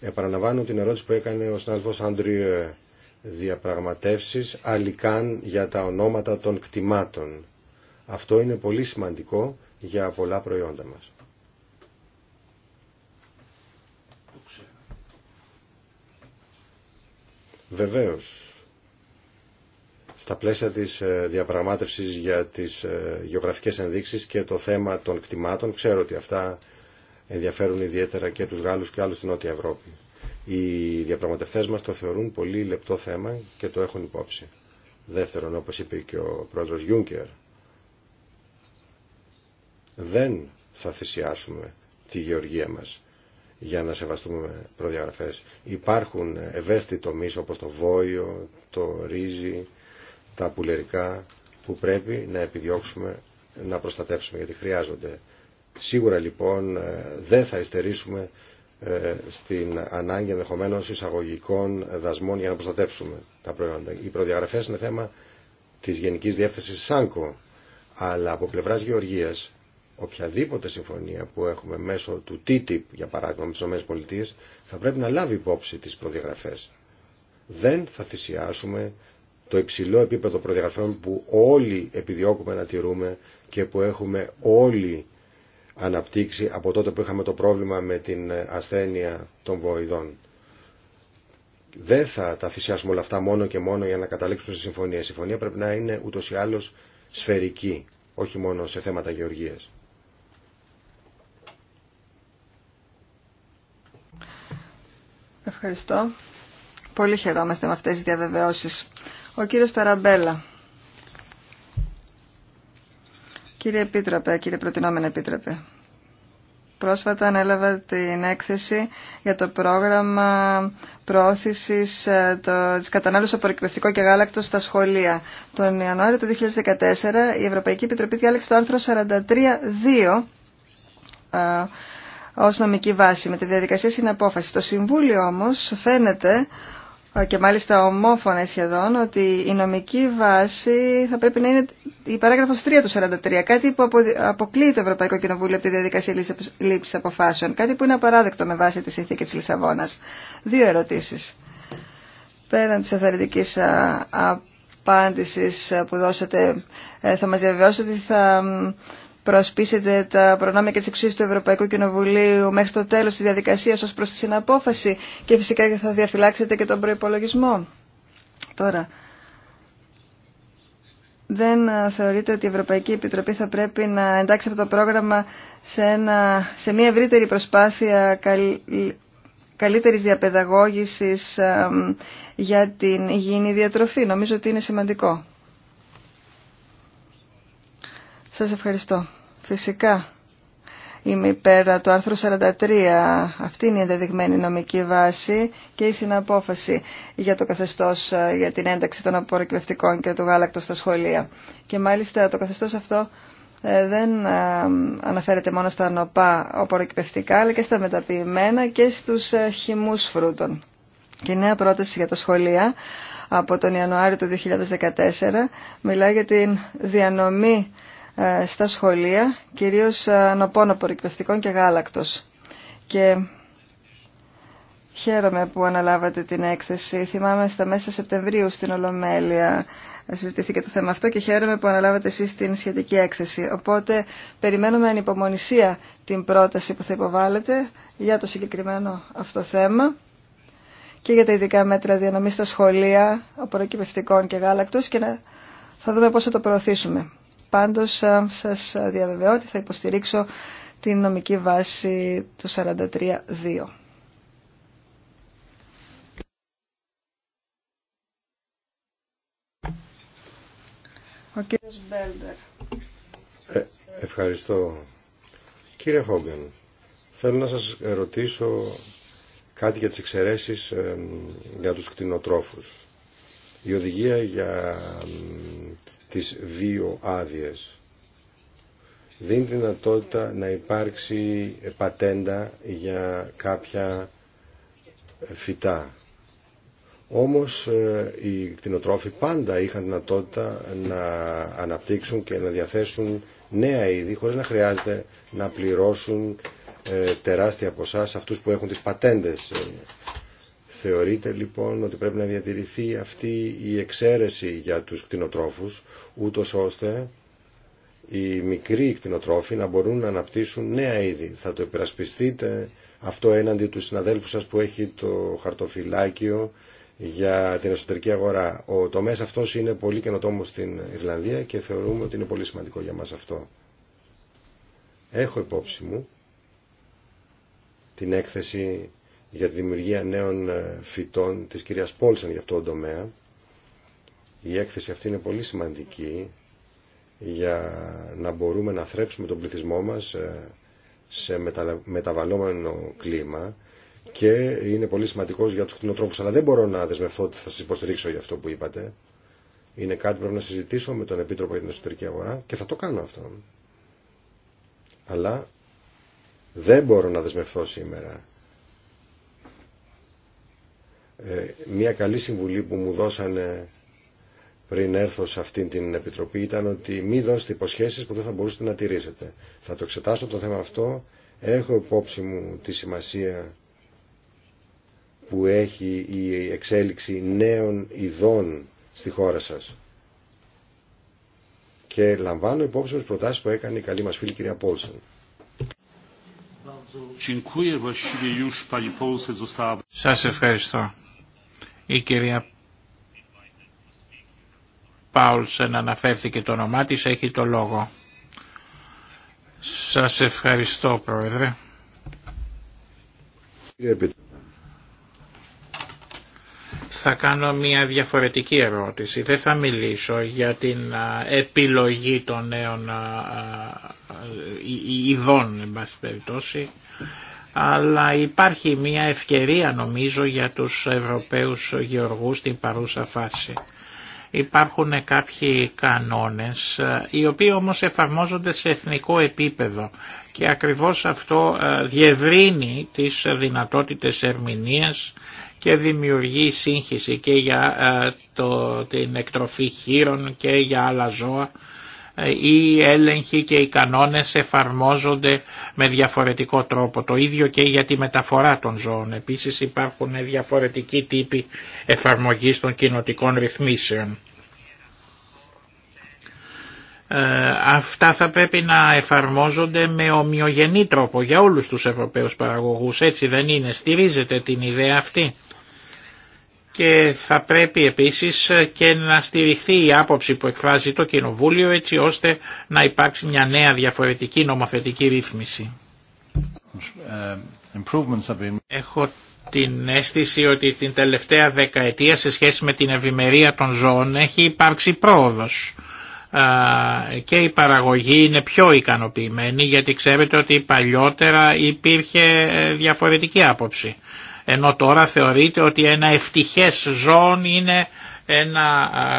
C: Επαναλαμβάνω την ερώτηση που έκανε ο συνάδελφο Άντριου διαπραγματεύσεις αλικάν για τα ονόματα των κτημάτων. Αυτό είναι πολύ σημαντικό για πολλά προϊόντα μας. Βεβαίως, στα πλαίσια της ε, διαπραγμάτευσης για τις ε, γεωγραφικές ενδείξεις και το θέμα των κτημάτων. Ξέρω ότι αυτά ενδιαφέρουν ιδιαίτερα και τους Γάλλους και άλλους στην Νότια Ευρώπη. Οι διαπραγματευτές μας το θεωρούν πολύ λεπτό θέμα και το έχουν υπόψη. Δεύτερον, όπως είπε και ο πρόεδρος Γιούνκερ, δεν θα θυσιάσουμε τη γεωργία μας για να σεβαστούμε προδιαγραφές. Υπάρχουν ευαίσθητοι τομείς όπως το βόιο, το ρύζι, τα πουλερικά που πρέπει να επιδιώξουμε να προστατεύσουμε γιατί χρειάζονται. Σίγουρα λοιπόν ε, δεν θα ειστερήσουμε ε, στην ανάγκη ενδεχομένω εισαγωγικών δασμών για να προστατεύσουμε τα προϊόντα. Οι προδιαγραφές είναι θέμα της Γενικής Διεύθυνσης ΣΑΝΚΟ αλλά από πλευράς γεωργίας οποιαδήποτε συμφωνία που έχουμε μέσω του TTIP για παράδειγμα με τις ΗΠΑ θα πρέπει να λάβει υπόψη τις προδιαγραφές. Δεν θα θυσιάσουμε το υψηλό επίπεδο προδιαγραφών που όλοι επιδιώκουμε να τηρούμε και που έχουμε όλοι αναπτύξει από τότε που είχαμε το πρόβλημα με την ασθένεια των βοηδών. Δεν θα τα θυσιάσουμε όλα αυτά μόνο και μόνο για να καταλήξουμε σε συμφωνία. Η συμφωνία πρέπει να είναι ούτω ή άλλω σφαιρική, όχι μόνο σε θέματα γεωργίας.
A: Ευχαριστώ. Πολύ χαιρόμαστε με αυτές τις διαβεβαιώσεις ο κύριος Ταραμπέλα. Κύριε Επίτροπε, κύριε Προτινόμενο Επίτροπε. Πρόσφατα ανέλαβα την έκθεση για το πρόγραμμα προώθησης ε, το, της κατανάλωσης απορροκυπευτικό και γάλακτος στα σχολεία. Τον Ιανουάριο του 2014 η Ευρωπαϊκή Επιτροπή διάλεξε το άρθρο 43.2 ε, ως νομική βάση με τη διαδικασία συναπόφαση. Το Συμβούλιο όμως φαίνεται και μάλιστα ομόφωνα σχεδόν ότι η νομική βάση θα πρέπει να είναι η παράγραφος 3 του 43, κάτι που αποκλείει το Ευρωπαϊκό Κοινοβούλιο από τη διαδικασία λήψη αποφάσεων, κάτι που είναι απαράδεκτο με βάση τη συνθήκη της Λισαβόνα. Δύο ερωτήσεις. Πέραν τη αθαρρυντική απάντηση που δώσατε, ε, θα μα διαβεβαιώσετε ότι θα προασπίσετε τα προνόμια και τι εξουσίε του Ευρωπαϊκού Κοινοβουλίου μέχρι το τέλος τη διαδικασία ω προ τη συναπόφαση και φυσικά θα διαφυλάξετε και τον προϋπολογισμό. Τώρα, δεν θεωρείτε ότι η Ευρωπαϊκή Επιτροπή θα πρέπει να εντάξει αυτό το πρόγραμμα σε, ένα, σε μια ευρύτερη προσπάθεια καλ, καλύτερης διαπαιδαγώγησης για την υγιεινή διατροφή. Νομίζω ότι είναι σημαντικό. Σας ευχαριστώ. Φυσικά. Είμαι υπέρα του άρθρου 43. Αυτή είναι η ενδεδειγμένη νομική βάση και η συναπόφαση για το καθεστώς ε, για την ένταξη των απορροκυπευτικών και του γάλακτος στα σχολεία. Και μάλιστα το καθεστώς αυτό ε, δεν ε, αναφέρεται μόνο στα νοπά απορροκυπευτικά αλλά και στα μεταποιημένα και στους χυμούς φρούτων. Και η νέα πρόταση για τα σχολεία από τον Ιανουάριο του 2014 μιλά για την διανομή ε, στα σχολεία, κυρίως ε, νοπών απορροκυπευτικών και γάλακτος. Και χαίρομαι που αναλάβατε την έκθεση. Θυμάμαι στα μέσα Σεπτεμβρίου στην Ολομέλεια συζητήθηκε το θέμα αυτό και χαίρομαι που αναλάβατε εσείς την σχετική έκθεση. Οπότε περιμένουμε ανυπομονησία την πρόταση που θα υποβάλλετε για το συγκεκριμένο αυτό θέμα και για τα ειδικά μέτρα διανομής στα σχολεία απορροκυπευτικών και γάλακτος και να... θα δούμε πώς θα το προωθήσουμε. Πάντως σας διαβεβαιώ ότι θα υποστηρίξω την νομική βάση του 43.2. Ο κύριος
C: ε, ευχαριστώ. Κύριε Χόγκεν, θέλω να σας ρωτήσω κάτι για τις εξαιρέσεις για τους κτηνοτρόφους. Η οδηγία για τις βιοάδειες. Δίνει δυνατότητα να υπάρξει πατέντα για κάποια φυτά. Όμως ε, οι κτηνοτρόφοι πάντα είχαν δυνατότητα να αναπτύξουν και να διαθέσουν νέα είδη χωρίς να χρειάζεται να πληρώσουν ε, τεράστια ποσά σε αυτούς που έχουν τις πατέντες ε, Θεωρείτε λοιπόν ότι πρέπει να διατηρηθεί αυτή η εξαίρεση για τους κτηνοτρόφους, ούτως ώστε οι μικροί κτηνοτρόφοι να μπορούν να αναπτύσσουν νέα είδη. Θα το υπερασπιστείτε αυτό έναντι του συναδέλφου σας που έχει το χαρτοφυλάκιο για την εσωτερική αγορά. Ο τομέας αυτός είναι πολύ καινοτόμο στην Ιρλανδία και θεωρούμε ότι είναι πολύ σημαντικό για μας αυτό. Έχω υπόψη μου την έκθεση για τη δημιουργία νέων ε, φυτών της κυρίας Πόλσεν για αυτό το τομέα. Η έκθεση αυτή είναι πολύ σημαντική για να μπορούμε να θρέψουμε τον πληθυσμό μας ε, σε μεταβαλλόμενο κλίμα και είναι πολύ σημαντικός για τους κτηνοτρόφους. Αλλά δεν μπορώ να δεσμευθώ ότι θα σας υποστηρίξω για αυτό που είπατε. Είναι κάτι που πρέπει να συζητήσω με τον Επίτροπο για την Εσωτερική Αγορά και θα το κάνω αυτό. Αλλά δεν μπορώ να δεσμευθώ σήμερα ε, Μία καλή συμβουλή που μου δώσανε πριν έρθω σε αυτήν την επιτροπή ήταν ότι μη δώσετε υποσχέσεις που δεν θα μπορούσατε να τηρήσετε. Θα το εξετάσω το θέμα αυτό. Έχω υπόψη μου τη σημασία που έχει η εξέλιξη νέων ειδών στη χώρα σας. Και λαμβάνω υπόψη μου τις προτάσεις που έκανε η καλή μας φίλη κυρία Πόλσεν.
D: Σας
B: ευχαριστώ. Η κυρία Πάουλσεν αναφέρθηκε το όνομά της, έχει το λόγο. Σας ευχαριστώ Πρόεδρε. Θα κάνω μια διαφορετική ερώτηση. Δεν θα μιλήσω για την επιλογή των νέων ειδών, εν αλλά υπάρχει μια ευκαιρία νομίζω για τους Ευρωπαίους γεωργούς στην παρούσα φάση. Υπάρχουν κάποιοι κανόνες, οι οποίοι όμως εφαρμόζονται σε εθνικό επίπεδο και ακριβώς αυτό ε, διευρύνει τις δυνατότητες ερμηνείας και δημιουργεί σύγχυση και για ε, το, την εκτροφή χείρων και για άλλα ζώα οι έλεγχοι και οι κανόνες εφαρμόζονται με διαφορετικό τρόπο. Το ίδιο και για τη μεταφορά των ζώων. Επίσης υπάρχουν διαφορετικοί τύποι εφαρμογής των κοινοτικών ρυθμίσεων. Ε, αυτά θα πρέπει να εφαρμόζονται με ομοιογενή τρόπο για όλους τους Ευρωπαίους παραγωγούς. Έτσι δεν είναι. Στηρίζεται την ιδέα αυτή και θα πρέπει επίσης και να στηριχθεί η άποψη που εκφράζει το Κοινοβούλιο έτσι ώστε να υπάρξει μια νέα διαφορετική νομοθετική ρύθμιση. Έχω την αίσθηση ότι την τελευταία δεκαετία σε σχέση με την ευημερία των ζώων έχει υπάρξει πρόοδος και η παραγωγή είναι πιο ικανοποιημένη γιατί ξέρετε ότι παλιότερα υπήρχε ε, διαφορετική άποψη ενώ τώρα θεωρείται ότι ένα ευτυχές ζώο είναι ένα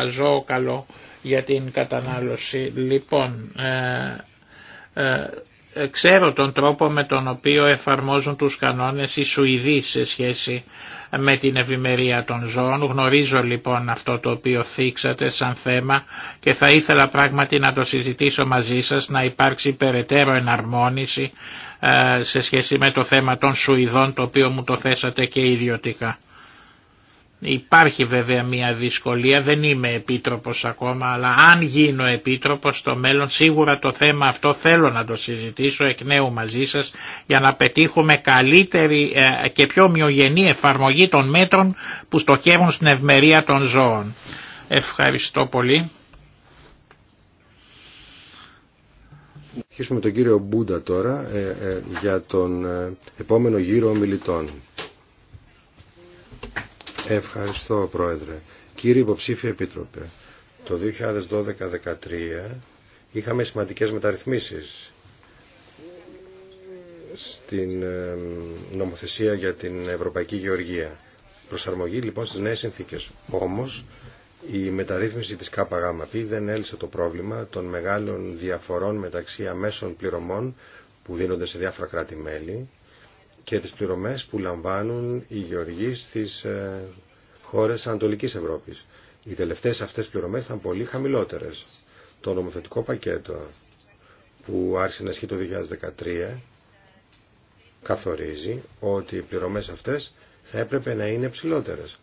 B: ζώο καλό για την κατανάλωση. Λοιπόν, ε, ε, ε, ξέρω τον τρόπο με τον οποίο εφαρμόζουν τους κανόνες οι Σουηδοί σε σχέση με την ευημερία των ζώων. Γνωρίζω λοιπόν αυτό το οποίο θίξατε σαν θέμα και θα ήθελα πράγματι να το συζητήσω μαζί σας να υπάρξει περαιτέρω εναρμόνιση ε, σε σχέση με το θέμα των Σουηδών το οποίο μου το θέσατε και ιδιωτικά. Υπάρχει βέβαια μια δυσκολία, δεν είμαι επίτροπος ακόμα, αλλά αν γίνω επίτροπος στο μέλλον σίγουρα το θέμα αυτό θέλω να το συζητήσω εκ νέου μαζί σας για να πετύχουμε καλύτερη ε, και πιο ομοιογενή εφαρμογή των μέτρων που στοχεύουν στην ευμερία των ζώων. Ευχαριστώ πολύ.
C: Αρχίσουμε τον κύριο Μπούντα τώρα ε, ε, για τον επόμενο γύρο ομιλητών. Ευχαριστώ Πρόεδρε. Κύριε Υποψήφιο Επίτροπε, το 2012-2013 είχαμε σημαντικές μεταρρυθμίσεις στην ε, νομοθεσία για την Ευρωπαϊκή Γεωργία. Προσαρμογή λοιπόν στις νέες συνθήκες. Όμως η μεταρρύθμιση της ΚΓΠ δεν έλυσε το πρόβλημα των μεγάλων διαφορών μεταξύ αμέσων πληρωμών που δίνονται σε διάφορα κράτη-μέλη και τις πληρωμές που λαμβάνουν οι γεωργοί στις ε, χώρες Ανατολικής Ευρώπης. Οι τελευταίες αυτές πληρωμές ήταν πολύ χαμηλότερες. Το νομοθετικό πακέτο που άρχισε να ισχύει το 2013 καθορίζει ότι οι πληρωμές αυτές θα έπρεπε να είναι ψηλότερες.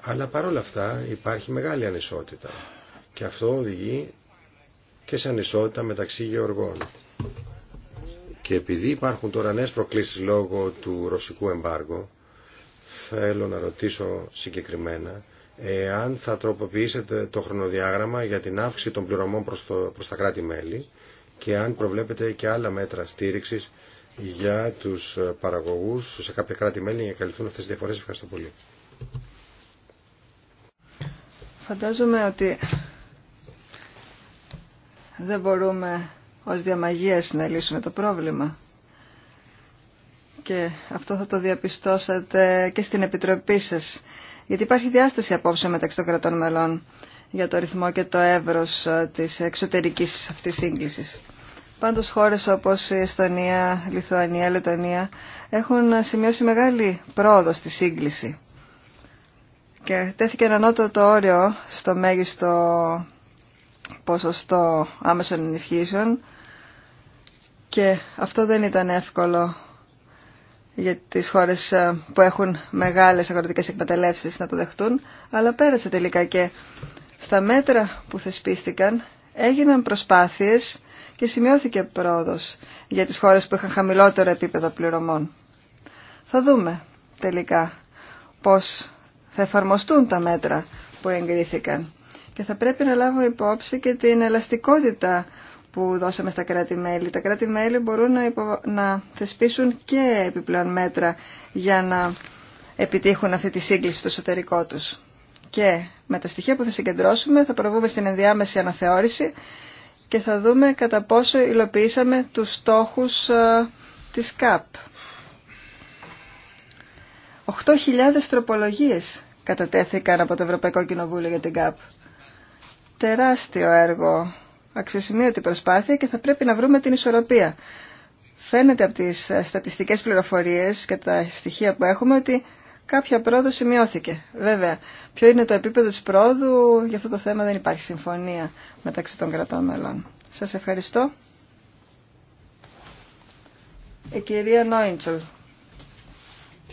C: Αλλά παρόλα αυτά υπάρχει μεγάλη ανισότητα και αυτό οδηγεί και σε ανισότητα μεταξύ γεωργών. Και επειδή υπάρχουν τώρα νέες προκλήσεις λόγω του ρωσικού εμπάργου, θέλω να ρωτήσω συγκεκριμένα εάν θα τροποποιήσετε το χρονοδιάγραμμα για την αύξηση των πληρωμών προς, το, προς τα κράτη-μέλη και αν προβλέπετε και άλλα μέτρα στήριξης για τους παραγωγούς σε κάποια κράτη-μέλη για να καλυφθούν αυτές τις διαφορές. Ευχαριστώ πολύ.
A: Φαντάζομαι ότι δεν μπορούμε ως διαμαγείας να λύσουμε το πρόβλημα. Και αυτό θα το διαπιστώσατε και στην Επιτροπή σας. Γιατί υπάρχει διάσταση απόψε μεταξύ των κρατών μελών για το ρυθμό και το εύρος ε, της εξωτερικής αυτής σύγκλησης. Πάντως χώρες όπως η Εστονία, Λιθουανία, Λετωνία έχουν σημειώσει μεγάλη πρόοδο στη σύγκληση. Και τέθηκε ένα νότο το όριο στο μέγιστο ποσοστό άμεσων ενισχύσεων και αυτό δεν ήταν εύκολο για τις χώρες ε, που έχουν μεγάλες αγροτικές εκμεταλλεύσεις να το δεχτούν, αλλά πέρασε τελικά και στα μέτρα που θεσπίστηκαν έγιναν προσπάθειες και σημειώθηκε πρόοδος για τις χώρες που είχαν χαμηλότερο επίπεδο πληρωμών. Θα δούμε τελικά πώς θα εφαρμοστούν τα μέτρα που εγκρίθηκαν και θα πρέπει να λάβουμε υπόψη και την ελαστικότητα που δώσαμε στα κράτη-μέλη. Τα κράτη-μέλη μπορούν να, να θεσπίσουν και επιπλέον μέτρα για να επιτύχουν αυτή τη σύγκληση στο εσωτερικό τους. Και με τα στοιχεία που θα συγκεντρώσουμε θα προβούμε στην ενδιάμεση αναθεώρηση και θα δούμε κατά πόσο υλοποιήσαμε τους στόχους ε, της ΚΑΠ. 8.000 τροπολογίες κατατέθηκαν από το Ευρωπαϊκό Κοινοβούλιο για την ΚΑΠ τεράστιο έργο, αξιοσημείωτη προσπάθεια και θα πρέπει να βρούμε την ισορροπία. Φαίνεται από τις στατιστικές πληροφορίες και τα στοιχεία που έχουμε ότι κάποια πρόοδο σημειώθηκε. Βέβαια, ποιο είναι το επίπεδο της πρόοδου, για αυτό το θέμα δεν υπάρχει συμφωνία μεταξύ των κρατών μελών. Σας ευχαριστώ. Η κυρία Νόιντσολ.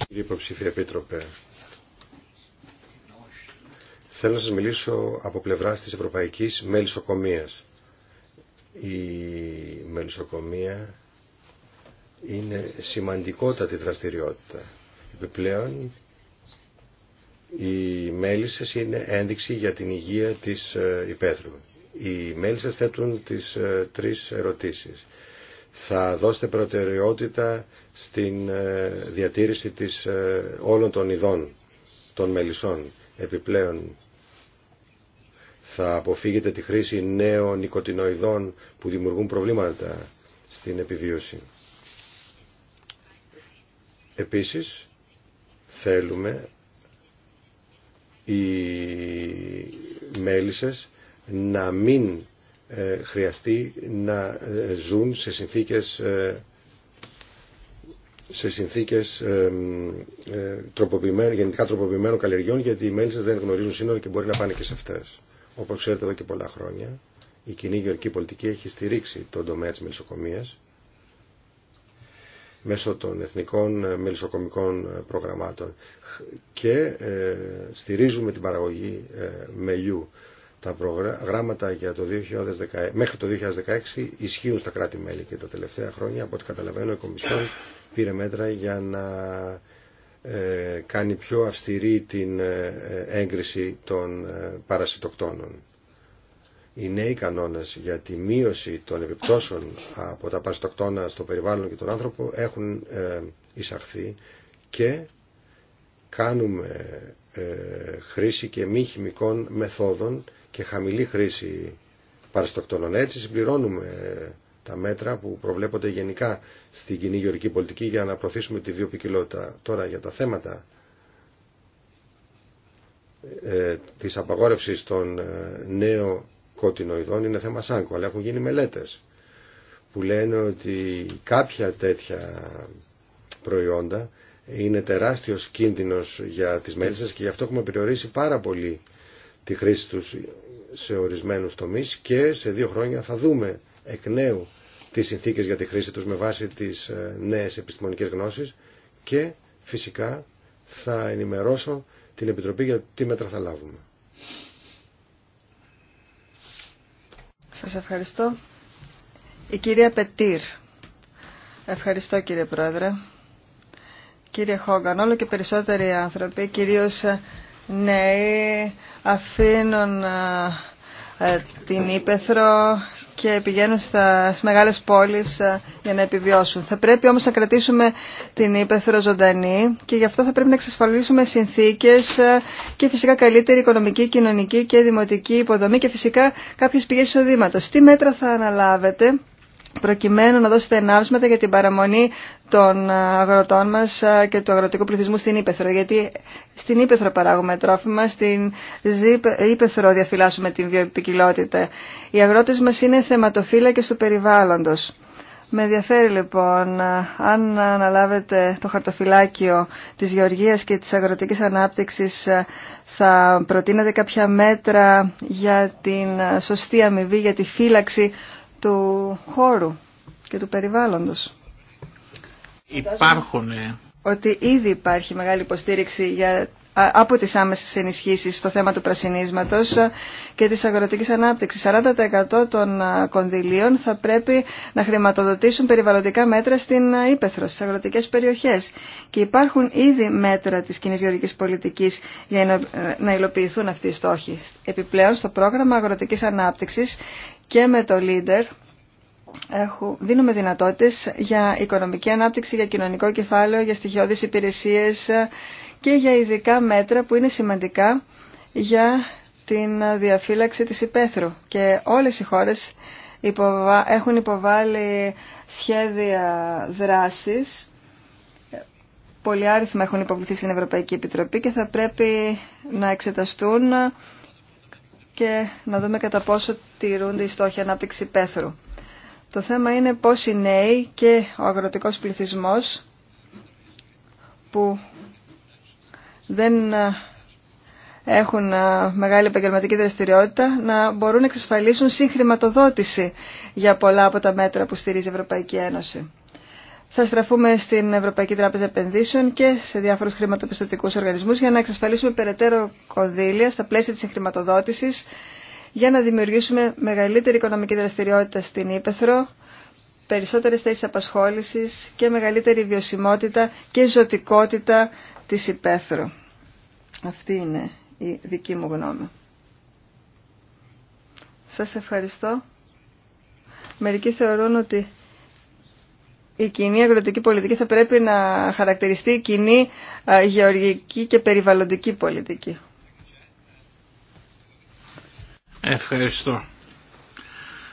C: Κύριε Υποψήφια Επίτροπε, Θέλω να σας μιλήσω από πλευράς της Ευρωπαϊκής Μελισσοκομείας. Η μελισσοκομεία είναι σημαντικότατη δραστηριότητα. Επιπλέον, οι μέλισσες είναι ένδειξη για την υγεία της ε, υπαίθρου. Οι μέλισσες θέτουν τις ε, τρεις ερωτήσεις. Θα δώσετε προτεραιότητα στην ε, διατήρηση της, όλων των ειδών των μελισσών. Επιπλέον, θα αποφύγετε τη χρήση νέων νοικοτινοειδών που δημιουργούν προβλήματα στην επιβίωση. Επίσης, θέλουμε οι μέλισσες να μην ε, χρειαστεί να ε, ζουν σε συνθήκες ε, σε συνθήκες τροποποιημένο, γενικά τροποποιημένων καλλιεργιών γιατί οι μέλισσες δεν γνωρίζουν σύνορα και μπορεί να πάνε και σε αυτές. Όπως ξέρετε εδώ και πολλά χρόνια, η κοινή γεωργική πολιτική έχει στηρίξει τον τομέα της μελισσοκομείας μέσω των εθνικών ε, μελισσοκομικών ε, προγραμμάτων και ε, στηρίζουμε την παραγωγή μελιού. Τα γράμματα για το 2016, μέχρι το 2016 ισχύουν στα κράτη-μέλη και τα τελευταία χρόνια, από ό,τι καταλαβαίνω, η Κομισιόν πήρε μέτρα για να ε, κάνει πιο αυστηρή την ε, έγκριση των ε, παρασιτοκτόνων. Οι νέοι κανόνες για τη μείωση των επιπτώσεων από τα παρασιτοκτόνα στο περιβάλλον και τον άνθρωπο έχουν εισαχθεί και κάνουμε χρήση και μη χημικών μεθόδων και χαμηλή χρήση παρασιτοκτόνων. Έτσι συμπληρώνουμε τα μέτρα που προβλέπονται γενικά στην κοινή γεωρική πολιτική για να προωθήσουμε τη βιοπικιλότητα. Τώρα για τα θέματα ε, της απαγόρευσης των ε, νέων κοτινοειδών είναι θέμα σάνκο, αλλά έχουν γίνει μελέτες που λένε ότι κάποια τέτοια προϊόντα είναι τεράστιος κίνδυνος για τις μέλισσες και γι' αυτό έχουμε περιορίσει πάρα πολύ τη χρήση τους σε ορισμένους τομείς και σε δύο χρόνια θα δούμε εκ νέου τις συνθήκες για τη χρήση τους με βάση τις ε, νέες επιστημονικές γνώσεις και φυσικά θα ενημερώσω την Επιτροπή για τι μέτρα θα λάβουμε.
A: Σας ευχαριστώ. Η κυρία Πετήρ. Ευχαριστώ κύριε Πρόεδρε. Κύριε Χόγκαν, όλο και περισσότεροι άνθρωποι, κυρίως νέοι, αφήνουν ε, ε, την Ήπεθρο και πηγαίνουν στα, στις μεγάλες πόλεις ε, για να επιβιώσουν. Θα πρέπει όμως να κρατήσουμε την Ήπεθρο ζωντανή και γι' αυτό θα πρέπει να εξασφαλίσουμε συνθήκες ε, και φυσικά καλύτερη οικονομική, κοινωνική και δημοτική υποδομή και φυσικά κάποιες πηγές εισοδήματος. Τι μέτρα θα αναλάβετε προκειμένου να δώσετε ενάψματα για την παραμονή των αγροτών μας και του αγροτικού πληθυσμού στην Ήπεθρο. Γιατί στην Ήπεθρο παράγουμε τρόφιμα, στην Ήπεθρο διαφυλάσσουμε την βιοποικιλότητα. Οι αγρότες μας είναι και του περιβάλλοντος. Με ενδιαφέρει λοιπόν αν αναλάβετε το χαρτοφυλάκιο της γεωργίας και της αγροτικής ανάπτυξης θα προτείνετε κάποια μέτρα για την σωστή αμοιβή, για τη φύλαξη του χώρου και του περιβάλλοντος.
B: Υπάρχουν. Ε,
A: Ότι ήδη υπάρχει μεγάλη υποστήριξη για, από τις άμεσες ενισχύσεις στο θέμα του πρασινίσματος και της αγροτικής ανάπτυξης. 40% των κονδυλίων θα πρέπει να χρηματοδοτήσουν περιβαλλοντικά μέτρα στην Ήπεθρο, στις αγροτικές περιοχές. Και υπάρχουν ήδη μέτρα της κοινή γεωργικής πολιτικής για να ε, υλοποιηθούν αυτοί οι στόχοι. Επιπλέον, στο πρόγραμμα αγροτικής ανάπτυξης και με το Leader δίνουμε δυνατότητες για οικονομική ανάπτυξη, για κοινωνικό κεφάλαιο, για στοιχειώδεις υπηρεσίες και για ειδικά μέτρα που είναι σημαντικά για την διαφύλαξη της υπαίθρου. Και όλες οι χώρες έχουν υποβάλει σχέδια δράσης, πολλοί άριθμα έχουν υποβληθεί στην Ευρωπαϊκή Επιτροπή και θα πρέπει να εξεταστούν και να δούμε κατά πόσο τηρούνται οι στόχοι ανάπτυξη πέθρου. Το θέμα είναι πώς οι νέοι και ο αγροτικός πληθυσμός που δεν ε, έχουν ε, μεγάλη επαγγελματική δραστηριότητα να μπορούν να εξασφαλίσουν συγχρηματοδότηση για πολλά από τα μέτρα που στηρίζει η Ευρωπαϊκή Ένωση θα στραφούμε στην Ευρωπαϊκή Τράπεζα Επενδύσεων και σε διάφορους χρηματοπιστωτικούς οργανισμούς για να εξασφαλίσουμε περαιτέρω κονδύλια στα πλαίσια της χρηματοδότησης για να δημιουργήσουμε μεγαλύτερη οικονομική δραστηριότητα στην Ήπεθρο, περισσότερες θέσεις απασχόλησης και μεγαλύτερη βιωσιμότητα και ζωτικότητα της Ήπεθρο. Αυτή είναι η δική μου γνώμη. Σας ευχαριστώ. Μερικοί θεωρούν ότι η κοινή αγροτική πολιτική θα πρέπει να χαρακτηριστεί κοινή γεωργική και περιβαλλοντική πολιτική.
B: Ευχαριστώ.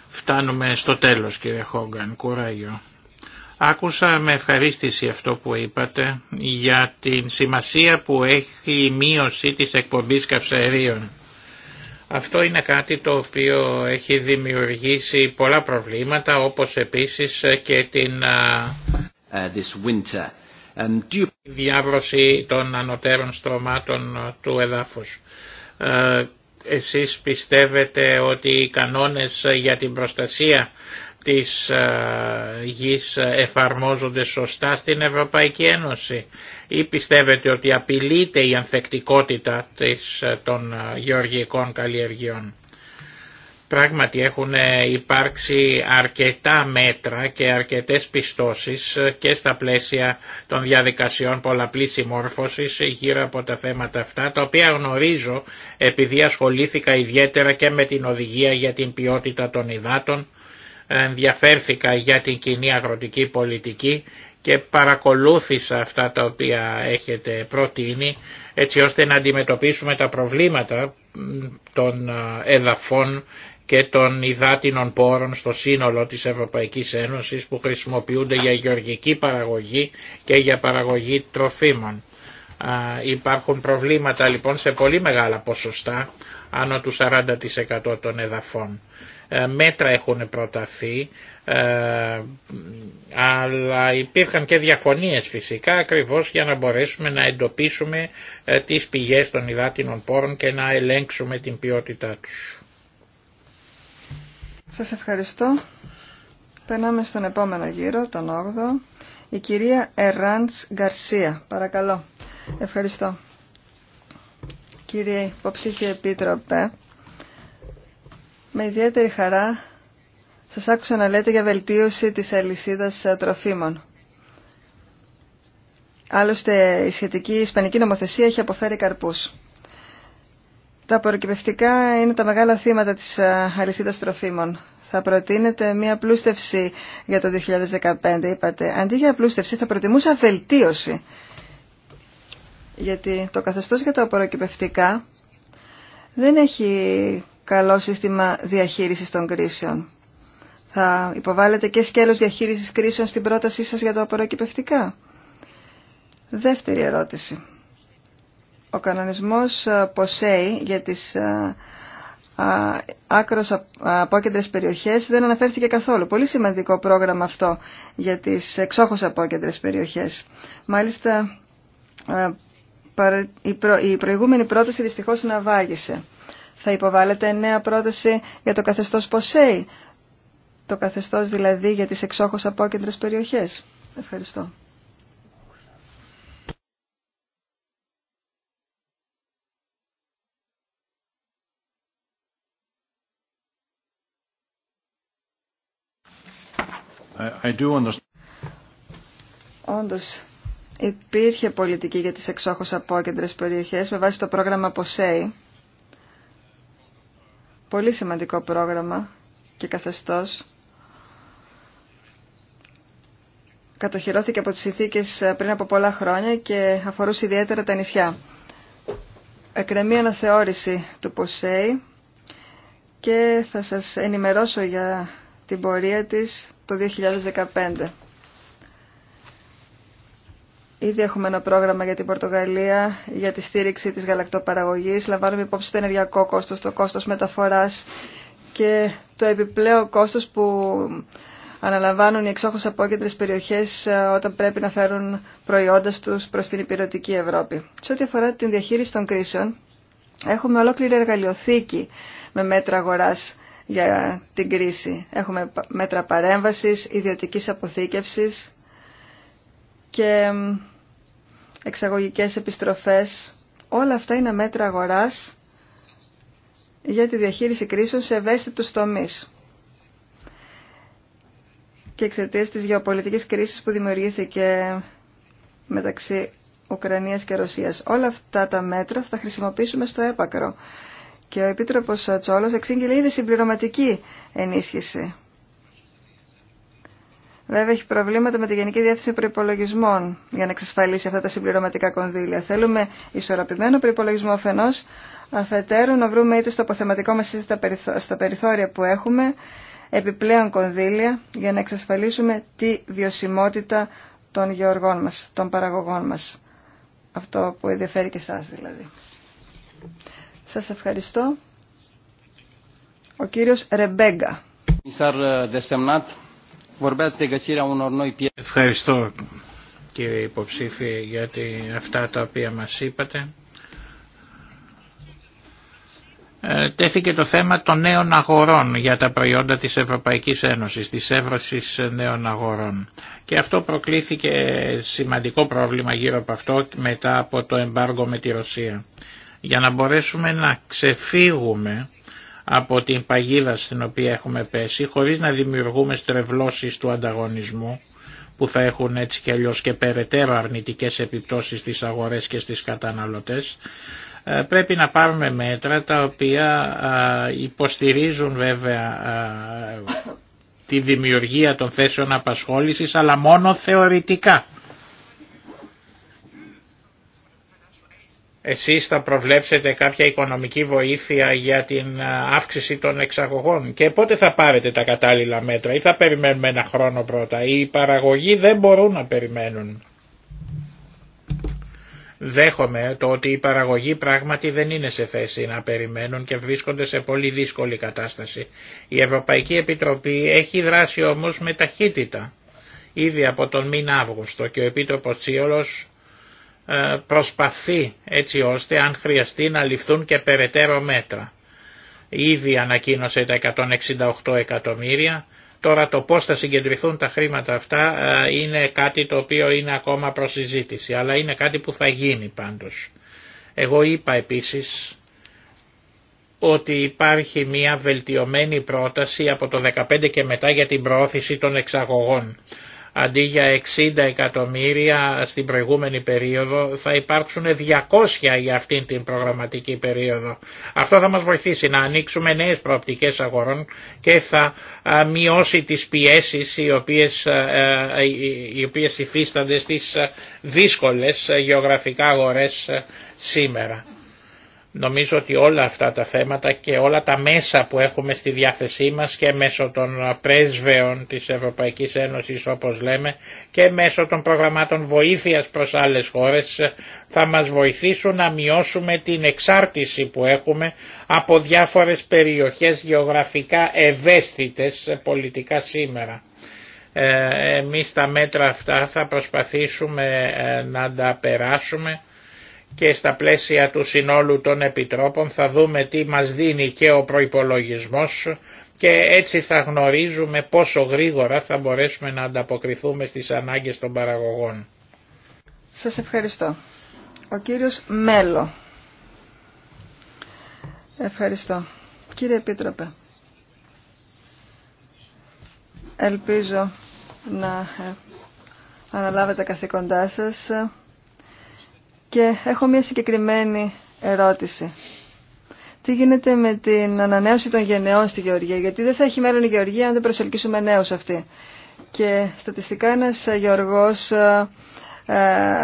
B: Φτάνουμε στο τέλος κύριε Χόγκαν. Κουράγιο. Άκουσα με ευχαρίστηση αυτό που είπατε για την σημασία που έχει η μείωση της εκπομπής καυσαερίων. Αυτό είναι κάτι το οποίο έχει δημιουργήσει πολλά προβλήματα όπως επίσης και την ε, διάβρωση των ανωτέρων στρωμάτων του εδάφους. Ε, εσείς πιστεύετε ότι οι κανόνες για την προστασία της ε, γης εφαρμόζονται σωστά στην Ευρωπαϊκή Ένωση ή πιστεύετε ότι απειλείται η ανθεκτικότητα της, ε, των ε, γεωργικών καλλιεργειών. Πράγματι έχουν υπάρξει αρκετά μέτρα και αρκετές πιστώσεις και στα πλαίσια των διαδικασιών πολλαπλής συμμόρφωσης γύρω από τα θέματα αυτά, τα οποία γνωρίζω επειδή ασχολήθηκα ιδιαίτερα και με την οδηγία για την ποιότητα των υδάτων ενδιαφέρθηκα για την κοινή αγροτική πολιτική και παρακολούθησα αυτά τα οποία έχετε προτείνει έτσι ώστε να αντιμετωπίσουμε τα προβλήματα των ε, εδαφών και των υδάτινων πόρων στο σύνολο της Ευρωπαϊκής Ένωσης που χρησιμοποιούνται για γεωργική παραγωγή και για παραγωγή τροφίμων. Υπάρχουν προβλήματα λοιπόν σε πολύ μεγάλα ποσοστά, άνω του 40% των εδαφών. Ε, μέτρα έχουν προταθεί, ε, αλλά υπήρχαν και διαφωνίες φυσικά ακριβώς για να μπορέσουμε να εντοπίσουμε ε, τις πηγές των υδάτινων πόρων και να ελέγξουμε την ποιότητά τους.
A: Σας ευχαριστώ. Περνάμε στον επόμενο γύρο, τον 8ο. Η κυρία Εράντς Γκαρσία. Παρακαλώ. Ευχαριστώ. Κύριε υποψήφιο επίτροπε, με ιδιαίτερη χαρά σας άκουσα να λέτε για βελτίωση της αλυσίδας ε, τροφίμων. Άλλωστε η σχετική ισπανική νομοθεσία έχει αποφέρει καρπούς. Τα προκυπευτικά είναι τα μεγάλα θύματα της ε, αλυσίδας τροφίμων. Θα προτείνετε μια πλούστευση για το 2015, είπατε. Αντί για πλούστευση θα προτιμούσα βελτίωση. Γιατί το καθεστώς για τα απορροκυπευτικά δεν έχει καλό σύστημα διαχείρισης των κρίσεων. Θα υποβάλλετε και σκέλος διαχείρισης κρίσεων στην πρότασή σας για τα απορροκυπευτικά. Δεύτερη ερώτηση. Ο κανονισμός ε, ΠΟΣΕΙ για τις ε, άκρος απόκεντρες περιοχές δεν αναφέρθηκε καθόλου. Πολύ σημαντικό πρόγραμμα αυτό για τις εξόχως απόκεντρες περιοχές. Μάλιστα ε, η προηγούμενη πρόταση δυστυχώς βάγισε. Θα υποβάλλετε νέα πρόταση για το καθεστώς ΠΟΣΕΙ, το καθεστώς δηλαδή για τις εξόχως απόκεντρες περιοχές. Ευχαριστώ. I Όντως, υπήρχε πολιτική για τις εξόχως απόκεντρες περιοχές με βάση το πρόγραμμα ΠΟΣΕΙ πολύ σημαντικό πρόγραμμα και καθεστώς. Κατοχυρώθηκε από τις συνθήκες πριν από πολλά χρόνια και αφορούσε ιδιαίτερα τα νησιά. Εκρεμεί αναθεώρηση του ΠΟΣΕΙ και θα σας ενημερώσω για την πορεία της το 2015. Ήδη έχουμε ένα πρόγραμμα για την Πορτογαλία για τη στήριξη της γαλακτοπαραγωγής. Λαμβάνουμε υπόψη το ενεργειακό κόστος, το κόστος μεταφοράς και το επιπλέον κόστος που αναλαμβάνουν οι εξόχως απόκεντρες περιοχές ε, όταν πρέπει να φέρουν προϊόντα τους προς την υπηρετική Ευρώπη. Σε ό,τι αφορά την διαχείριση των κρίσεων, έχουμε ολόκληρη εργαλειοθήκη με μέτρα αγοράς για την κρίση. Έχουμε μέτρα παρέμβασης, ιδιωτικής αποθήκευσης, και εξαγωγικές επιστροφές. Όλα αυτά είναι μέτρα αγοράς για τη διαχείριση κρίσεων σε ευαίσθητους τομείς. Και εξαιτία της γεωπολιτικής κρίσης που δημιουργήθηκε μεταξύ Ουκρανίας και Ρωσίας. Όλα αυτά τα μέτρα θα τα χρησιμοποιήσουμε στο έπακρο. Και ο Επίτροπος Τσόλος εξήγηλε ήδη συμπληρωματική ενίσχυση Βέβαια έχει προβλήματα με τη Γενική Διεύθυνση Προπολογισμών για να εξασφαλίσει αυτά τα συμπληρωματικά κονδύλια. Θέλουμε ισορροπημένο προπολογισμό αφενό, αφετέρου να βρούμε είτε στο αποθεματικό μα είτε στα περιθώρια που έχουμε επιπλέον κονδύλια για να εξασφαλίσουμε τη βιωσιμότητα των γεωργών μα των παραγωγών μα. Αυτό που ενδιαφέρει και εσά, δηλαδή. Σα ευχαριστώ. Ο κύριο Ρεμπέγκα.
B: Ε, Ευχαριστώ κύριε υποψήφιε για αυτά τα οποία μας είπατε. Ε, τέθηκε το θέμα των νέων αγορών για τα προϊόντα της Ευρωπαϊκής Ένωσης, της έβρωσης νέων αγορών. Και αυτό προκλήθηκε σημαντικό πρόβλημα γύρω από αυτό μετά από το εμπάργο με τη Ρωσία. Για να μπορέσουμε να ξεφύγουμε από την παγίδα στην οποία έχουμε πέσει χωρίς να δημιουργούμε στρεβλώσεις του ανταγωνισμού που θα έχουν έτσι και αλλιώς και περαιτέρω αρνητικές επιπτώσεις στις αγορές και στις καταναλωτές ε, πρέπει να πάρουμε μέτρα τα οποία ε, υποστηρίζουν βέβαια ε, τη δημιουργία των θέσεων απασχόλησης αλλά μόνο θεωρητικά εσείς θα προβλέψετε κάποια οικονομική βοήθεια για την αύξηση των εξαγωγών και πότε θα πάρετε τα κατάλληλα μέτρα ή θα περιμένουμε ένα χρόνο πρώτα. Οι παραγωγοί δεν μπορούν να περιμένουν. Δέχομαι το ότι οι παραγωγοί πράγματι δεν είναι σε θέση να περιμένουν και βρίσκονται σε πολύ δύσκολη κατάσταση. Η Ευρωπαϊκή Επιτροπή έχει δράσει όμως με ταχύτητα. Ήδη από τον μήνα Αύγουστο και ο Επίτροπος Τσίολος ε, προσπαθεί έτσι ώστε αν χρειαστεί να ληφθούν και περαιτέρω μέτρα. Ήδη ανακοίνωσε τα 168 εκατομμύρια, τώρα το πώς θα συγκεντρηθούν τα χρήματα αυτά ε, είναι κάτι το οποίο είναι ακόμα προσυζήτηση, αλλά είναι κάτι που θα γίνει πάντως. Εγώ είπα επίσης ότι υπάρχει μια βελτιωμένη πρόταση από το 15 και μετά για την προώθηση των εξαγωγών αντί για 60 εκατομμύρια στην προηγούμενη περίοδο θα υπάρξουν 200 για αυτήν την προγραμματική περίοδο. Αυτό θα μας βοηθήσει να ανοίξουμε νέες προοπτικές αγορών και θα μειώσει τις πιέσεις οι οποίες, οι οποίες υφίστανται στις δύσκολες γεωγραφικά αγορές σήμερα. Νομίζω ότι όλα αυτά τα θέματα και όλα τα μέσα που έχουμε στη διάθεσή μας και μέσω των πρέσβεων της Ευρωπαϊκής Ένωσης όπως λέμε και μέσω των προγραμμάτων βοήθειας προς άλλες χώρες θα μας βοηθήσουν να μειώσουμε την εξάρτηση που έχουμε από διάφορες περιοχές γεωγραφικά ευαίσθητες πολιτικά σήμερα. Ε, εμείς τα μέτρα αυτά θα προσπαθήσουμε ε, να τα περάσουμε και στα πλαίσια του συνόλου των επιτρόπων θα δούμε τι μας δίνει και ο προϋπολογισμός και έτσι θα γνωρίζουμε πόσο γρήγορα θα μπορέσουμε να ανταποκριθούμε στις ανάγκες των παραγωγών.
A: Σας ευχαριστώ. Ο κύριος Μέλο. Ευχαριστώ. Κύριε Επίτροπε, ελπίζω να αναλάβετε καθήκοντά σας και έχω μια συγκεκριμένη ερώτηση. Τι γίνεται με την ανανέωση των γενεών στη Γεωργία, γιατί δεν θα έχει μέλλον η Γεωργία αν δεν προσελκύσουμε νέους αυτή. Και στατιστικά ένας γεωργός, ε, ε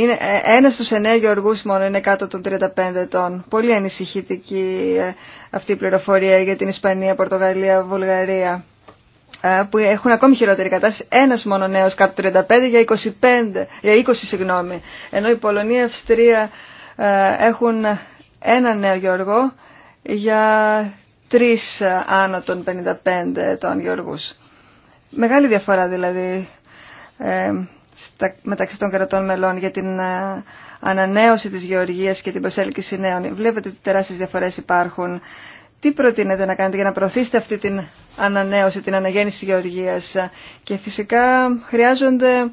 A: είναι, ε, ένας στους εννέα γεωργούς μόνο είναι κάτω των 35 ετών. Πολύ ανησυχητική ε, αυτή η πληροφορία για την Ισπανία, Πορτογαλία, Βουλγαρία. Ε, που έχουν ακόμη χειρότερη κατάσταση. Ένας μόνο νέο κάτω 35 για 25, για 20 συγγνώμη. Ενώ η Πολωνία, η Αυστρία ε, έχουν ένα νέο γεωργό για τρει ε, άνω των 55 ετών γεωργούς. Μεγάλη διαφορά δηλαδή μεταξύ των κρατών μελών για την ανανέωση της γεωργίας και την προσέλκυση νέων. Βλέπετε τι τεράστιες διαφορές υπάρχουν τι προτείνετε να κάνετε για να προωθήσετε αυτή την ανανέωση, την αναγέννηση της γεωργίας και φυσικά χρειάζονται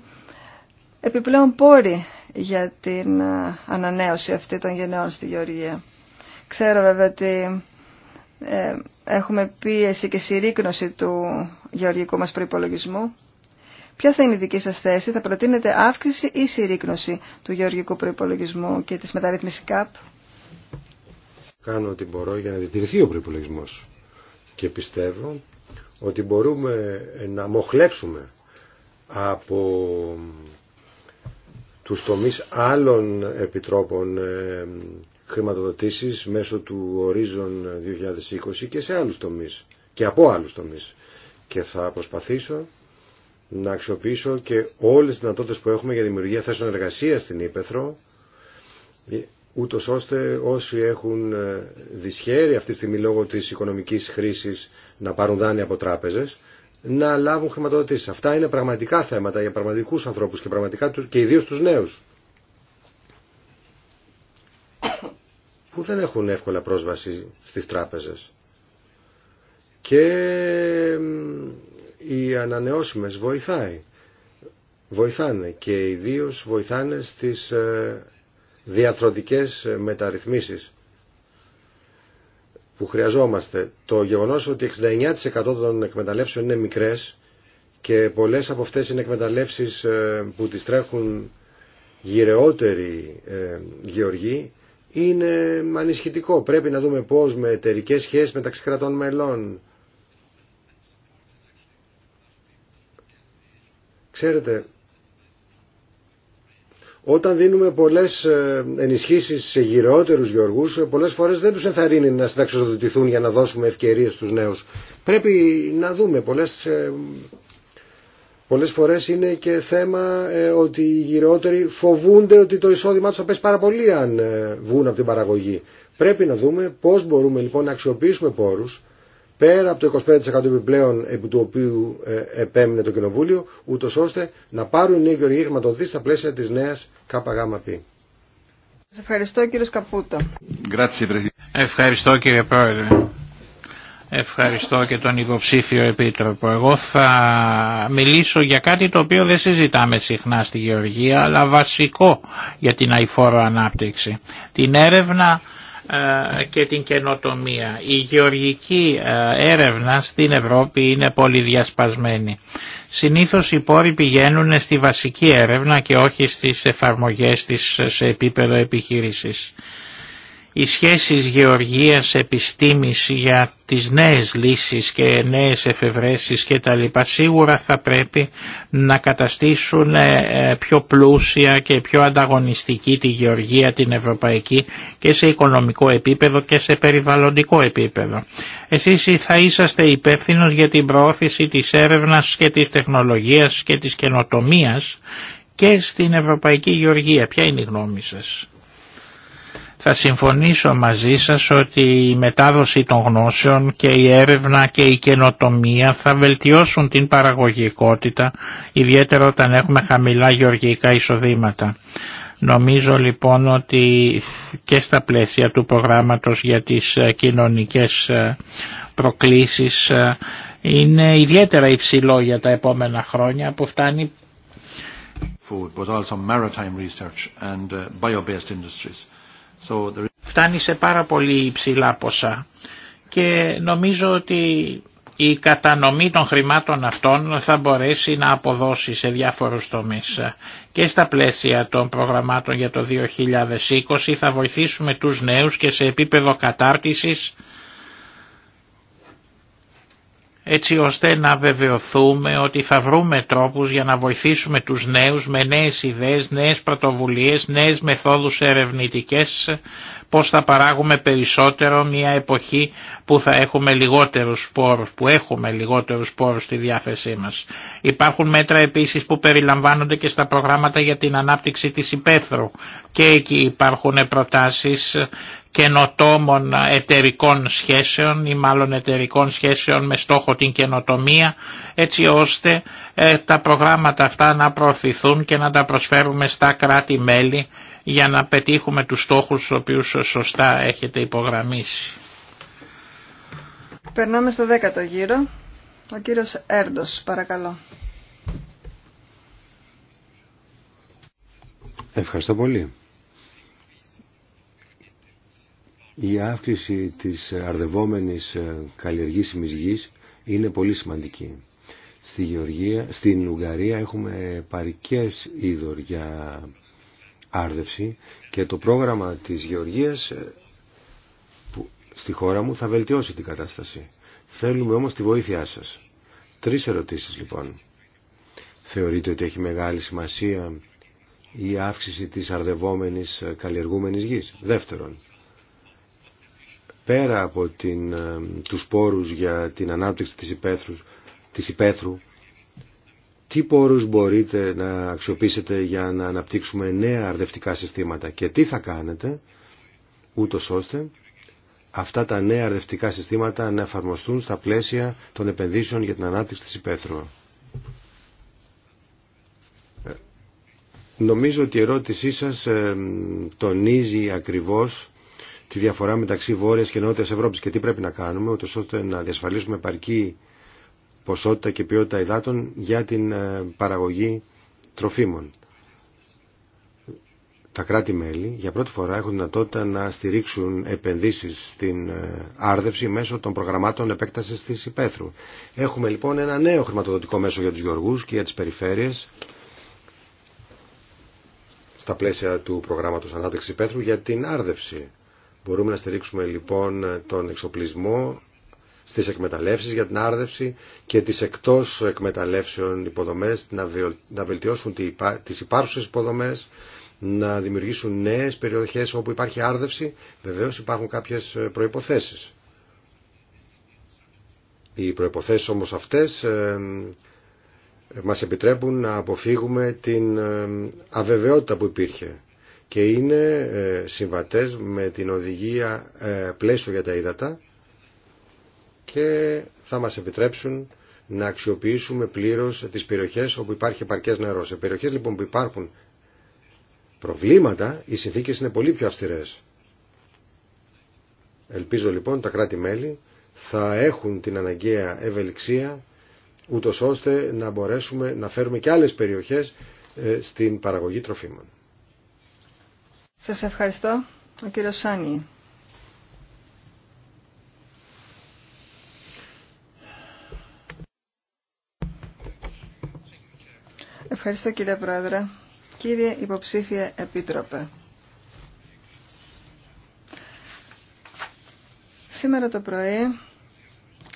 A: επιπλέον πόροι για την ανανέωση αυτή των γενεών στη γεωργία. Ξέρω βέβαια ότι ε, έχουμε πίεση και συρρήκνωση του γεωργικού μας προϋπολογισμού. Ποια θα είναι η δική σας θέση, θα προτείνετε αύξηση ή συρρήκνωση του γεωργικού προϋπολογισμού και της μεταρρύθμισης ΚΑΠ
C: κάνω ό,τι μπορώ για να διατηρηθεί ο προπολογισμό. Και πιστεύω ότι μπορούμε να μοχλέψουμε από τους τομείς άλλων επιτρόπων ε, χρηματοδοτήσεις μέσω του ορίζον 2020 και σε άλλους τομείς και από άλλους τομείς και θα προσπαθήσω να αξιοποιήσω και όλες τις δυνατότητες που έχουμε για δημιουργία θέσεων εργασίας στην Ήπεθρο ούτω ώστε όσοι έχουν ε, δυσχέρει αυτή τη στιγμή λόγω τη οικονομικής χρήση να πάρουν δάνεια από τράπεζες, να λάβουν χρηματοδοτήσει. Αυτά είναι πραγματικά θέματα για πραγματικούς ανθρώπους και, πραγματικά, και ιδίως τους νέους. που δεν έχουν εύκολα πρόσβαση στις τράπεζες. Και οι ανανεώσιμες βοηθάει. Βοηθάνε και ιδίως βοηθάνε στις ε, διαθροτικές μεταρρυθμίσεις που χρειαζόμαστε. Το γεγονός ότι 69% των εκμεταλλεύσεων είναι μικρές και πολλές από αυτές είναι εκμεταλλεύσεις ε, που τις τρέχουν γυρεότεροι ε, γεωργοί είναι ανισχυτικό. Πρέπει να δούμε πώς με εταιρικέ σχέσεις μεταξύ κρατών μελών. Ξέρετε, όταν δίνουμε πολλές ε, ενισχύσεις σε γυρεότερους γεωργούς, ε, πολλές φορές δεν τους ενθαρρύνει να συνταξιοδοτηθούν για να δώσουμε ευκαιρίες στους νέους. Πρέπει να δούμε. Πολλές, ε, πολλές φορές είναι και θέμα ότι οι γυρεότεροι φοβούνται ότι το εισόδημά τους θα πέσει πάρα πολύ αν βγουν από την παραγωγή. Πρέπει να δούμε πώς μπορούμε λοιπόν να αξιοποιήσουμε πόρους πέρα από το 25% επιπλέον επί του οποίου ε, επέμεινε το Κοινοβούλιο, ούτω ώστε να πάρουν οι νέοι γεωργοί χρηματοδοτήσει στα πλαίσια τη νέα
A: ΚΚΠ. Σα ευχαριστώ κύριε Σκαπούτο.
B: Ευχαριστώ κύριε Πρόεδρε. Ευχαριστώ και τον υποψήφιο Επίτροπο. Εγώ θα μιλήσω για κάτι το οποίο δεν συζητάμε συχνά στη Γεωργία, αλλά βασικό για την αηφόρο ανάπτυξη. Την έρευνα ε, και την καινοτομία. Η γεωργική ε, έρευνα στην Ευρώπη είναι πολύ διασπασμένη. Συνήθως οι πόροι πηγαίνουν στη βασική έρευνα και όχι στις εφαρμογές της σε επίπεδο επιχείρησης οι σχέσεις γεωργίας επιστήμης για τις νέες λύσεις και νέες εφευρέσεις και τα λοιπά σίγουρα θα πρέπει να καταστήσουν ε, ε, πιο πλούσια και πιο ανταγωνιστική τη γεωργία την ευρωπαϊκή και σε οικονομικό επίπεδο και σε περιβαλλοντικό επίπεδο. Εσείς θα είσαστε υπεύθυνος για την προώθηση της έρευνας και της τεχνολογίας και της καινοτομίας και στην Ευρωπαϊκή Γεωργία. Ποια είναι η γνώμη σας. Θα συμφωνήσω μαζί σας ότι η μετάδοση των γνώσεων και η έρευνα και η καινοτομία θα βελτιώσουν την παραγωγικότητα, ιδιαίτερα όταν έχουμε χαμηλά γεωργικά εισοδήματα. Νομίζω λοιπόν ότι και στα πλαίσια του προγράμματος για τις ε, κοινωνικές ε, προκλήσεις ε, είναι ιδιαίτερα υψηλό για τα επόμενα χρόνια που φτάνει uh, Φτάνει σε πάρα πολύ υψηλά ποσά και νομίζω ότι η κατανομή των χρημάτων αυτών θα μπορέσει να αποδώσει σε διάφορους τομείς. Και στα πλαίσια των προγραμμάτων για το 2020 θα βοηθήσουμε τους νέους και σε επίπεδο κατάρτισης έτσι ώστε να βεβαιωθούμε ότι θα βρούμε τρόπους για να βοηθήσουμε τους νέους με νέες ιδέες, νέες πρωτοβουλίες, νέες μεθόδους ερευνητικές πώς θα παράγουμε περισσότερο μια εποχή που θα έχουμε λιγότερους σπόρους, που έχουμε λιγότερους σπόρους στη διάθεσή μας. Υπάρχουν μέτρα επίσης που περιλαμβάνονται και στα προγράμματα για την ανάπτυξη της υπαίθρου και εκεί υπάρχουν προτάσεις καινοτόμων εταιρικών σχέσεων ή μάλλον εταιρικών σχέσεων με στόχο την καινοτομία έτσι ώστε ε, τα προγράμματα αυτά να προωθηθούν και να τα προσφέρουμε στα κράτη-μέλη για να πετύχουμε τους στόχους τους οποίους σωστά έχετε υπογραμμίσει.
A: Περνάμε στο δέκατο γύρο. Ο κύριος Έρντος, παρακαλώ.
C: Ευχαριστώ πολύ. Η αύξηση της αρδευόμενης ε, καλλιεργήσιμης γης είναι πολύ σημαντική. Στη Γεωργία, στην Ουγγαρία έχουμε παρικές είδωρ για άρδευση και το πρόγραμμα της γεωργίας ε, που στη χώρα μου θα βελτιώσει την κατάσταση. Θέλουμε όμως τη βοήθειά σας. Τρεις ερωτήσεις λοιπόν. Θεωρείτε ότι έχει μεγάλη σημασία η αύξηση της αρδευόμενης ε, καλλιεργούμενης γης. Δεύτερον, πέρα από την, ε, τους πόρους για την ανάπτυξη της υπαίθρου, της υπαίθρου τι πόρους μπορείτε να αξιοποιήσετε για να αναπτύξουμε νέα αρδευτικά συστήματα και τι θα κάνετε ούτω ώστε αυτά τα νέα αρδευτικά συστήματα να εφαρμοστούν στα πλαίσια των επενδύσεων για την ανάπτυξη της υπαίθρου. Ε, νομίζω ότι η ερώτησή σας ε, τονίζει ακριβώς τη διαφορά μεταξύ Βόρειας και Νότιας Ευρώπης και τι πρέπει να κάνουμε, ούτως ώστε να διασφαλίσουμε επαρκή ποσότητα και ποιότητα υδάτων για την ε, παραγωγή τροφίμων. Τα κράτη-μέλη για πρώτη φορά έχουν δυνατότητα να στηρίξουν επενδύσεις στην ε, άρδευση μέσω των προγραμμάτων επέκτασης της υπαίθρου. Έχουμε λοιπόν ένα νέο χρηματοδοτικό μέσο για τους γεωργούς και για τις περιφέρειες στα πλαίσια του προγράμματος ανάπτυξης υπαίθρου για την άρδευση. Μπορούμε να στηρίξουμε λοιπόν τον εξοπλισμό στις εκμεταλλεύσεις για την άρδευση και τις εκτός εκμεταλλεύσεων υποδομές να βελτιώσουν τις υπάρχουσες υποδομές, να δημιουργήσουν νέες περιοχές όπου υπάρχει άρδευση. Βεβαίως υπάρχουν κάποιες προϋποθέσεις. Οι προϋποθέσεις όμως αυτές μας επιτρέπουν να αποφύγουμε την αβεβαιότητα που υπήρχε και είναι ε, συμβατές με την οδηγία ε, πλαίσιο για τα ύδατα και θα μας επιτρέψουν να αξιοποιήσουμε πλήρως τις περιοχές όπου υπάρχει επαρκές νερό. Σε περιοχές λοιπόν που υπάρχουν προβλήματα, οι συνθήκες είναι πολύ πιο αυστηρές. Ελπίζω λοιπόν τα κράτη-μέλη θα έχουν την αναγκαία ευελιξία ούτω ώστε να μπορέσουμε να φέρουμε και άλλες περιοχές ε, στην παραγωγή τροφίμων.
A: Σας ευχαριστώ. Ο κύριος Σάνι. Ευχαριστώ κύριε Πρόεδρε. Κύριε Υποψήφια Επίτροπε. Σήμερα το πρωί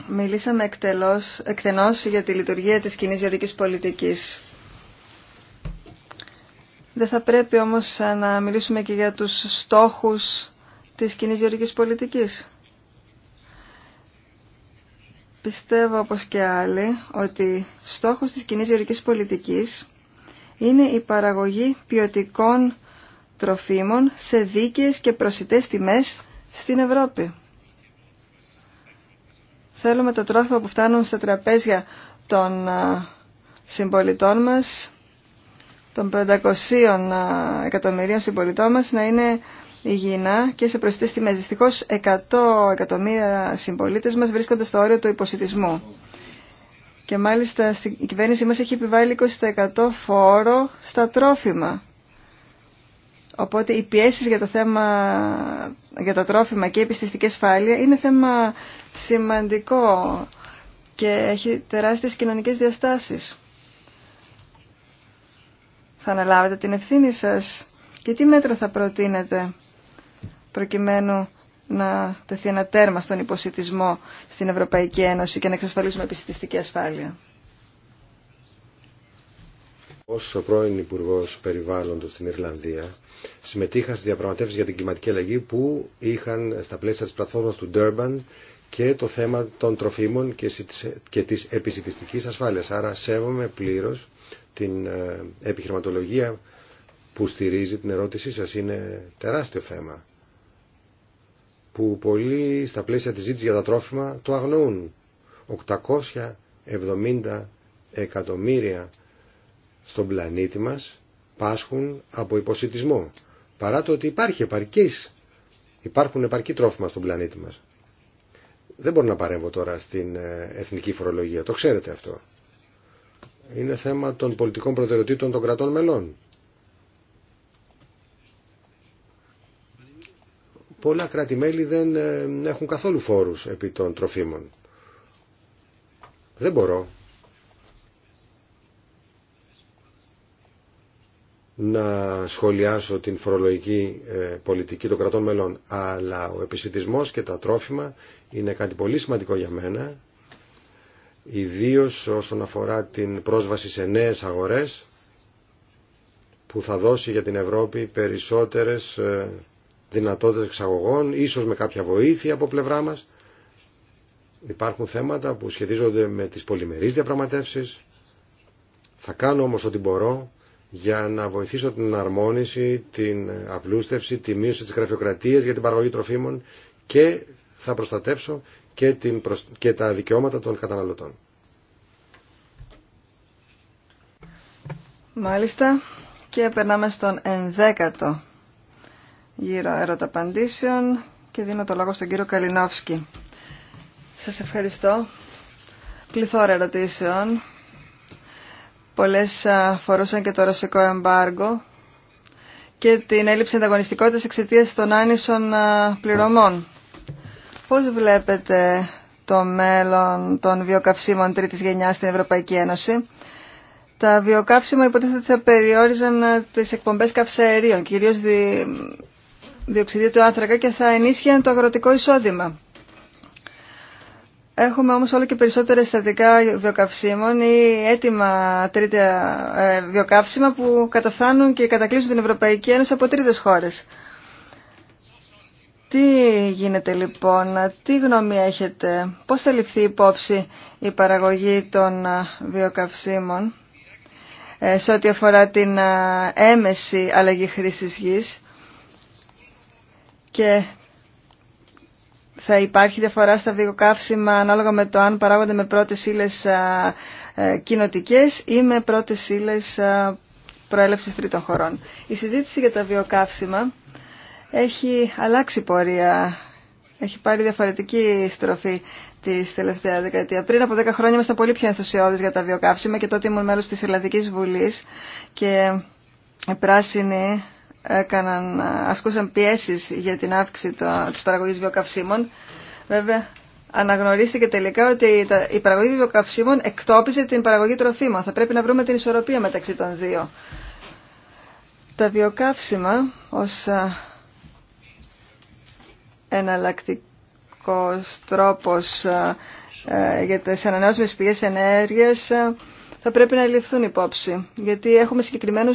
A: μιλήσαμε εκτελώς, εκτενώς για τη λειτουργία της κοινή γεωρικής πολιτικής. Δεν θα πρέπει όμως να μιλήσουμε και για τους στόχους της κοινή γεωρικής πολιτικής. Πιστεύω, όπως και άλλοι, ότι στόχος της κοινή γεωρικής πολιτικής είναι η παραγωγή ποιοτικών τροφίμων σε δίκαιες και προσιτές τιμές στην Ευρώπη. Θέλουμε τα τρόφιμα που φτάνουν στα τραπέζια των συμπολιτών μας, των 500 εκατομμυρίων συμπολιτών μας, να είναι υγιεινά και σε προσιτές τιμές. Δυστυχώς 100 εκατομμύρια συμπολίτες μας βρίσκονται στο όριο του υποσυτισμού. Και μάλιστα η κυβέρνησή μας έχει επιβάλει 20% φόρο στα τρόφιμα. Οπότε οι πιέσεις για, το θέμα, για τα τρόφιμα και η επιστηστική ασφάλεια είναι θέμα σημαντικό και έχει τεράστιες κοινωνικές διαστάσεις. Θα αναλάβετε την ευθύνη σας και τι μέτρα θα προτείνετε προκειμένου να τεθεί ένα τέρμα στον υποσυτισμό στην Ευρωπαϊκή Ένωση και να εξασφαλίσουμε επιστημιστική ασφάλεια.
C: ο πρώην Υπουργό Περιβάλλοντο στην Ιρλανδία, συμμετείχα στι διαπραγματεύσει για την κλιματική αλλαγή που είχαν στα πλαίσια της πλατφόρμας του Durban και το θέμα των τροφίμων και της επιστημιστική ασφάλειας. Άρα, σέβομαι πλήρω την ε, επιχειρηματολογία που στηρίζει την ερώτησή σας είναι τεράστιο θέμα που πολλοί στα πλαίσια της ζήτησης για τα τρόφιμα το αγνοούν. 870 εκατομμύρια στον πλανήτη μας πάσχουν από υποσυτισμό. Παρά το ότι υπάρχει επαρκής, υπάρχουν επαρκή τρόφιμα στον πλανήτη μας. Δεν μπορώ να παρέμβω τώρα στην ε, εθνική φορολογία, το ξέρετε αυτό. Είναι θέμα των πολιτικών προτεραιοτήτων των κρατών μελών. πολλά κράτη-μέλη δεν ε, έχουν καθόλου φόρους επί των τροφίμων. Δεν μπορώ να σχολιάσω την φορολογική ε, πολιτική των κρατών μελών, αλλά ο επισητισμός και τα τρόφιμα είναι κάτι πολύ σημαντικό για μένα, ιδίως όσον αφορά την πρόσβαση σε νέες αγορές, που θα δώσει για την Ευρώπη περισσότερες ε, δυνατότητες εξαγωγών, ίσως με κάποια βοήθεια από πλευρά μας. Υπάρχουν θέματα που σχετίζονται με τις πολυμερείς διαπραγματεύσεις. Θα κάνω όμως ό,τι μπορώ για να βοηθήσω την αρμόνιση, την απλούστευση, τη μείωση της γραφειοκρατίας για την παραγωγή τροφίμων και θα προστατεύσω και, τα δικαιώματα των καταναλωτών.
A: Μάλιστα και περνάμε στον ενδέκατο γύρω ερωταπαντήσεων και δίνω το λόγο στον κύριο Καλινόφσκι. Σας ευχαριστώ. Πληθώρα ερωτήσεων. Πολλές αφορούσαν και το ρωσικό εμπάργο και την έλλειψη ανταγωνιστικότητας εξαιτία των άνισων πληρωμών. Πώς βλέπετε το μέλλον των βιοκαυσίμων τρίτης γενιάς στην Ευρωπαϊκή Ένωση. Τα βιοκαύσιμα υποτίθεται θα περιόριζαν τις εκπομπές καυσαερίων, κυρίως διοξιδίου του άνθρακα και θα ενίσχυαν το αγροτικό εισόδημα. Έχουμε όμως όλο και περισσότερα συστατικά βιοκαυσίμων ή έτοιμα τρίτα ε, βιοκαύσιμα που καταφθάνουν και κατακλείσουν την Ευρωπαϊκή Ένωση από τρίτες χώρες. Τι γίνεται λοιπόν, τι γνώμη έχετε, πώς θα ληφθεί υπόψη η παραγωγή των ε, βιοκαυσίμων ε, σε ό,τι αφορά την έμεση αλλαγή χρήσης γης και θα υπάρχει διαφορά στα βιοκαύσιμα ανάλογα με το αν παράγονται με πρώτες ύλες ε, κοινοτικές ή με πρώτες ύλες προέλευσης τρίτων χωρών. Η συζήτηση για τα βιοκαύσιμα έχει αλλάξει πορεία, έχει πάρει διαφορετική στροφή τη τελευταία δεκαετία. Πριν από 10 χρόνια ήμασταν πολύ πιο ενθουσιώδεις για τα βιοκαύσιμα και τότε ήμουν μέλος της Ελλαδικής Βουλής και πράσινη έκαναν, ασκούσαν πιέσεις για την αύξηση το, της παραγωγής βιοκαυσίμων. Βέβαια, αναγνωρίστηκε τελικά ότι η παραγωγή βιοκαυσίμων εκτόπισε την παραγωγή τροφίμων. Θα πρέπει να βρούμε την ισορροπία μεταξύ των δύο. Τα βιοκαύσιμα ως εναλλακτικός τρόπος ε, για τις ανανεώσιμες πηγές ενέργειας θα πρέπει να ληφθούν υπόψη. Γιατί έχουμε συγκεκριμένου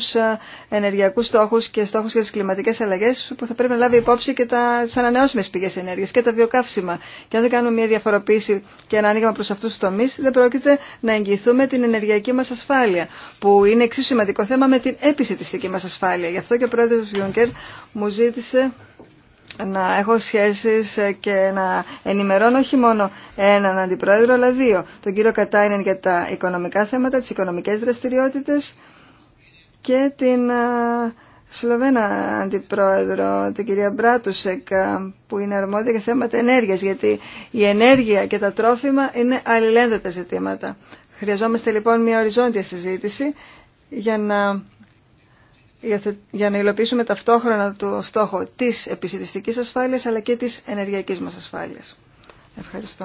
A: ε, ενεργειακού στόχου και στόχου για τι κλιματικέ αλλαγέ που θα πρέπει να λάβει υπόψη και τι ανανεώσιμε πηγέ ενέργεια και τα βιοκαύσιμα. Και αν δεν κάνουμε μια διαφοροποίηση και ένα άνοιγμα προ αυτού του τομεί, δεν πρόκειται να εγγυηθούμε την ενεργειακή μα ασφάλεια, που είναι εξίσου σημαντικό θέμα με την επισητιστική μα ασφάλεια. Γι' αυτό και ο πρόεδρο Γιούγκερ μου ζήτησε να έχω σχέσεις και να ενημερώνω όχι μόνο έναν αντιπρόεδρο, αλλά δύο. Τον κύριο Κατάινεν για τα οικονομικά θέματα, τις οικονομικές δραστηριότητες και την Σλοβένα αντιπρόεδρο, την κυρία Μπράτουσεκ, που είναι αρμόδια για θέματα ενέργειας, γιατί η ενέργεια και τα τρόφιμα είναι αλληλένδετα ζητήματα. Χρειαζόμαστε λοιπόν μια οριζόντια συζήτηση για να για να υλοποιήσουμε ταυτόχρονα το στόχο της επισητιστικής ασφάλειας αλλά και της ενεργειακής μας ασφάλειας. Ευχαριστώ.